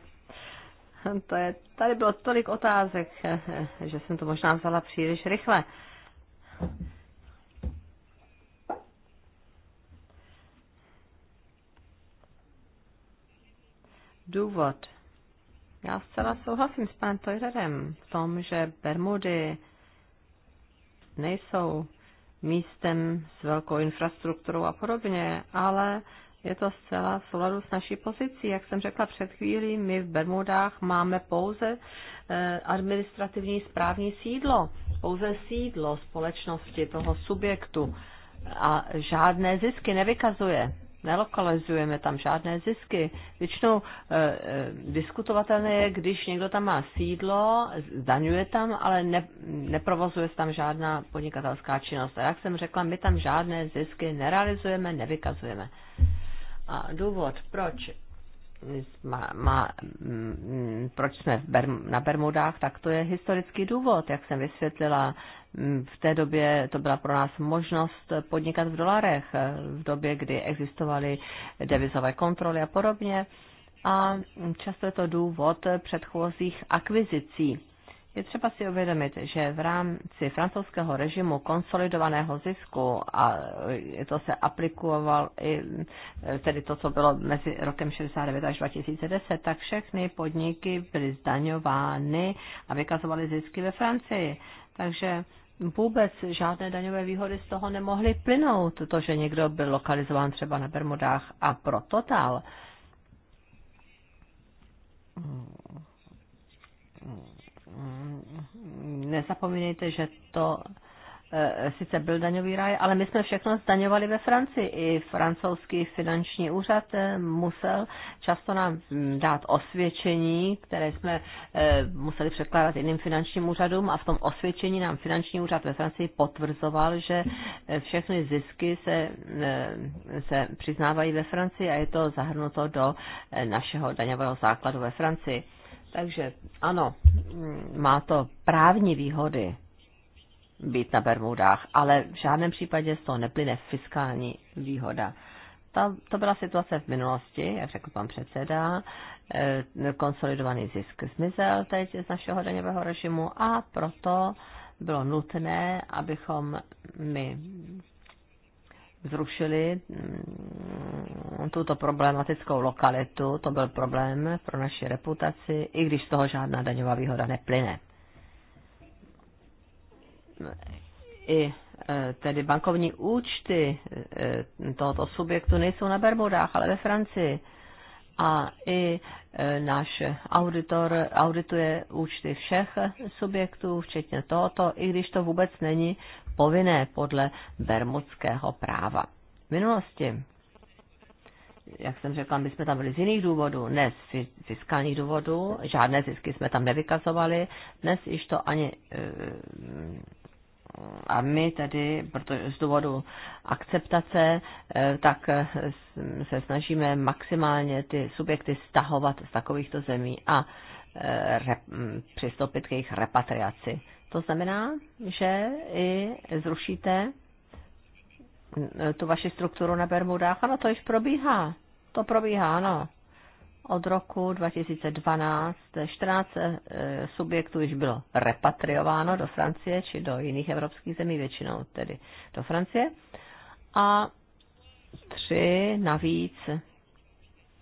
to je, tady bylo tolik otázek, že jsem to možná vzala příliš rychle. Důvod. Já zcela souhlasím s panem Toilerem v tom, že Bermudy nejsou místem s velkou infrastrukturou a podobně, ale je to zcela v souladu s naší pozicí. Jak jsem řekla před chvílí, my v Bermudách máme pouze eh, administrativní správní sídlo, pouze sídlo společnosti toho subjektu a žádné zisky nevykazuje nelokalizujeme tam žádné zisky. Většinou e, e, diskutovatelné je, když někdo tam má sídlo, zdaňuje tam, ale ne, neprovozuje tam žádná podnikatelská činnost. A jak jsem řekla, my tam žádné zisky nerealizujeme, nevykazujeme. A důvod, proč má, má, m, mm, proč jsme v Berm, na Bermudách, tak to je historický důvod, jak jsem vysvětlila. Mm, v té době to byla pro nás možnost podnikat v dolarech, v době, kdy existovaly devizové kontroly a podobně. A často je to důvod předchozích akvizicí je třeba si uvědomit, že v rámci francouzského režimu konsolidovaného zisku, a to se aplikoval i tedy to, co bylo mezi rokem 69 až 2010, tak všechny podniky byly zdaňovány a vykazovaly zisky ve Francii. Takže vůbec žádné daňové výhody z toho nemohly plynout, to, že někdo byl lokalizován třeba na Bermudách a pro dál. Mm, nezapomínejte, že to e, sice byl daňový ráj, ale my jsme všechno zdaňovali ve Francii. I francouzský finanční úřad e, musel často nám dát osvědčení, které jsme e, museli překládat jiným finančním úřadům a v tom osvědčení nám finanční úřad ve Francii potvrzoval, že všechny zisky se, se přiznávají ve Francii a je to zahrnuto do našeho daňového základu ve Francii. Takže ano, mm, má to právní výhody být na Bermudách, ale v žádném případě z toho neplyne fiskální výhoda. Ta, to byla situace v minulosti, jak řekl pan předseda, eh, konsolidovaný zisk zmizel teď z našeho daňového režimu a proto bylo nutné, abychom my zrušili mm, tuto problematickou lokalitu, to byl problém pro naši reputaci, i když z toho žádná daňová výhoda neplyne. I e, tedy bankovní účty e, tohoto subjektu nejsou na Bermudách, ale ve Francii. A i e, náš auditor audituje účty všech subjektů, včetně tohoto, i když to vůbec není povinné podle bermudského práva. V minulosti, jak jsem řekla, my jsme tam byli z jiných důvodů, ne z fiskálních důvodů, žádné zisky jsme tam nevykazovali, dnes již to ani eh, a my tedy, protože z důvodu akceptace, eh, tak eh, se snažíme maximálně ty subjekty stahovat z takovýchto zemí a přistoupit k jejich repatriaci. To znamená, že i zrušíte tu vaši strukturu na Bermudách. Ano, to již probíhá. To probíhá, ano. Od roku 2012 14 eh, subjektů již bylo repatriováno do Francie či do jiných evropských zemí, většinou tedy do Francie. A tři navíc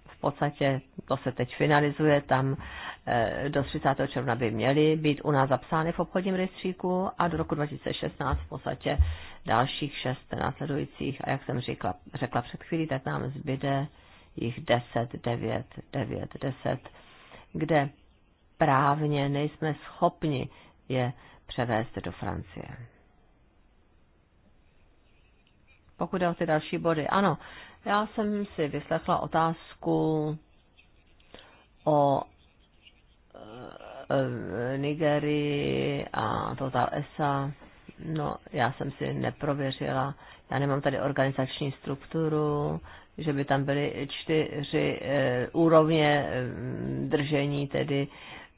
v podstatě to se teď finalizuje, tam Eh, do 30. června by měly být u nás zapsány v obchodním rejstříku a do roku 2016 v podstatě dalších šest následujících. A jak jsem říkala, řekla před chvílí, tak nám zbyde jich 10, 9, 9, 10, kde právně nejsme schopni je převést do Francie. Pokud jde o ty další body, ano, já jsem si vyslechla otázku o Nigerii a Total ESA. No, já jsem si neprověřila, já nemám tady organizační strukturu, že by tam byly čtyři e, úrovně e, držení tedy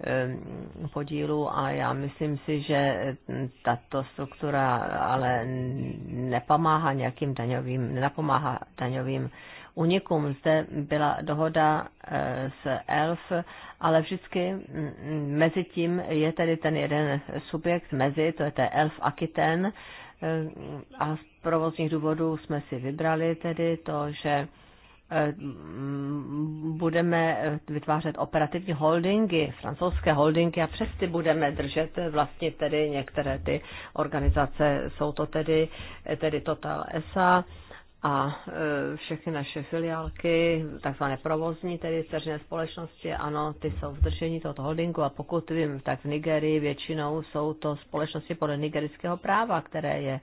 e, podílu a já myslím si, že tato struktura ale nepomáhá nějakým daňovým, nenapomáhá daňovým unikum. Zde byla dohoda eh, s ELF, ale vždycky mezi tím je tedy ten jeden subjekt mezi, to je ten ELF Akiten, eh, a z provozních důvodů jsme si vybrali tedy to, že eh, budeme vytvářet operativní holdingy, francouzské holdingy a přes ty budeme držet vlastně tedy některé ty organizace, jsou to tedy, tedy Total SA, a e, všechny naše filiálky, takzvané provozní, tedy dceřiné společnosti, ano, ty jsou v držení tohoto holdingu a pokud vím, tak v Nigerii většinou jsou to společnosti podle nigerického práva, které je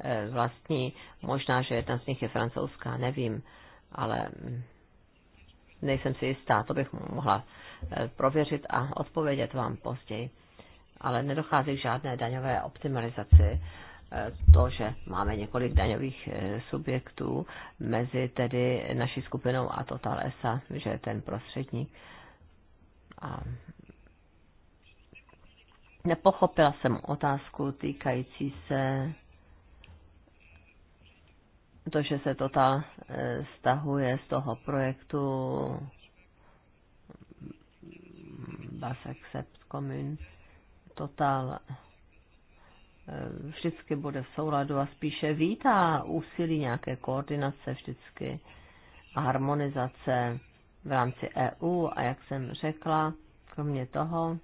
e, vlastní. Možná, že jedna z nich je francouzská, nevím, ale mm, nejsem si jistá, to bych mohla e, prověřit a odpovědět vám později. Ale nedochází k žádné daňové optimalizaci to, že máme několik daňových eh, subjektů mezi tedy naší skupinou a Totalesa, že je ten prostředník. A nepochopila jsem otázku týkající se to, že se Total eh, stahuje z toho projektu Bus Accept Commune. Total Eh, vždycky bude v souladu a spíše vítá úsilí nějaké koordinace vždycky a harmonizace v rámci EU a jak jsem řekla, kromě toho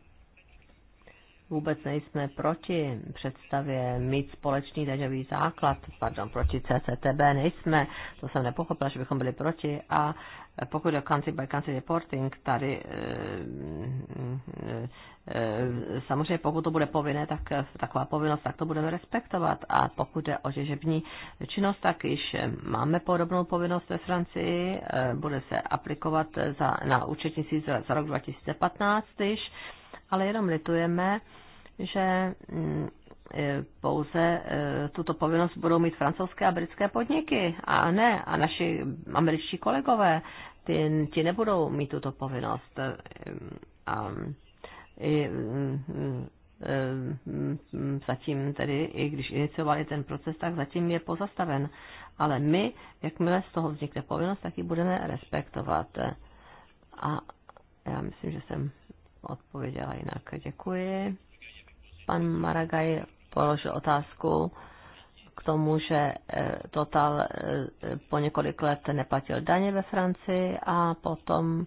vůbec nejsme proti představě mít společný daňový základ, pardon, proti CCTB nejsme, to jsem nepochopila, že bychom byli proti a pokud o country by country reporting, tady e, e, samozřejmě pokud to bude povinné, tak taková povinnost, tak to budeme respektovat a pokud je o těžební činnost, tak již máme podobnou povinnost ve Francii, bude se aplikovat za, na účetnictví za, za rok 2015 již, ale jenom litujeme, že mm, e, pouze e, tuto povinnost budou mít francouzské a britské podniky a ne, a naši američtí kolegové, ti, ty nebudou mít tuto povinnost. E, a i, mm, zatím tedy, i když iniciovali ten proces, tak zatím je pozastaven. Ale my, jakmile z toho vznikne povinnost, tak ji budeme respektovat. A já myslím, že jsem odpověděla jinak. Děkuji. Pan Maragaj položil otázku k tomu, že eh, Total eh, po několik let neplatil daně ve Francii a potom,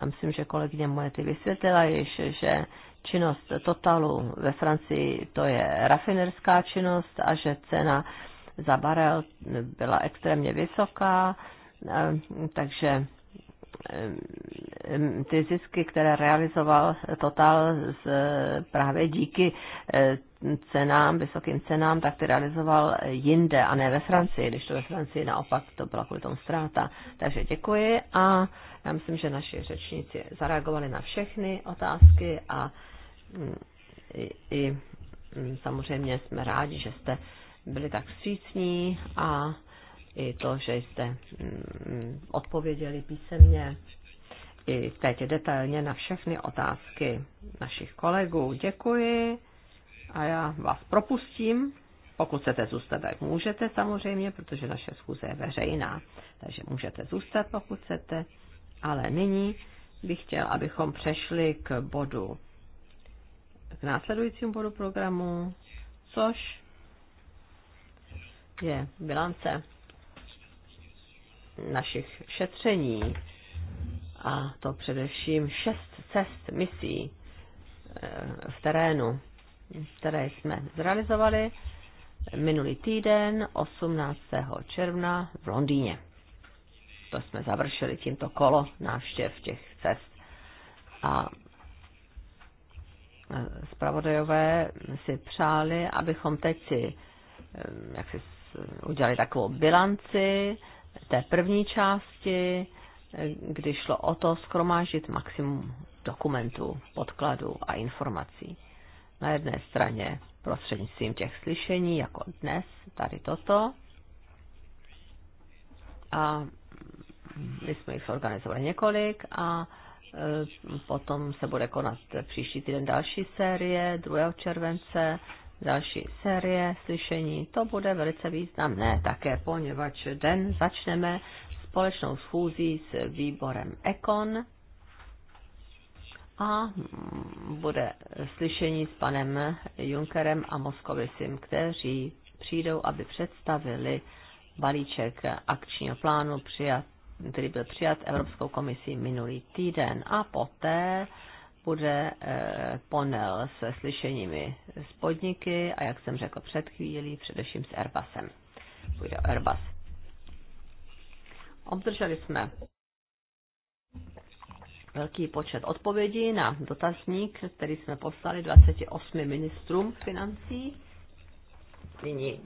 já myslím, že kolegyně moje ty vysvětlila již, že činnost Totalu ve Francii to je rafinerská činnost a že cena za barel byla extrémně vysoká, eh, takže ty zisky, které realizoval Total z, eh, právě díky eh, cenám, vysokým cenám, tak ty realizoval jinde a ne ve Francii, když to ve Francii naopak to byla kvůli tomu ztráta. Takže děkuji a já myslím, že naši řečníci zareagovali na všechny otázky a mm, i, i mm, samozřejmě jsme rádi, že jste byli tak vstřícní a i to, že jste mm, odpověděli písemně i teď detailně na všechny otázky našich kolegů. Děkuji a já vás propustím. Pokud chcete zůstat, tak můžete samozřejmě, protože naše schůze je veřejná, takže můžete zůstat, pokud chcete. Ale nyní bych chtěl, abychom přešli k bodu, k následujícímu bodu programu, což je bilance našich šetření, a to především šest cest misí eh, v terénu, které jsme zrealizovali minulý týden 18. června v Londýně. To jsme završili tímto kolo návštěv těch cest. A eh, zpravodajové si přáli, abychom teď si, eh, jak si udělali takovou bilanci, té první části, kdy šlo o to skromážit maximum dokumentů, podkladů a informací. Na jedné straně prostřednictvím těch slyšení, jako dnes, tady toto. A my jsme jich zorganizovali několik a e, potom se bude konat příští týden další série 2. července další série slyšení. To bude velice významné také, poněvadž den začneme společnou schůzí s výborem Ekon a bude slyšení s panem Junkerem a Moskovisem, kteří přijdou, aby představili balíček akčního plánu, přijat, který byl přijat Evropskou komisí minulý týden. A poté bude eh, panel se slyšeními z podniky a jak jsem řekl před chvílí, především s Airbusem. Půjde Airbus. Obdrželi jsme velký počet odpovědí na dotazník, který jsme poslali 28 ministrům financí. Nyní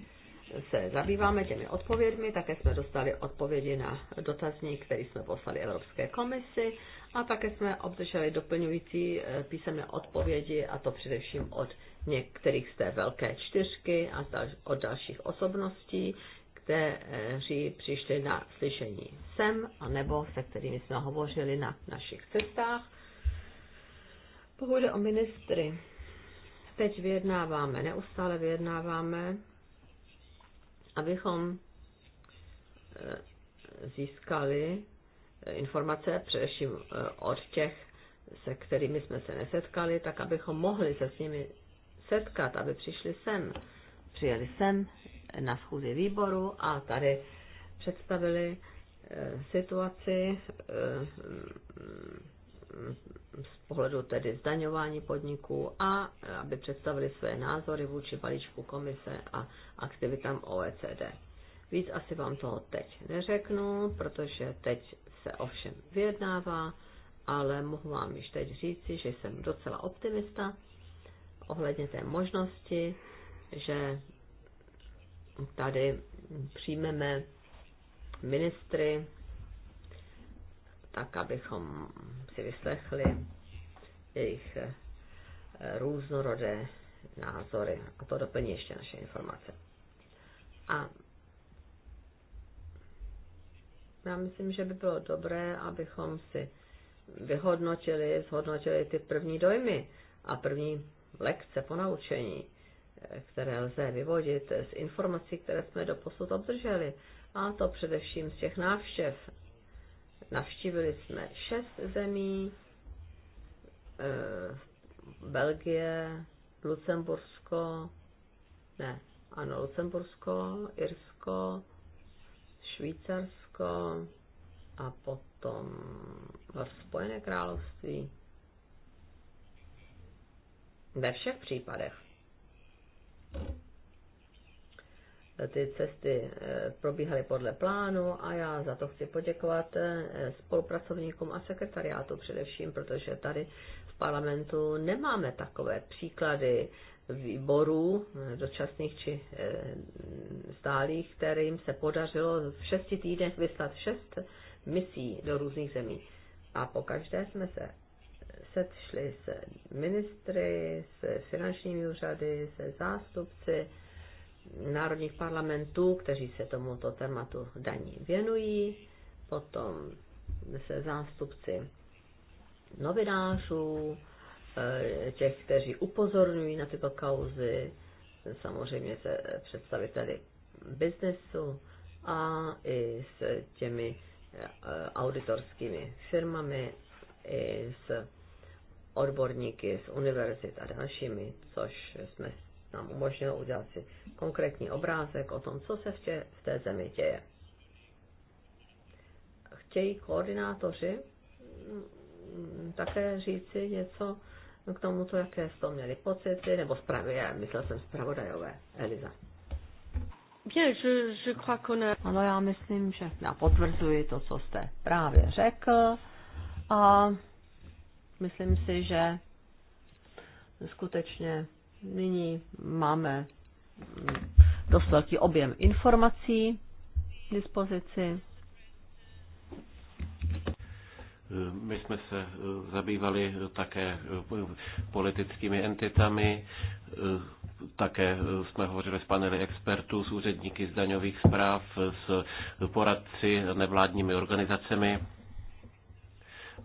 se zabýváme těmi odpovědmi, také jsme dostali odpovědi na dotazník, který jsme poslali Evropské komisi a také jsme obdrželi doplňující eh, písemné odpovědi, a to především od některých z té velké čtyřky a od dalších osobností, kteří přišli na slyšení sem, anebo se kterými jsme hovořili na našich cestách. Pokud jde o ministry, teď vyjednáváme, neustále vyjednáváme, abychom eh, získali informace, především eh, od těch, se kterými jsme se nesetkali, tak abychom mohli se s nimi setkat, aby přišli sem. Přijeli sem na schůzi výboru a tady představili eh, situaci eh, z pohledu tedy zdaňování podniků a aby představili své názory vůči balíčku komise a aktivitám OECD. Víc asi vám toho teď neřeknu, protože teď se ovšem vyjednává, ale mohu vám již teď říci, že jsem docela optimista ohledně té možnosti, že tady přijmeme ministry, tak abychom si vyslechli jejich eh, různorodé názory. A to doplní ještě naše informace. A já myslím, že by bylo dobré, abychom si vyhodnotili, zhodnotili ty první dojmy a první lekce po naučení, které lze vyvodit z informací, které jsme do posud obdrželi. A to především z těch návštěv. Navštívili jsme šest zemí, eh, Belgie, Lucembursko, ne, ano, Lucembursko, Irsko, Švýcarsko, Irsko a potom Spojené království. Ve všech případech ty cesty eh, probíhaly podle plánu a já za to chci poděkovat eh, spolupracovníkům a sekretariátu především, protože tady v parlamentu nemáme takové příklady výborů, eh, dočasných či eh, stálých, kterým se podařilo v šesti týdnech vyslat šest misí do různých zemí. A každé jsme se setšli s ministry, s finančními úřady, se zástupci národních parlamentů, kteří se tomuto tématu daní věnují, potom se zástupci novinářů, Eh, těch, kteří upozorňují na tyto kauzy, samozřejmě se představiteli biznesu a i s těmi eh, auditorskými firmami, i s odborníky z univerzit a dalšími, což jsme nám umožnilo udělat si konkrétní obrázek o tom, co se v, tě, v té zemi děje. Chtějí koordinátoři mm, také říci něco No, k tomu, tomuto, jaké z toho měli pocity, nebo zpravě, myslel jsem zpravodajové, Eliza. Bien, je, je crois qu'on a... Ano, já myslím, že já potvrzuji to, co jste právě řekl a myslím si, že skutečně nyní máme dost velký objem informací k dispozici my jsme se eh, zabývali také eh, politickými entitami, eh, také jsme hovořili s panely expertů, s úředníky z daňových zpráv, s poradci, nevládními organizacemi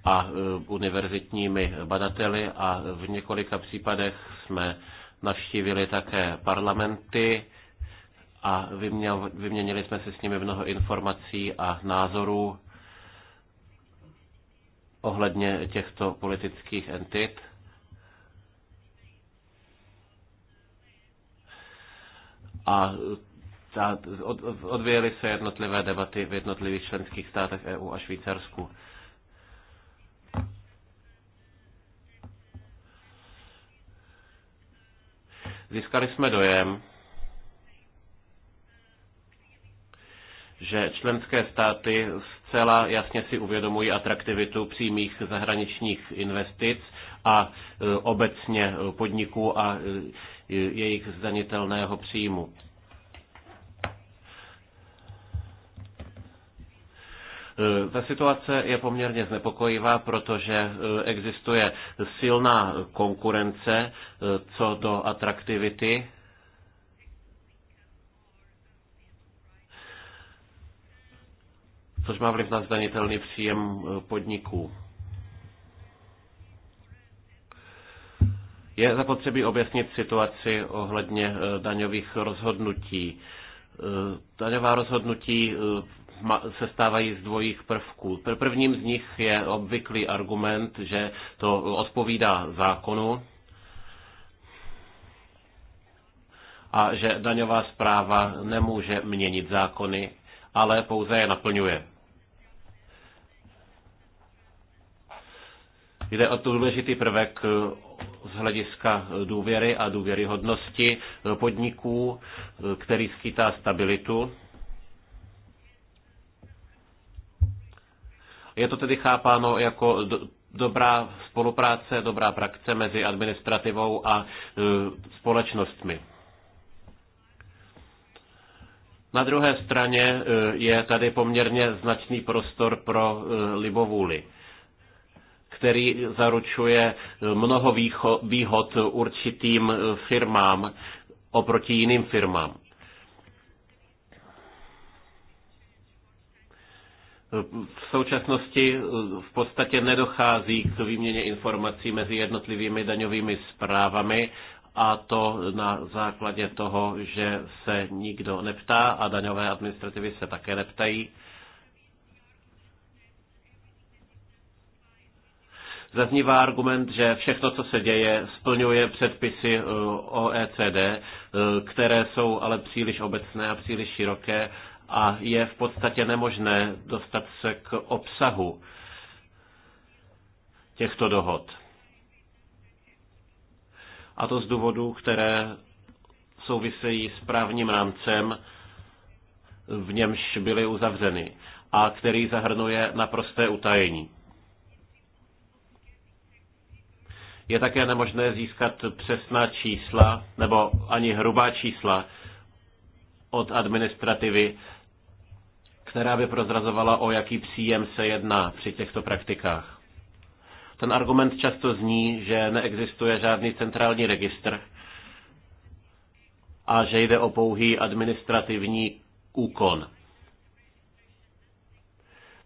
a univerzitními badateli a v několika případech jsme navštívili také parlamenty a vyměnili jsme se s nimi mnoho informací a názorů ohledně těchto politických entit. A ta, od, odvíjely se jednotlivé debaty v jednotlivých členských státech EU a Švýcarsku. Získali jsme dojem, že členské státy zcela jasně si uvědomují atraktivitu přímých zahraničních investic a e, obecně e, podniků a e, jejich zdanitelného příjmu. Ta situace je poměrně znepokojivá, protože existuje silná konkurence co do atraktivity což má vliv na zdanitelný příjem eh, podniků. Je zapotřebí objasnit situaci ohledně eh, daňových rozhodnutí. Eh, daňová rozhodnutí se stávají z dvojích prvků. Prvním z nich je obvyklý argument, že to odpovídá zákonu a že daňová zpráva nemůže měnit zákony, ale pouze je naplňuje. Jde o důležitý prvek eh, z hlediska eh, důvěry a důvěryhodnosti eh, podniků, který skýtá stabilitu. Je to tedy chápáno jako dobrá spolupráce, dobrá praxe mezi administrativou a společnostmi. Na druhé straně je tady poměrně značný prostor pro libovůli který zaručuje mnoho výhod určitým firmám oproti jiným firmám. v současnosti v podstatě nedochází k výměně informací mezi jednotlivými daňovými zprávami a to na základě toho, že se nikdo neptá a daňové administrativy se také neptají. Zaznívá argument, že všechno, co se děje, splňuje předpisy eh, OECD, eh, které jsou ale příliš obecné a příliš široké a je v podstatě nemožné dostat se k obsahu těchto dohod. A to z důvodů, které souvisejí s právním rámcem, v němž byly uzavřeny a který zahrnuje naprosté utajení. je také nemožné získat přesná čísla nebo ani hrubá čísla od administrativy, která by prozrazovala, o jaký příjem se jedná při těchto praktikách. Ten argument často zní, že neexistuje žádný centrální registr a že jde o pouhý administrativní úkon.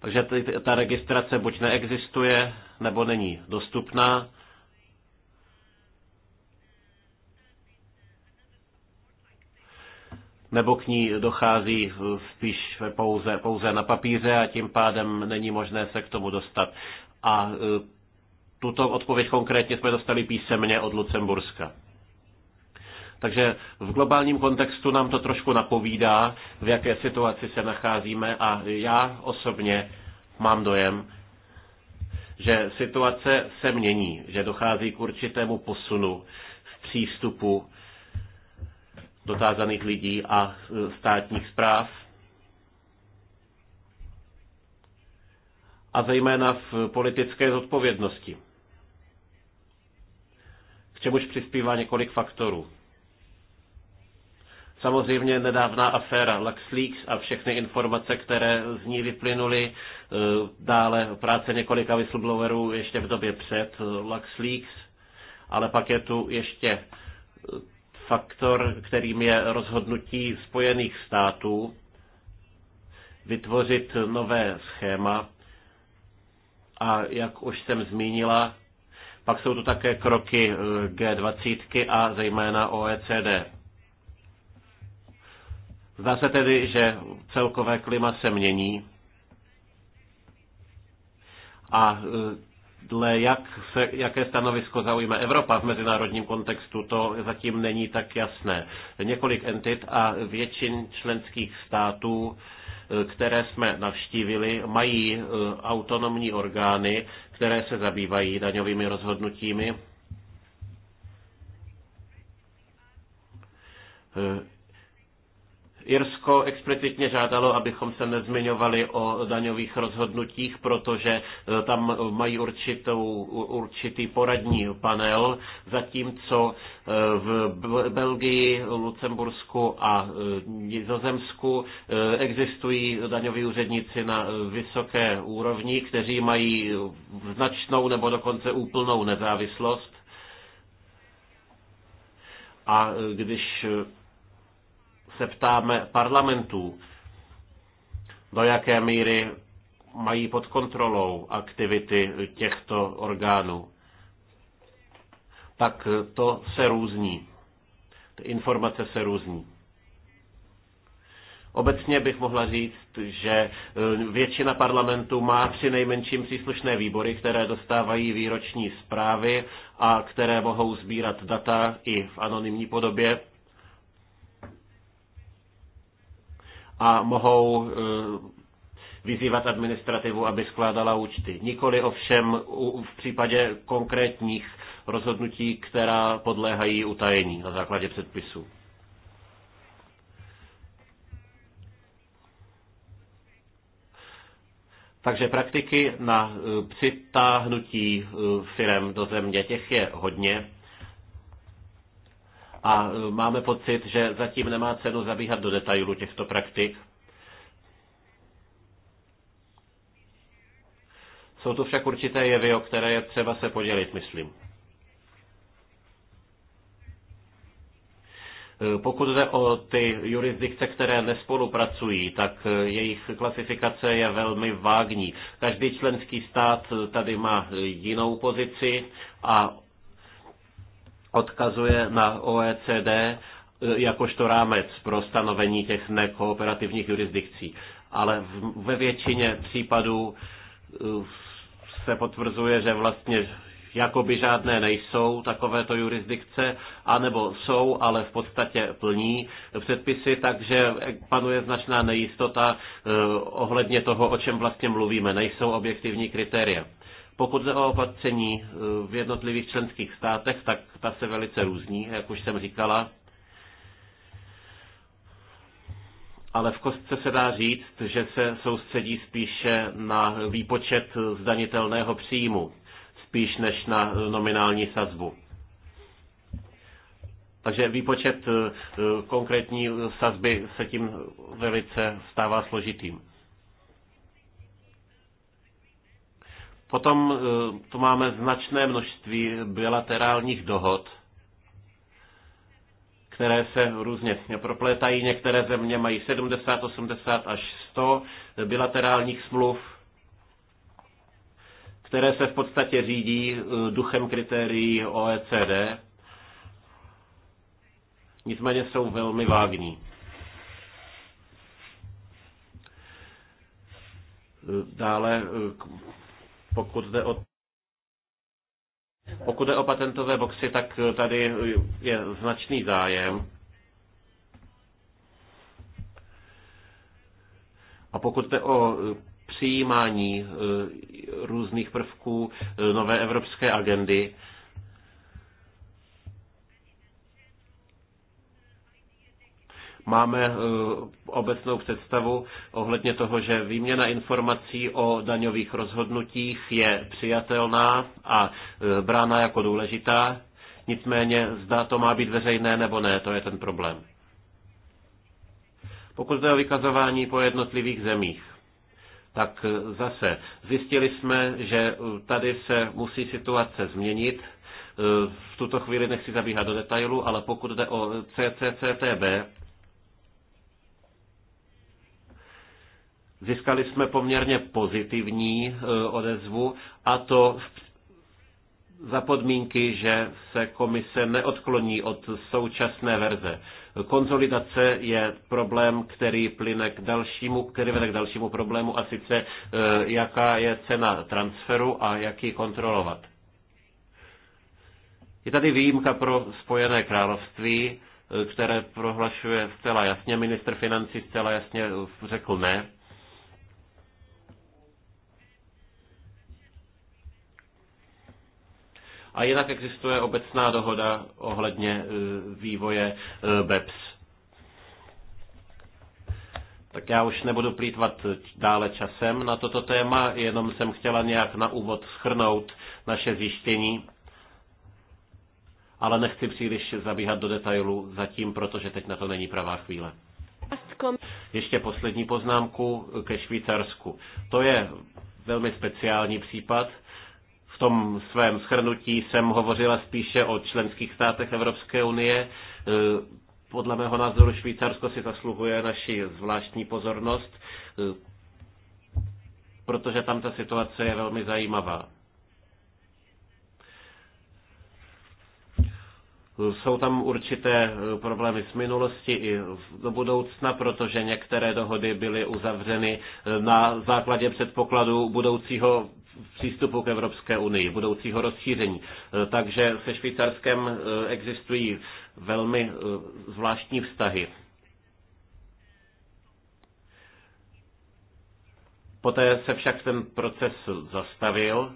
Takže ta registrace buď neexistuje, nebo není dostupná, nebo k ní dochází spíš pouze, pouze na papíře a tím pádem není možné se k tomu dostat. A e, tuto odpověď konkrétně jsme dostali písemně od Lucemburska. Takže v globálním kontextu nám to trošku napovídá, v jaké situaci se nacházíme a já osobně mám dojem, že situace se mění, že dochází k určitému posunu v přístupu dotázaných lidí a e, státních zpráv. A zejména v politické zodpovědnosti, k čemuž přispívá několik faktorů. Samozřejmě nedávná aféra LuxLeaks a všechny informace, které z ní vyplynuly, e, dále práce několika whistleblowerů ještě v době před e, LuxLeaks, ale pak je tu ještě faktor, kterým je rozhodnutí Spojených států vytvořit nové schéma. A jak už jsem zmínila, pak jsou tu také kroky eh, G20 a zejména OECD. Zdá se tedy, že celkové klima se mění a eh, dle jak se, jaké stanovisko zaujme Evropa v mezinárodním kontextu, to zatím není tak jasné. Několik entit a většin členských států eh, které jsme navštívili, mají eh, autonomní orgány, které se zabývají daňovými rozhodnutími. Eh, Irsko explicitně žádalo, abychom se nezmiňovali o daňových rozhodnutích, protože e, tam mají určitou, určitý poradní panel, zatímco e, v Belgii, Lucembursku a e, Nizozemsku existují daňoví úředníci na vysoké úrovni, kteří mají značnou nebo dokonce úplnou nezávislost. A když se ptáme parlamentů, do jaké míry mají pod kontrolou aktivity těchto orgánů, tak to se různí. Ty informace se různí. Obecně bych mohla říct, že e, většina parlamentu má při nejmenším příslušné výbory, které dostávají výroční zprávy a které mohou sbírat data i v anonymní podobě a mohou eh, vyzývat administrativu, aby skládala účty. Nikoli ovšem v případě konkrétních rozhodnutí, která podléhají utajení na základě předpisů. Takže praktiky na eh, přitáhnutí eh, firem do země, těch je hodně a e, máme pocit, že zatím nemá cenu zabíhat do detailů těchto praktik. Jsou tu však určité jevy, o které je třeba se podělit, myslím. E, pokud jde o ty jurisdikce, které nespolupracují, tak e, jejich klasifikace je velmi vágní. Každý členský stát tady má jinou pozici a odkazuje na OECD e, jakožto rámec pro stanovení těch nekooperativních jurisdikcí. Ale ve většině případů e, se potvrzuje, že vlastně jakoby žádné nejsou takovéto jurisdikce, anebo jsou, ale v podstatě plní předpisy, takže panuje značná nejistota e, ohledně toho, o čem vlastně mluvíme. Nejsou objektivní kritéria. Pokud jde o opatření eh, v jednotlivých členských státech, tak ta se velice různí, jak už jsem říkala. ale v kostce se dá říct, že se soustředí spíše na výpočet zdanitelného příjmu, spíš než na eh, nominální sazbu. Takže výpočet eh, konkrétní sazby se tím velice stává složitým. Potom eh, tu máme značné množství bilaterálních dohod, které se různě proplétají. Některé země mají 70, 80 až 100 bilaterálních smluv, které se v podstatě řídí eh, duchem kritérií OECD. Nicméně jsou velmi vágní. Eh, dále pokud jde o pokud je o patentové boxy, tak tady je značný zájem. A pokud jde o přijímání eh, různých prvků eh, nové evropské agendy, Máme eh, obecnou představu ohledně toho, že výměna informací o daňových rozhodnutích je přijatelná a eh, brána jako důležitá. Nicméně zda to má být veřejné nebo ne, to je ten problém. Pokud jde o vykazování po jednotlivých zemích, tak eh, zase zjistili jsme, že tady se musí situace změnit. V tuto chvíli nechci zabíhat do detailu, ale pokud jde o CCCTB, Získali jsme poměrně pozitivní e, odezvu a to za podmínky, že se komise neodkloní od současné verze. Konzolidace je problém, který plyne k dalšímu, který vede k dalšímu problému a sice e, jaká je cena transferu a jak ji kontrolovat. Je tady výjimka pro Spojené království, e, které prohlašuje zcela jasně, minister financí zcela jasně řekl ne. A jinak existuje obecná dohoda ohledně e, vývoje e, BEPS. Tak já už nebudu plítvat dále časem na toto téma, jenom jsem chtěla nějak na úvod schrnout naše zjištění, ale nechci příliš zabíhat do detailů zatím, protože teď na to není pravá chvíle. Ještě poslední poznámku ke Švýcarsku. To je velmi speciální případ v tom svém schrnutí jsem hovořila spíše o členských státech Evropské unie. E, podle mého názoru Švýcarsko si zasluhuje naši zvláštní pozornost, e, protože tam ta situace je velmi zajímavá. Jsou tam určité e, problémy z minulosti i do budoucna, protože některé dohody byly uzavřeny na základě předpokladu budoucího přístupu k Evropské unii, budoucího rozšíření. E, takže se Švýcarskem e, existují velmi e, zvláštní vztahy. Poté se však ten proces zastavil.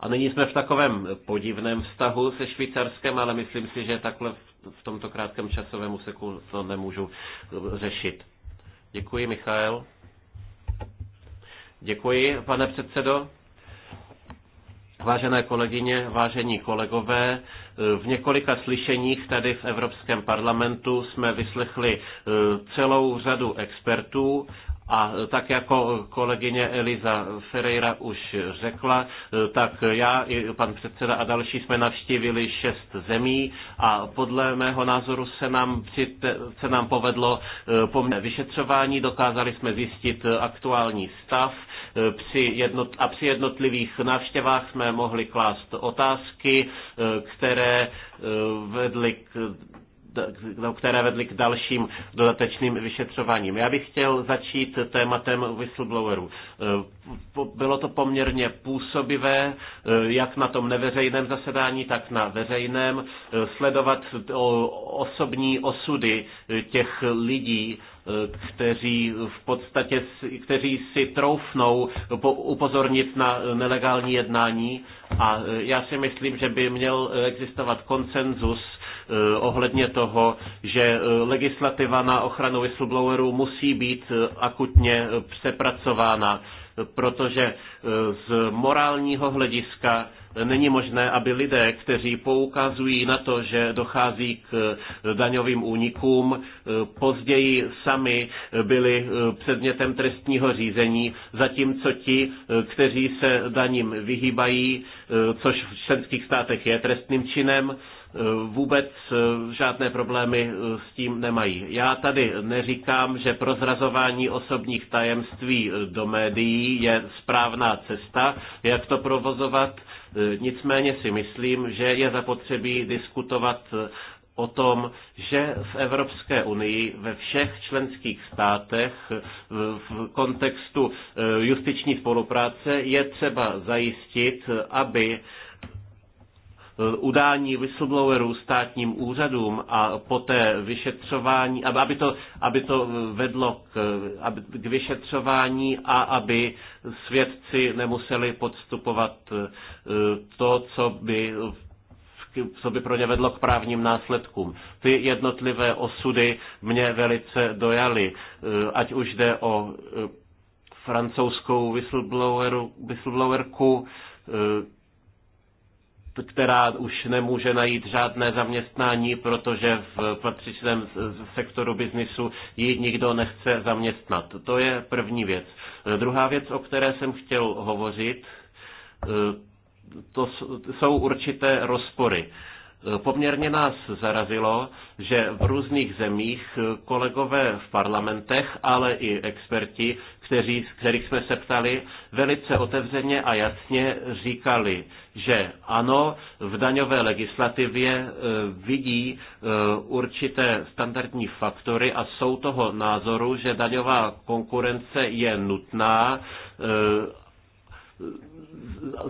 A nyní jsme v takovém podivném vztahu se Švýcarskem, ale myslím si, že takhle v tomto krátkém časovém úseku to nemůžu řešit. Děkuji, Michal. Děkuji, pane předsedo. Vážené kolegyně, vážení kolegové, v několika slyšeních tady v Evropském parlamentu jsme vyslechli e, celou řadu expertů a tak jako kolegyně Eliza Ferreira už řekla, e, tak já i pan předseda a další jsme navštívili šest zemí a podle mého názoru se nám, při, se nám povedlo e, poměrné vyšetřování, dokázali jsme zjistit aktuální stav, Eh, při jednot, a při jednotlivých návštěvách jsme mohli klást otázky, eh, které eh, vedly k no, které vedly k dalším dodatečným vyšetřováním. Já bych chtěl začít tématem whistleblowerů. Bylo to poměrně působivé, jak na tom neveřejném zasedání, tak na veřejném, sledovat osobní osudy těch lidí, kteří v podstatě, kteří si troufnou upozornit na nelegální jednání a e, já si myslím, že by měl existovat konsenzus e, ohledně toho, že e, legislativa na ochranu whistleblowerů musí být akutně přepracována protože e, z morálního hlediska není možné, aby lidé, kteří poukazují na to, že dochází k e, daňovým únikům, e, později sami byli předmětem trestního řízení, zatímco ti, kteří se daním vyhýbají, což v členských státech je trestným činem, Eh, vůbec eh, žádné problémy eh, s tím nemají. Já tady neříkám, že prozrazování osobních tajemství do médií je správná cesta, jak to provozovat. Nicméně si myslím, že je zapotřebí diskutovat o tom, že v Evropské unii ve všech členských státech v kontextu justiční spolupráce je třeba zajistit, aby Eh, udání whistleblowerů státním úřadům a poté vyšetřování, aby to, aby to eh, vedlo k, eh, aby, k vyšetřování a aby svědci nemuseli podstupovat to, co by co by pro ně vedlo k právním následkům. Ty jednotlivé osudy mě velice dojaly, ať už jde o francouzskou whistleblowerku, která už nemůže najít žádné zaměstnání, protože v patřičném sektoru biznisu ji nikdo nechce zaměstnat. To je první věc. Druhá věc, o které jsem chtěl hovořit, eh, to jsou určité rozpory. Eh, poměrně nás zarazilo, že v různých zemích eh, kolegové v parlamentech, ale i experti kteří, kterých jsme se ptali, velice otevřeně a jasně říkali, že ano, v daňové legislativě e, vidí e, určité standardní faktory a jsou toho názoru, že daňová konkurence je nutná e,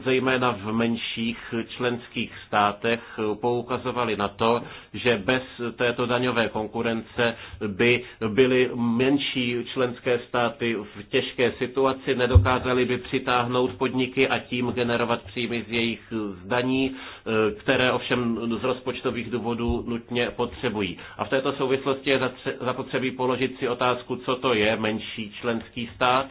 zejména v menších členských státech poukazovali na to, že bez této daňové konkurence by byly menší členské státy v těžké situaci, nedokázali by přitáhnout podniky a tím generovat příjmy z jejich zdaní, které ovšem z rozpočtových důvodů nutně potřebují. A v této souvislosti je zapotřebí položit si otázku, co to je menší členský stát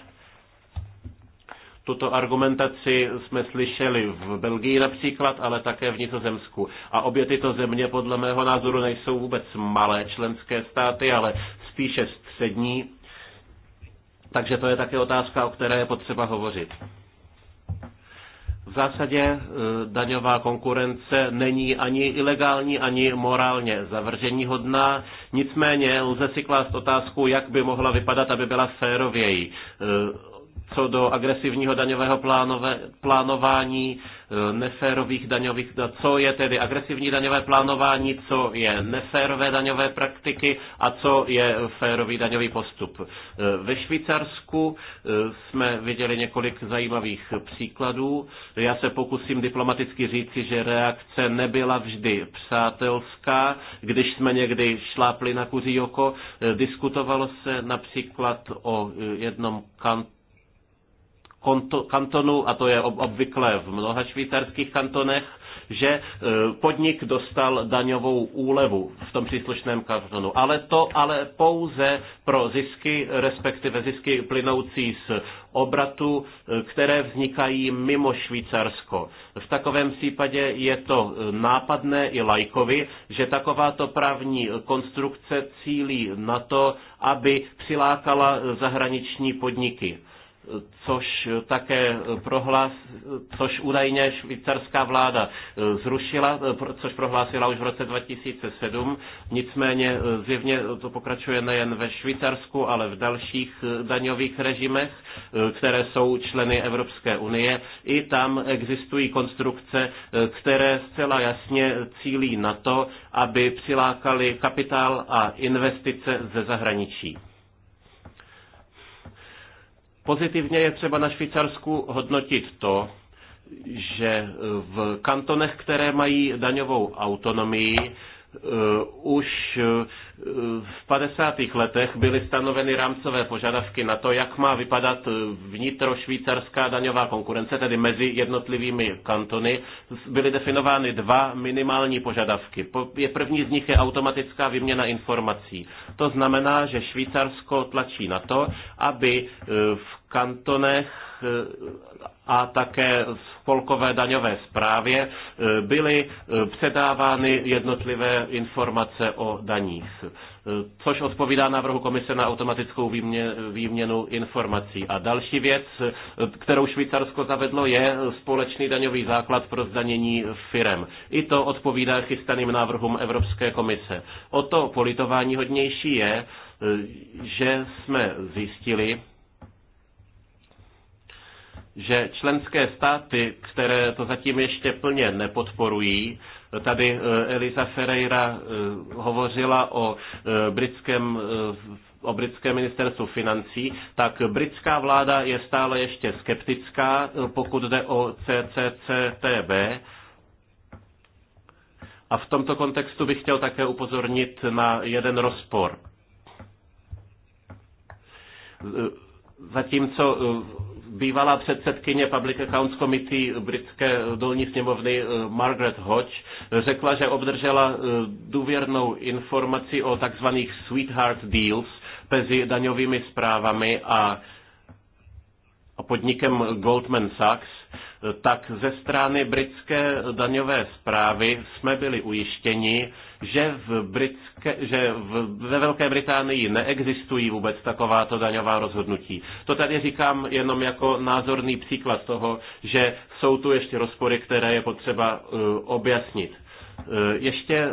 tuto argumentaci jsme slyšeli v Belgii například, ale také v Nizozemsku. A obě tyto země podle mého názoru nejsou vůbec malé členské státy, ale spíše střední. Takže to je také otázka, o které je potřeba hovořit. V zásadě e, daňová konkurence není ani ilegální, ani morálně hodná. Nicméně lze si klást otázku, jak by mohla vypadat, aby byla férověji. E, co do agresivního daňového plánové, plánování, e, neférových daňových, no, co je tedy agresivní daňové plánování, co je neférové daňové praktiky a co je férový daňový postup. E, ve Švýcarsku e, jsme viděli několik zajímavých příkladů. Já se pokusím diplomaticky říci, že reakce nebyla vždy přátelská, když jsme někdy šlápli na kuří oko. Diskutovalo se například o jednom kantu kantonů, a to je obvykle v mnoha švýcarských kantonech, že e, podnik dostal daňovou úlevu v tom příslušném kantonu. Ale to ale pouze pro zisky, respektive zisky plynoucí z obratu, e, které vznikají mimo Švýcarsko. V takovém případě je to e, nápadné i lajkovi, že takováto právní konstrukce cílí na to, aby přilákala zahraniční podniky což také prohlás, což údajně švýcarská vláda e, zrušila, e, což prohlásila už v roce 2007. Nicméně e, zjevně to pokračuje nejen ve Švýcarsku, ale v dalších daňových režimech, které jsou členy Evropské unie. I tam existují konstrukce, které zcela jasně cílí na to, aby přilákali kapitál a investice ze zahraničí. Pozitivně je třeba na Švýcarsku hodnotit to, že v kantonech, které mají daňovou autonomii, eh, už eh, v 50. letech byly stanoveny rámcové požadavky na to, jak má vypadat eh, vnitrošvýcarská daňová konkurence, tedy mezi jednotlivými kantony. Byly definovány dva minimální požadavky. První z nich je automatická výměna informací. To znamená, že Švýcarsko tlačí na to, aby v kantonech eh, a také v spolkové daňové správě eh, byly eh, předávány jednotlivé informace o daních, což odpovídá návrhu Komise na automatickou výměnu, výměnu informací. A další věc, kterou Švýcarsko zavedlo, je společný daňový základ pro zdanění firem. I to odpovídá chystaným návrhům Evropské komise. O to politování hodnější je, že jsme zjistili, že členské státy, které to zatím ještě plně nepodporují, tady eh, Elisa Ferreira eh, hovořila o eh, britském o britské ministerstvu financí, tak britská vláda je stále ještě skeptická, pokud jde o CCCTB. A v tomto kontextu bych chtěl také upozornit na jeden rozpor. Zatímco bývalá předsedkyně Public Accounts Committee britské dolní sněmovny eh, Margaret Hodge řekla, že obdržela eh, důvěrnou informaci o takzvaných sweetheart deals mezi daňovými zprávami a podnikem Goldman Sachs tak ze strany britské daňové zprávy jsme byli ujištěni, že, v britské, že v, ve Velké Británii neexistují vůbec takováto daňová rozhodnutí. To tady říkám jenom jako názorný příklad toho, že jsou tu ještě rozpory, které je potřeba uh, objasnit. Eh, ještě eh,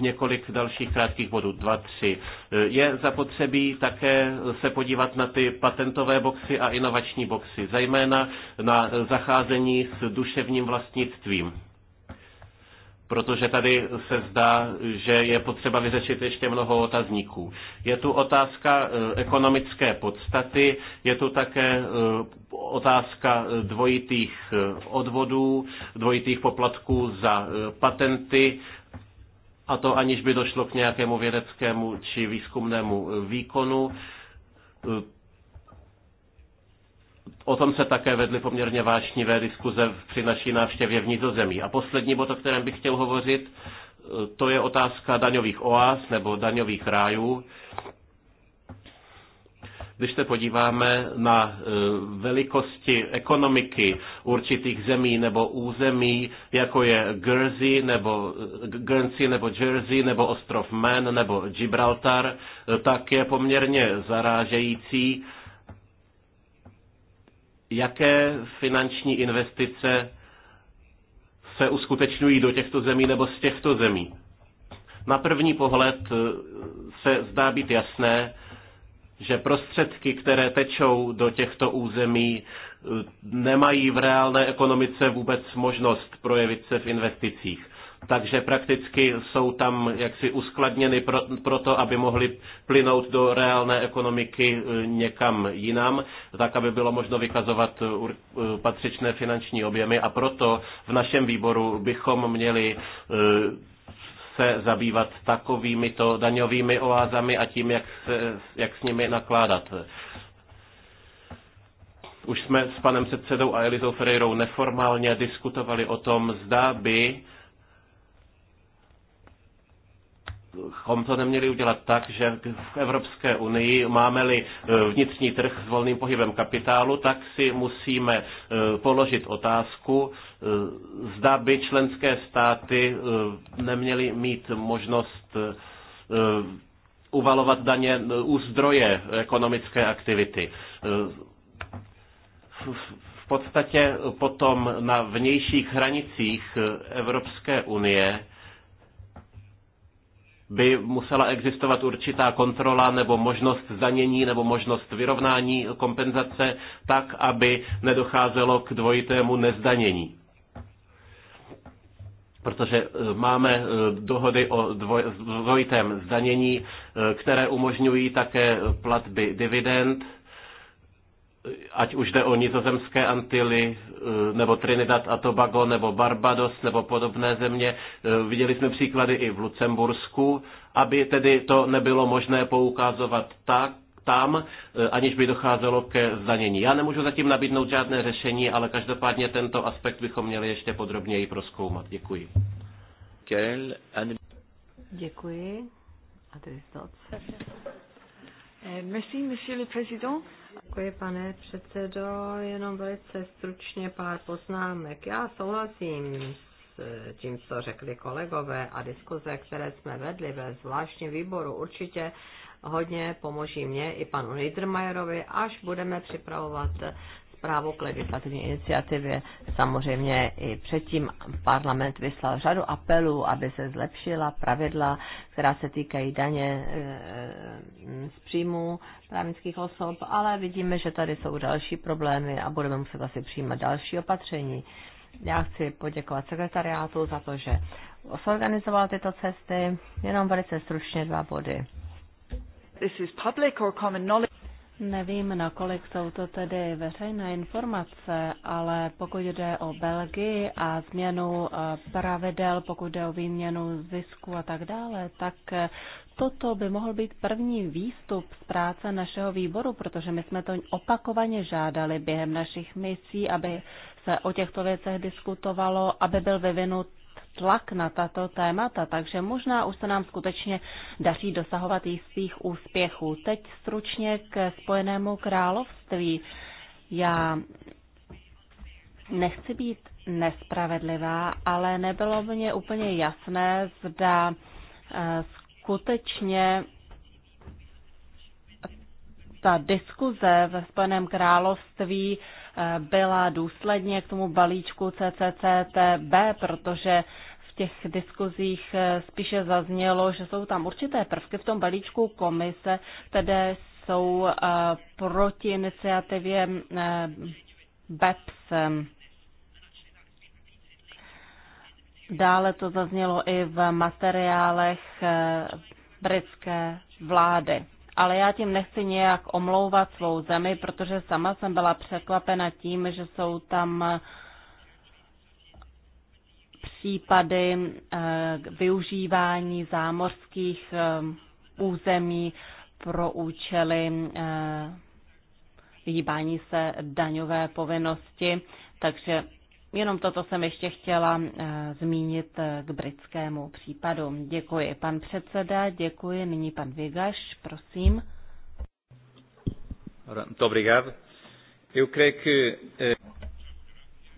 několik dalších krátkých bodů, dva, tři. Eh, je zapotřebí také se podívat na ty patentové boxy a inovační boxy, zejména na zacházení s duševním vlastnictvím protože tady se zdá, že je potřeba vyřešit ještě mnoho otazníků. Je tu otázka eh, ekonomické podstaty, je tu také eh, otázka dvojitých eh, odvodů, dvojitých poplatků za patenty, a to aniž by došlo k nějakému vědeckému či výzkumnému výkonu O tom se také vedly poměrně vášnivé diskuze při naší návštěvě v Nizozemí. A poslední bod, o kterém bych chtěl hovořit, to je otázka daňových oáz nebo daňových rájů. Když se podíváme na e, velikosti ekonomiky určitých zemí nebo území, jako je Guernsey nebo, e, Guernsey nebo Jersey nebo ostrov Man nebo Gibraltar, e, tak je poměrně zarážející, jaké finanční investice se uskutečňují do těchto zemí nebo z těchto zemí. Na první pohled eh, se zdá být jasné, že prostředky, které tečou do těchto území, eh, nemají v reálné ekonomice vůbec možnost projevit se v investicích takže prakticky jsou tam jaksi uskladněny pro, proto, aby mohly plynout do reálné ekonomiky e, někam jinam, tak aby bylo možno vykazovat e, e, patřičné finanční objemy a proto v našem výboru bychom měli se zabývat takovými to daňovými oázami a tím, jak, se, jak s nimi nakládat. Už jsme s panem předsedou a Elizou Ferreirou neformálně diskutovali o tom, zda by bychom to neměli udělat tak, že v Evropské unii máme-li e, vnitřní trh s volným pohybem kapitálu, tak si musíme e, položit otázku, e, zda by členské státy neměly mít možnost uvalovat daně u zdroje ekonomické aktivity. V podstatě potom na vnějších hranicích Evropské unie by musela existovat určitá kontrola nebo možnost zdanění nebo možnost vyrovnání kompenzace tak, aby nedocházelo k dvojitému nezdanění protože e, máme e, dohody o dvojitém zdanění, e, které umožňují také platby dividend ať už jde o nizozemské Antily, e, nebo Trinidad a Tobago, nebo Barbados, nebo podobné země. E, viděli jsme příklady i v Lucembursku, aby tedy to nebylo možné poukazovat tak, tam, e, aniž by docházelo ke zdanění. Já nemůžu zatím nabídnout žádné řešení, ale každopádně tento aspekt bychom měli ještě podrobněji proskoumat. Děkuji. Děkuji. A eh, Merci, monsieur le président. Děkuji, pane předsedo. Jenom velice stručně pár poznámek. Já souhlasím s tím, co řekli kolegové a diskuze, které jsme vedli ve zvláštním výboru. Určitě hodně pomoží mě i panu Niedermayerovi, až budeme připravovat právo k legislativní iniciativě. Samozřejmě i předtím parlament vyslal řadu apelů, aby se zlepšila pravidla, která se týkají daně e, z příjmu, právnických osob, ale vidíme, že tady jsou další problémy a budeme muset asi přijímat další opatření. Já chci poděkovat sekretariátu za to, že osorganizoval tyto cesty. Jenom velice stručně dva body. This is public or common knowledge. Nevím, nakolik jsou to tedy veřejné informace, ale pokud jde o Belgii a změnu eh, pravidel, pokud jde o výměnu zisku a tak dále, tak eh, toto by mohl být první výstup z práce našeho výboru, protože my jsme to opakovaně žádali během našich misí, aby se o těchto věcech diskutovalo, aby byl vyvinut tlak na tato témata, takže možná už se nám skutečně daří dosahovat jistých úspěchů. Teď stručně k Spojenému království. Já nechci být nespravedlivá, ale nebylo mně úplně jasné, zda eh, skutečně ta diskuze ve Spojeném království eh, byla důsledně k tomu balíčku CCCTB, protože těch diskuzích eh, spíše zaznělo, že jsou tam určité prvky v tom balíčku komise, které jsou eh, proti iniciativě eh, BEPS. Dále to zaznělo i v materiálech britské vlády. Ale já tím nechci nějak omlouvat svou zemi, protože sama jsem byla překvapena tím, že jsou tam případy eh, využívání zámořských eh, území pro účely eh, vyhýbání se daňové povinnosti. Takže jenom toto jsem ještě chtěla zmínit k britskému případu. Děkuji, pan předseda, děkuji. Nyní pan Vigaš, prosím. Dobrý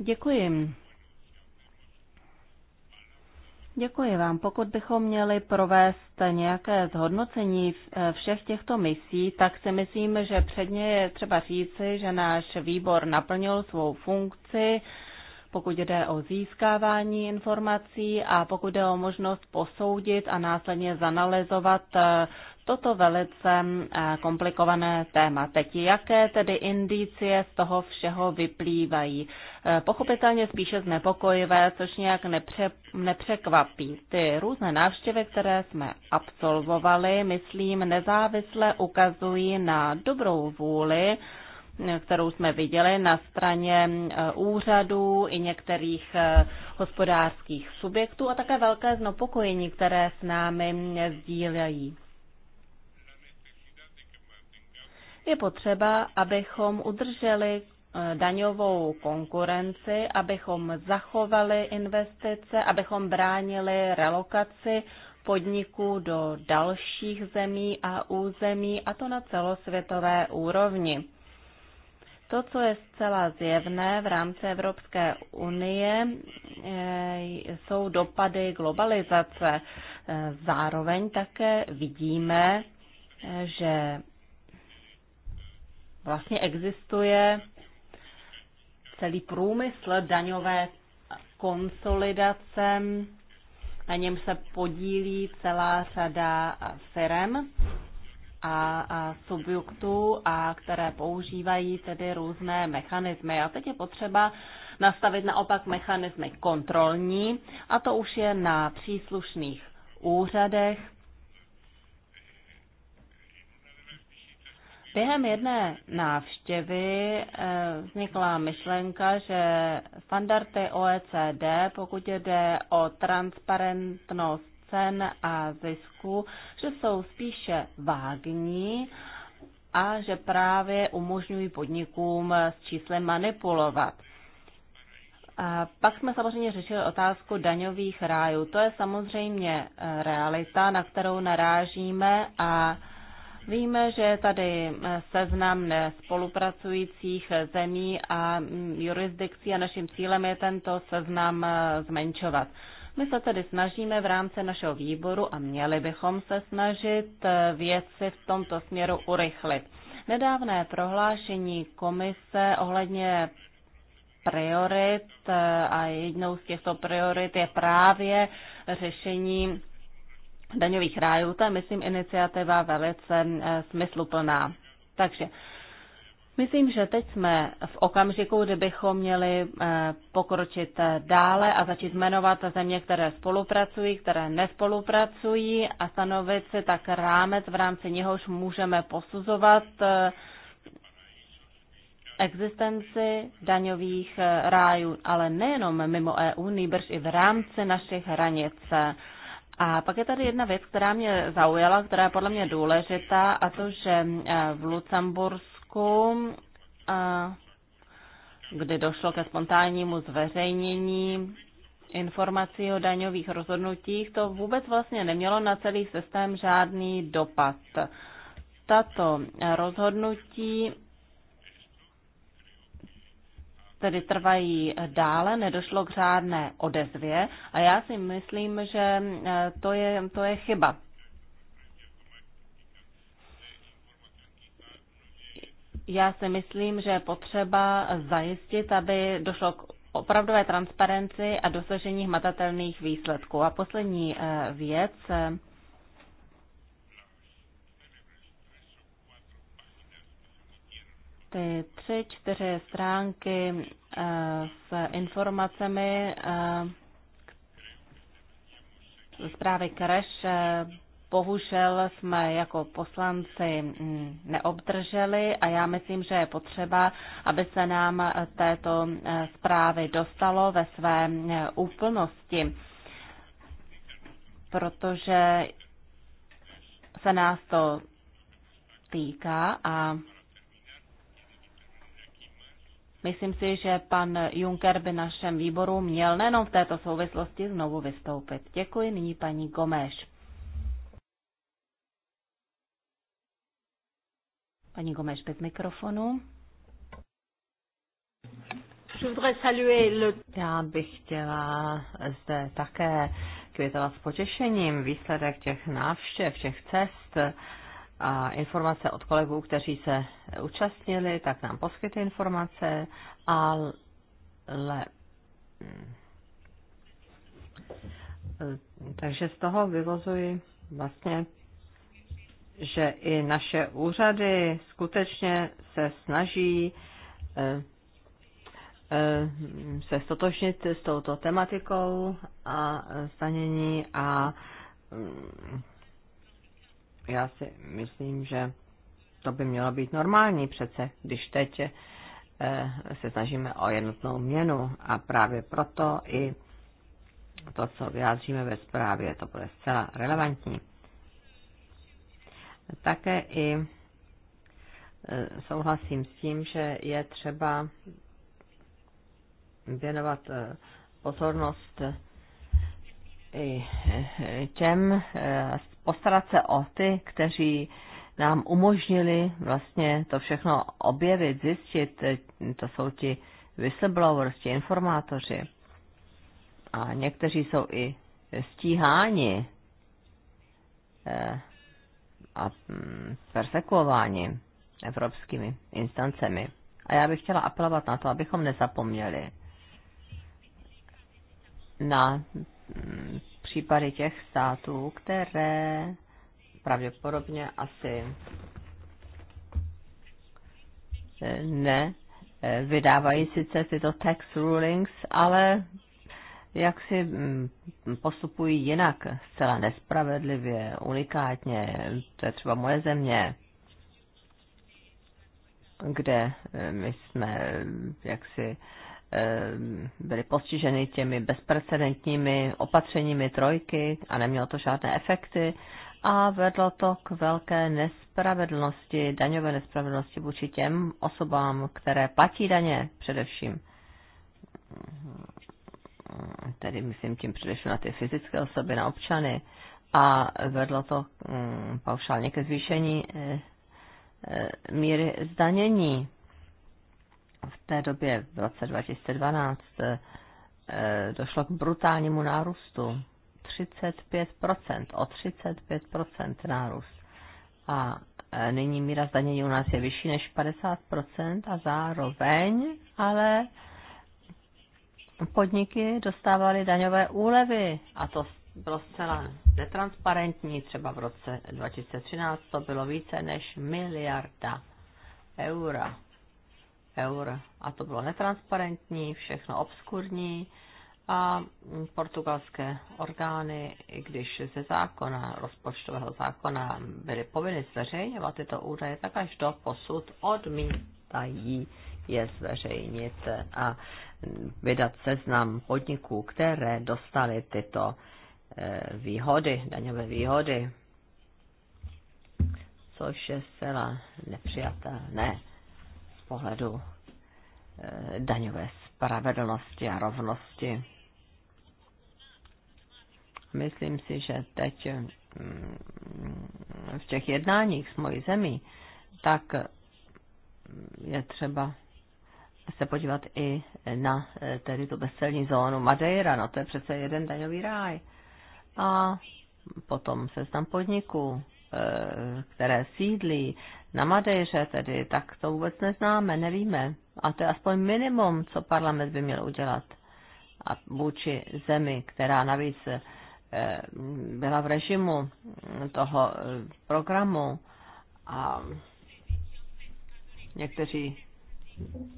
Děkuji. Děkuji vám. Pokud bychom měli provést nějaké zhodnocení eh, všech těchto misí, tak si myslím, že předně je třeba říci, že náš výbor naplnil svou funkci, pokud jde o získávání informací a pokud jde o možnost posoudit a následně zanalizovat eh, toto velice eh, komplikované téma. Teď jaké tedy indicie z toho všeho vyplývají? Eh, pochopitelně spíše znepokojivé, což nějak nepře, nepřekvapí. Ty různé návštěvy, které jsme absolvovali, myslím, nezávisle ukazují na dobrou vůli, eh, kterou jsme viděli na straně úřadů i některých hospodářských subjektů a také velké znepokojení, které s námi sdílejí. je potřeba, abychom udrželi eh, daňovou konkurenci, abychom zachovali investice, abychom bránili relokaci podniků do dalších zemí a území, a to na celosvětové úrovni. To, co je zcela zjevné v rámci Evropské unie, eh, jsou dopady globalizace. Eh, zároveň také vidíme, že vlastně existuje celý průmysl daňové konsolidace, na něm se podílí celá řada firm a, a subjektů, a které používají tedy různé mechanismy. A teď je potřeba nastavit naopak mechanismy kontrolní, a to už je na příslušných úřadech, Během jedné návštěvy eh, vznikla myšlenka, že standardy OECD, pokud jde o transparentnost cen a zisku, že jsou spíše vágní a že právě umožňují podnikům s číslem manipulovat. A pak jsme samozřejmě řešili otázku daňových rájů. To je samozřejmě eh, realita, na kterou narážíme a Víme, že je tady eh, seznam nespolupracujících eh, zemí a mm, jurisdikcí a naším cílem je tento seznam eh, zmenšovat. My se tedy snažíme v rámci našeho výboru a měli bychom se snažit věci v tomto směru urychlit. Nedávné prohlášení komise ohledně priorit a jednou z těchto priorit je právě řešení daňových rájů, to je, myslím, iniciativa velice eh, smysluplná. Takže Myslím, že teď jsme v okamžiku, kdy bychom měli eh, pokročit eh, dále a začít jmenovat země, které spolupracují, které nespolupracují a stanovit si tak rámec, v rámci něhož můžeme posuzovat existenci daňových rájů, ale nejenom mimo EU, nejbrž i v rámci našich hranic. A pak je tady jedna věc, která mě zaujala, která je podle mě důležitá, a to, že eh, v Lucembursku, eh, kdy došlo ke spontánnímu zveřejnění informací o daňových rozhodnutích, to vůbec vlastně nemělo na celý systém žádný dopad. Tato rozhodnutí tedy trvají dále, nedošlo k žádné odezvě a já si myslím, že eh, to je, to je chyba. Já si myslím, že je potřeba zajistit, aby došlo k opravdové transparenci a dosažení hmatatelných výsledků. A poslední eh, věc, eh, ty tři, čtyři stránky eh, s informacemi eh, zprávy Kreš eh, bohužel jsme jako poslanci mm, neobdrželi a já myslím, že je potřeba, aby se nám této zprávy dostalo ve své úplnosti, protože se nás to týká a Myslím si, že pan Juncker by našem výboru měl nejenom v této souvislosti znovu vystoupit. Děkuji nyní paní Gomeš. Paní Gomeš bez mikrofonu. Já bych chtěla zde také květovat s potěšením výsledek těch návštěv, těch cest a informace od kolegů, kteří se účastnili, tak nám poskytli informace, ale mm, takže z toho vyvozuji vlastně, že i naše úřady skutečně se snaží eh, eh, se stotožnit s touto tematikou a stanění a mm, já si myslím, že to by mělo být normální přece, když teď eh, se snažíme o jednotnou měnu a právě proto i to, co vyjádříme ve zprávě, to bude zcela relevantní. Také i eh, souhlasím s tím, že je třeba věnovat eh, pozornost i těm postarat se o ty, kteří nám umožnili vlastně to všechno objevit, zjistit. To jsou ti whistleblowers, ti informátoři. A někteří jsou i stíháni eh, a mm, persekuováni evropskými instancemi. A já bych chtěla apelovat na to, abychom nezapomněli na mm, případy těch států, které pravděpodobně asi ne vydávají sice tyto tax rulings, ale jak si mm, postupují jinak, zcela nespravedlivě, unikátně. To je třeba moje země, kde mm, my jsme mm, jaksi Ehm, byly postiženy těmi bezprecedentními opatřeními trojky a nemělo to žádné efekty a vedlo to k velké nespravedlnosti, daňové nespravedlnosti vůči těm osobám, které platí daně především. Tedy myslím tím především na ty fyzické osoby, na občany. A vedlo to mm, paušálně ke zvýšení eh, eh, míry zdanění v té době, v roce 2012, eh, došlo k brutálnímu nárůstu. 35%, o 35% nárůst. A eh, nyní míra zdanění u nás je vyšší než 50% a zároveň, ale podniky dostávaly daňové úlevy a to bylo zcela netransparentní. Třeba v roce 2013 to bylo více než miliarda eura eur. A to bylo netransparentní, všechno obskurní a portugalské orgány, i když ze zákona, rozpočtového zákona, byly povinny zveřejňovat tyto údaje, tak až do posud odmítají je zveřejnit a vydat seznam podniků, které dostaly tyto eh, výhody, daňové výhody, což je zcela nepřijatelné. Ne pohledu eh, daňové spravedlnosti a rovnosti. Myslím si, že teď mm, v těch jednáních s mojí zemí, tak je třeba se podívat i na eh, tedy tu bezcelní zónu Madeira, no to je přece jeden daňový ráj. A potom seznam podniků, eh, které sídlí na Madejře tedy, tak to vůbec neznáme, nevíme. A to je aspoň minimum, co parlament by měl udělat. A vůči zemi, která navíc eh, byla v režimu toho eh, programu a někteří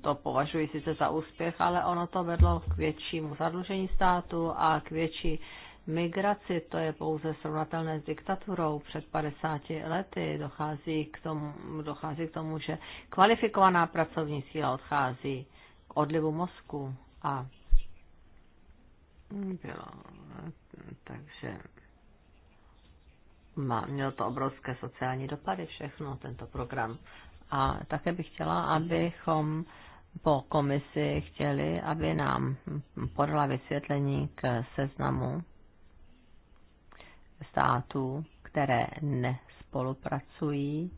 to považují sice za úspěch, ale ono to vedlo k většímu zadlužení státu a k větší migraci, to je pouze srovnatelné s diktaturou. Před 50 lety dochází k tomu, dochází k tomu že kvalifikovaná pracovní síla odchází k odlivu mozku a bylo. Takže má, měl to obrovské sociální dopady všechno, tento program. A také bych chtěla, abychom po komisi chtěli, aby nám podala vysvětlení k seznamu států, které nespolupracují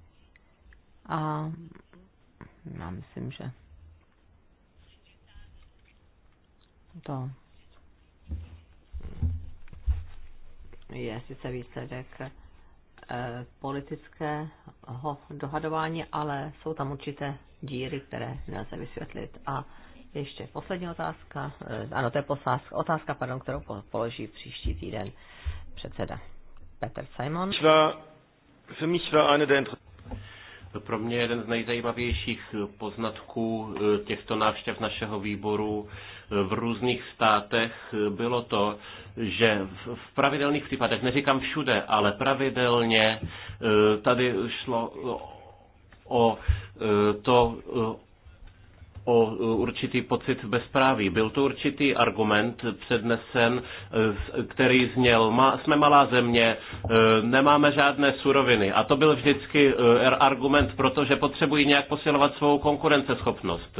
a já myslím, že to je sice výsledek eh, politického dohadování, ale jsou tam určité díry, které nelze vysvětlit. A ještě poslední otázka, eh, ano, to je posázka, otázka, pardon, kterou položí příští týden předseda. Petr Simon. pro mě jeden z nejzajímavějších eh, poznatků eh, těchto návštěv našeho výboru eh, v různých státech bylo to, že v pravidelných případech, neříkám všude, ale pravidelně tady šlo o to, o e, určitý pocit bezpráví. Byl to určitý argument přednesen, e, který zněl, jsme malá země, e, nemáme žádné suroviny. A to byl vždycky er, argument, protože potřebují nějak posilovat svou konkurenceschopnost.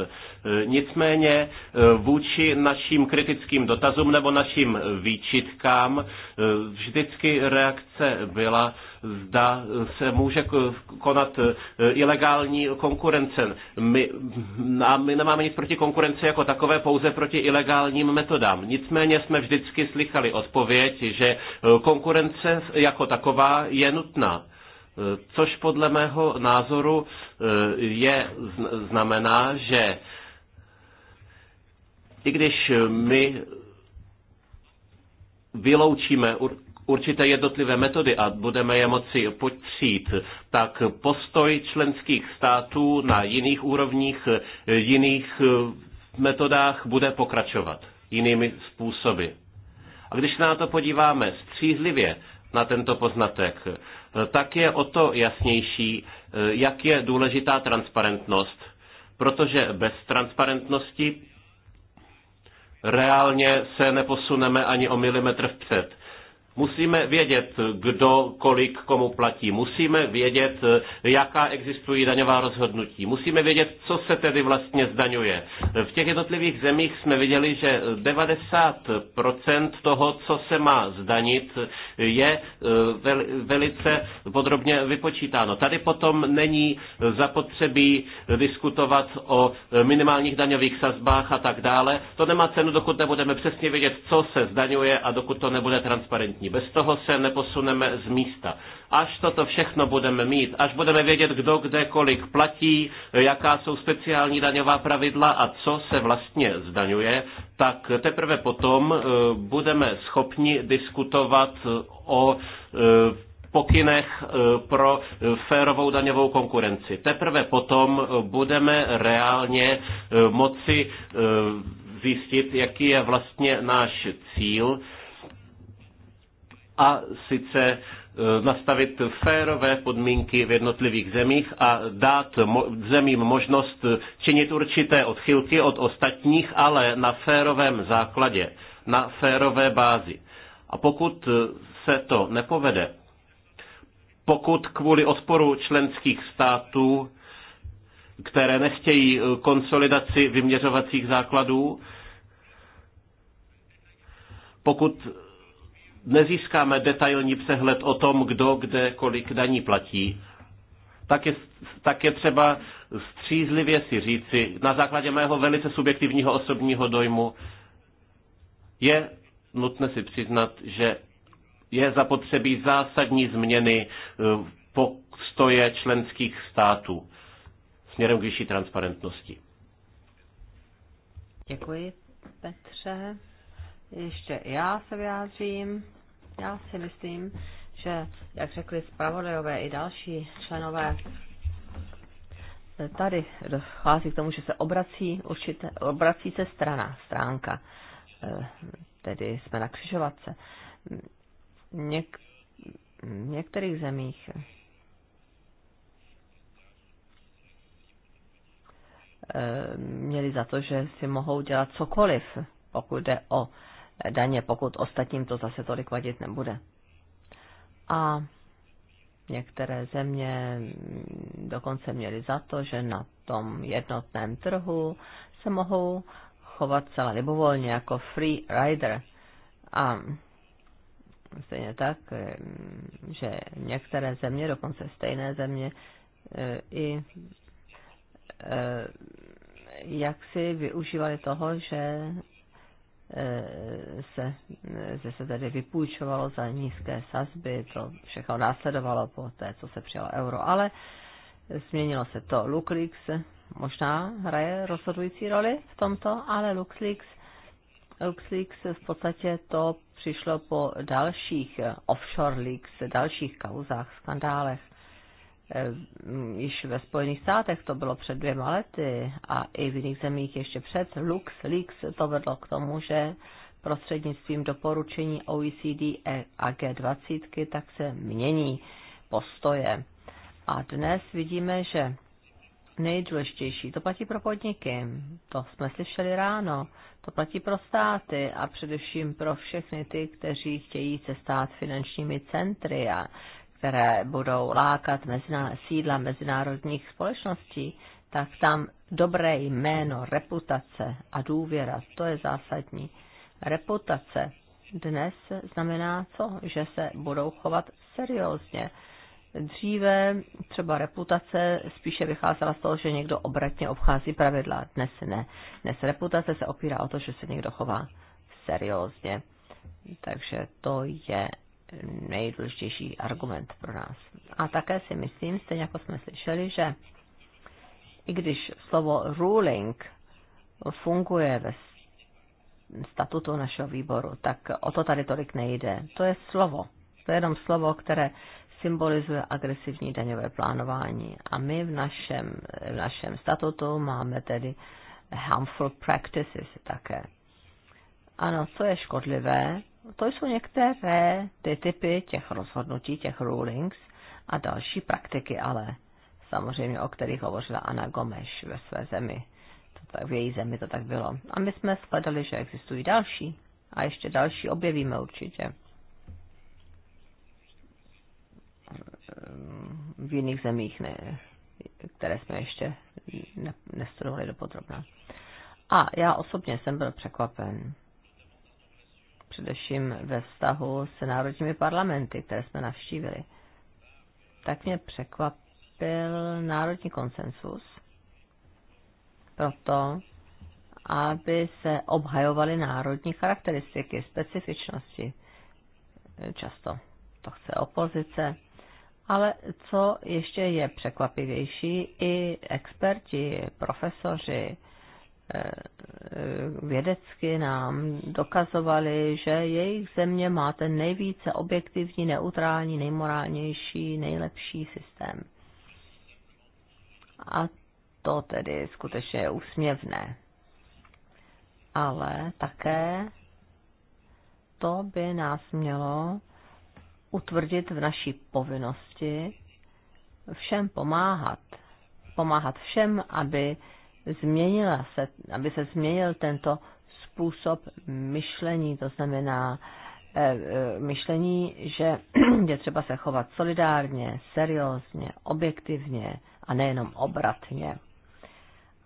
Nicméně vůči našim kritickým dotazům nebo našim výčitkám vždycky reakce byla, zda se může konat e, ilegální konkurence. My, a my nemáme nic proti konkurenci jako takové, pouze proti ilegálním metodám. Nicméně jsme vždycky slychali odpověď, že e, konkurence jako taková je nutná e, což podle mého názoru je, znamená, že i když my vyloučíme určité jednotlivé metody a budeme je moci potřít, tak postoj členských států na jiných úrovních, jiných eh, metodách bude pokračovat jinými způsoby. A když se na to podíváme střízlivě, na tento poznatek, eh, tak je o to jasnější, eh, jak je důležitá transparentnost, protože bez transparentnosti reálně se neposuneme ani o milimetr vpřed. Musíme vědět, kdo kolik komu platí. Musíme vědět, jaká existují daňová rozhodnutí. Musíme vědět, co se tedy vlastně zdaňuje. V těch jednotlivých zemích jsme viděli, že 90% toho, co se má zdanit, je eh, velice podrobně vypočítáno. Tady potom není zapotřebí diskutovat o minimálních daňových sazbách a tak dále. To nemá cenu, dokud nebudeme přesně vědět, co se zdaňuje a dokud to nebude transparentní relevantní. Bez toho se neposuneme z místa. Až toto všechno budeme mít, až budeme vědět, kdo kde kolik platí, jaká jsou speciální daňová pravidla a co se vlastně zdaňuje, tak teprve potom e, budeme schopni diskutovat o e, pokynech e, pro férovou daňovou konkurenci. Teprve potom budeme reálně moci zjistit, jaký je vlastně náš cíl a sice eh, nastavit férové podmínky v jednotlivých zemích a dát zemím možnost eh, činit určité odchylky od ostatních, ale na férovém základě, na férové bázi. A pokud eh, se to nepovede, pokud kvůli odporu členských států, které nechtějí konsolidaci vyměřovacích základů, pokud nezískáme detailní přehled o tom, kdo kde kolik daní platí, tak je, tak je třeba střízlivě si říci, na základě mého velice subjektivního osobního dojmu, je nutné si přiznat, že je zapotřebí zásadní změny eh, postoje členských států směrem k vyšší transparentnosti. Děkuji, Petře. Ještě já se vyjádřím. Já si myslím, že, jak řekli zpravodajové i další členové, tady dochází k tomu, že se obrací, určité, obrací se strana, stránka. Eh, tedy jsme na křižovatce. Něk, v některých zemích eh, měli za to, že si mohou dělat cokoliv, pokud jde o daně, pokud ostatním to zase tolik vadit nebude. A některé země dokonce měly za to, že na tom jednotném trhu se mohou chovat celá libovolně jako free rider. A stejně tak, že některé země, dokonce stejné země, eh, i eh, jak si využívali toho, že Eh, se, eh, že se tedy vypůjčovalo za nízké sazby, to všechno následovalo po té, co se přijalo euro, ale změnilo se to. LuxLeaks možná hraje rozhodující roli v tomto, ale LuxLeaks, LuxLeaks v podstatě to přišlo po dalších eh, offshore leaks, dalších kauzách, skandálech, Eh, mm, již ve Spojených státech to bylo před dvěma lety a i v jiných zemích ještě před LuxLeaks to vedlo k tomu, že prostřednictvím doporučení OECD a G20 tak se mění postoje. A dnes vidíme, že nejdůležitější, to platí pro podniky, to jsme slyšeli ráno, to platí pro státy a především pro všechny ty, kteří chtějí se stát finančními centry a které budou lákat mezina, sídla mezinárodních společností, tak tam dobré jméno, reputace a důvěra, to je zásadní. Reputace dnes znamená co? Že se budou chovat seriózně. Dříve třeba reputace spíše vycházela z toho, že někdo obratně obchází pravidla. Dnes ne. Dnes reputace se opírá o to, že se někdo chová seriózně. Takže to je nejdůležitější argument pro nás. A také si myslím, stejně jako jsme slyšeli, že i když slovo ruling funguje ve statutu našeho výboru, tak o to tady tolik nejde. To je slovo. To je jenom slovo, které symbolizuje agresivní daňové plánování. A my v našem, v našem statutu máme tedy harmful practices také. Ano, co je škodlivé, to jsou některé ty typy těch rozhodnutí, těch rulings a další praktiky, ale samozřejmě, o kterých hovořila Ana Gomeš ve své zemi. To tak, v její zemi to tak bylo. A my jsme shledali, že existují další. A ještě další objevíme určitě. V jiných zemích, ne, které jsme ještě ne, nestudovali podrobna. A já osobně jsem byl překvapen především ve vztahu s národními parlamenty, které jsme navštívili, tak mě překvapil národní konsensus proto, aby se obhajovaly národní charakteristiky, specifičnosti. Často to chce opozice. Ale co ještě je překvapivější, i experti, profesoři, Eh, vědecky nám dokazovali, že jejich země má ten nejvíce objektivní, neutrální, nejmorálnější, nejlepší systém. A to tedy skutečně je úsměvné. Ale také to by nás mělo utvrdit v naší povinnosti všem pomáhat. Pomáhat všem, aby změnila se, aby se změnil tento způsob myšlení, to znamená eh, eh, myšlení, že (clears throat) je třeba se chovat solidárně, seriózně, objektivně a nejenom obratně.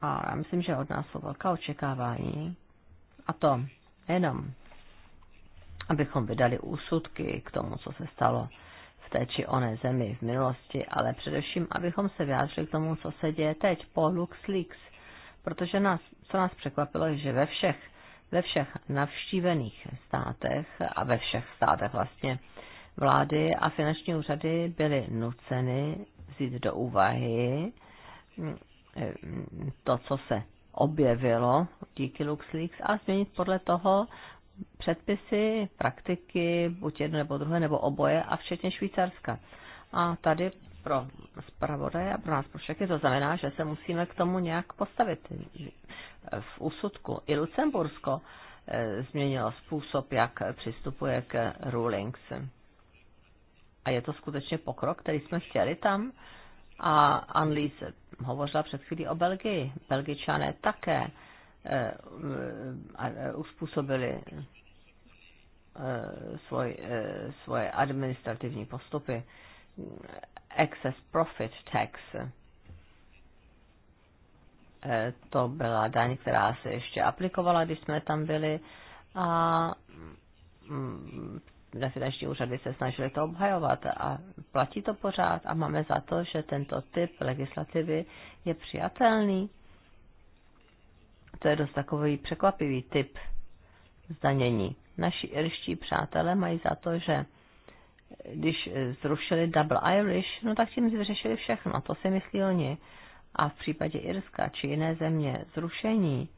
A já myslím, že od nás jsou velká očekávání. A to jenom, abychom vydali úsudky k tomu, co se stalo v té či oné zemi v minulosti, ale především, abychom se vyjádřili k tomu, co se děje teď po LuxLeaks protože nás, co nás překvapilo, je, že ve všech, ve všech navštívených státech a ve všech státech vlastně vlády a finanční úřady byly nuceny vzít do úvahy mm, mm, to, co se objevilo díky LuxLeaks a změnit podle toho předpisy, praktiky, buď jedno nebo druhé, nebo oboje, a včetně Švýcarska. A tady pro zpravodaje a pro nás pro všechny. To znamená, že se musíme k tomu nějak postavit v úsudku. I Lucembursko eh, změnilo způsob, jak přistupuje k rulings. A je to skutečně pokrok, který jsme chtěli tam. A Annelise hovořila před chvílí o Belgii. Belgičané také eh, eh, uspůsobili svoj, svoje administrativní postupy excess profit tax. E, to byla daň, která se ještě aplikovala, když jsme tam byli a na mm, finanční úřady se snažili to obhajovat a platí to pořád a máme za to, že tento typ legislativy je přijatelný. To je dost takový překvapivý typ zdanění. Naši irští přátelé mají za to, že když eh, zrušili Double Irish, no tak tím vyřešili všechno, to si myslí oni. A v případě Irska či jiné země zrušení,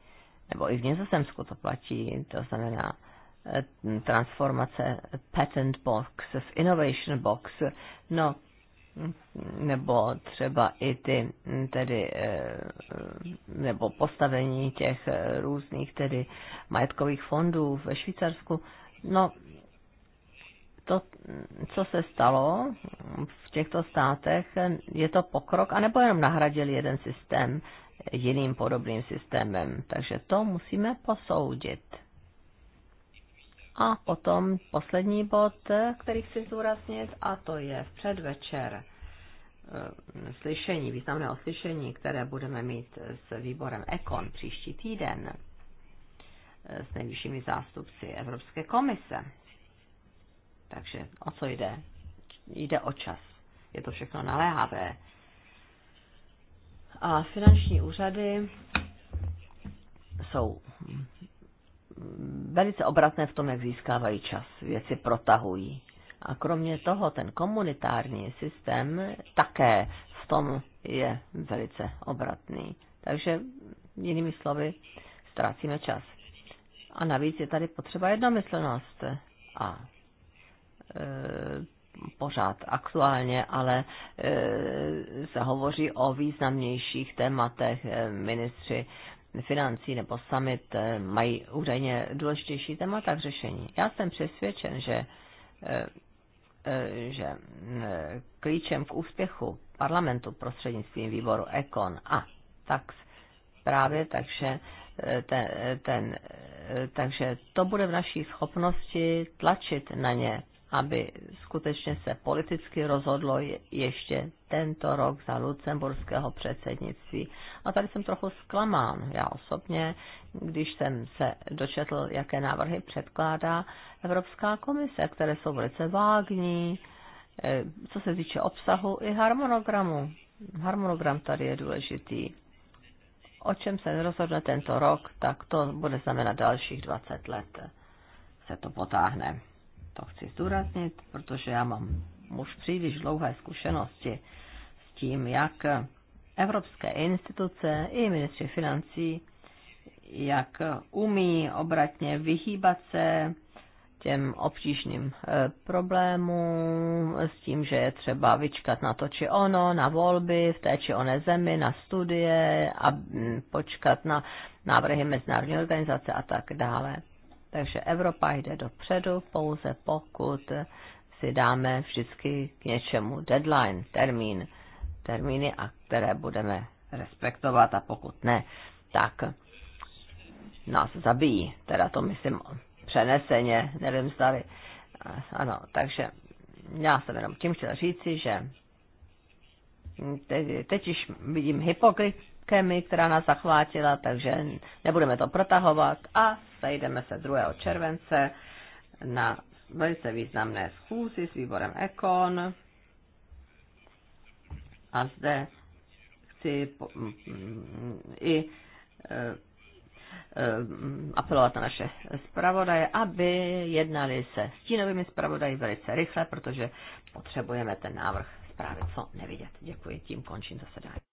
nebo i v Nizozemsku to platí, to znamená eh, transformace patent box v innovation box, no nebo třeba i ty mm, tedy eh, nebo postavení těch různých tedy majetkových fondů ve Švýcarsku, no to, co se stalo v těchto státech, je to pokrok, anebo jenom nahradili jeden systém jiným podobným systémem. Takže to musíme posoudit. A potom poslední bod, který chci zúraznit, a to je v předvečer eh, slyšení, významné slyšení, které budeme mít s výborem EKON příští týden eh, s nejvyššími zástupci Evropské komise. Takže o co jde? Jde o čas. Je to všechno naléhavé. A finanční úřady jsou velice obratné v tom, jak získávají čas. Věci protahují. A kromě toho ten komunitární systém také v tom je velice obratný. Takže jinými slovy, ztrácíme čas. A navíc je tady potřeba jednomyslnost. A Eh, pořád aktuálně, ale eh, se hovoří o významnějších tématech. Eh, ministři financí nebo summit mají údajně důležitější témata k řešení. Já jsem přesvědčen, že, že klíčem k úspěchu parlamentu prostřednictvím výboru Econ a tax právě, takže ten, ten, takže to bude v naší schopnosti tlačit na ně, aby skutečně se politicky rozhodlo ještě tento rok za lucemburského předsednictví. A tady jsem trochu zklamán. Já osobně, když jsem se dočetl, jaké návrhy předkládá Evropská komise, které jsou velice vágní, eh, co se týče obsahu i harmonogramu. Harmonogram tady je důležitý. O čem se rozhodne tento rok, tak to bude znamenat dalších 20 let. Eh, se to potáhne. To chci zdůraznit, protože já mám už příliš dlouhé zkušenosti s tím, jak evropské instituce i ministři financí, jak umí obratně vyhýbat se těm obtížným eh, problémům, s tím, že je třeba vyčkat na to či ono, na volby v té či oné zemi, na studie a mm, počkat na návrhy mezinárodní organizace a tak dále. Takže Evropa jde dopředu pouze pokud si dáme vždycky k něčemu deadline, termín, termíny, a které budeme respektovat a pokud ne, tak nás zabijí. Teda to myslím přeneseně, nevím zdali. Ano, takže já jsem jenom tím chtěl říci, že teď, teď již vidím hypokrykemi, která nás zachvátila, takže nebudeme to protahovat a Sejdeme se 2. července na velice významné schůzi s výborem Ekon. A zde chci i e, e, apelovat na naše zpravodaje, aby jednali se stínovými zpravodaji velice rychle, protože potřebujeme ten návrh zprávy co nevidět. Děkuji, tím končím zasedání.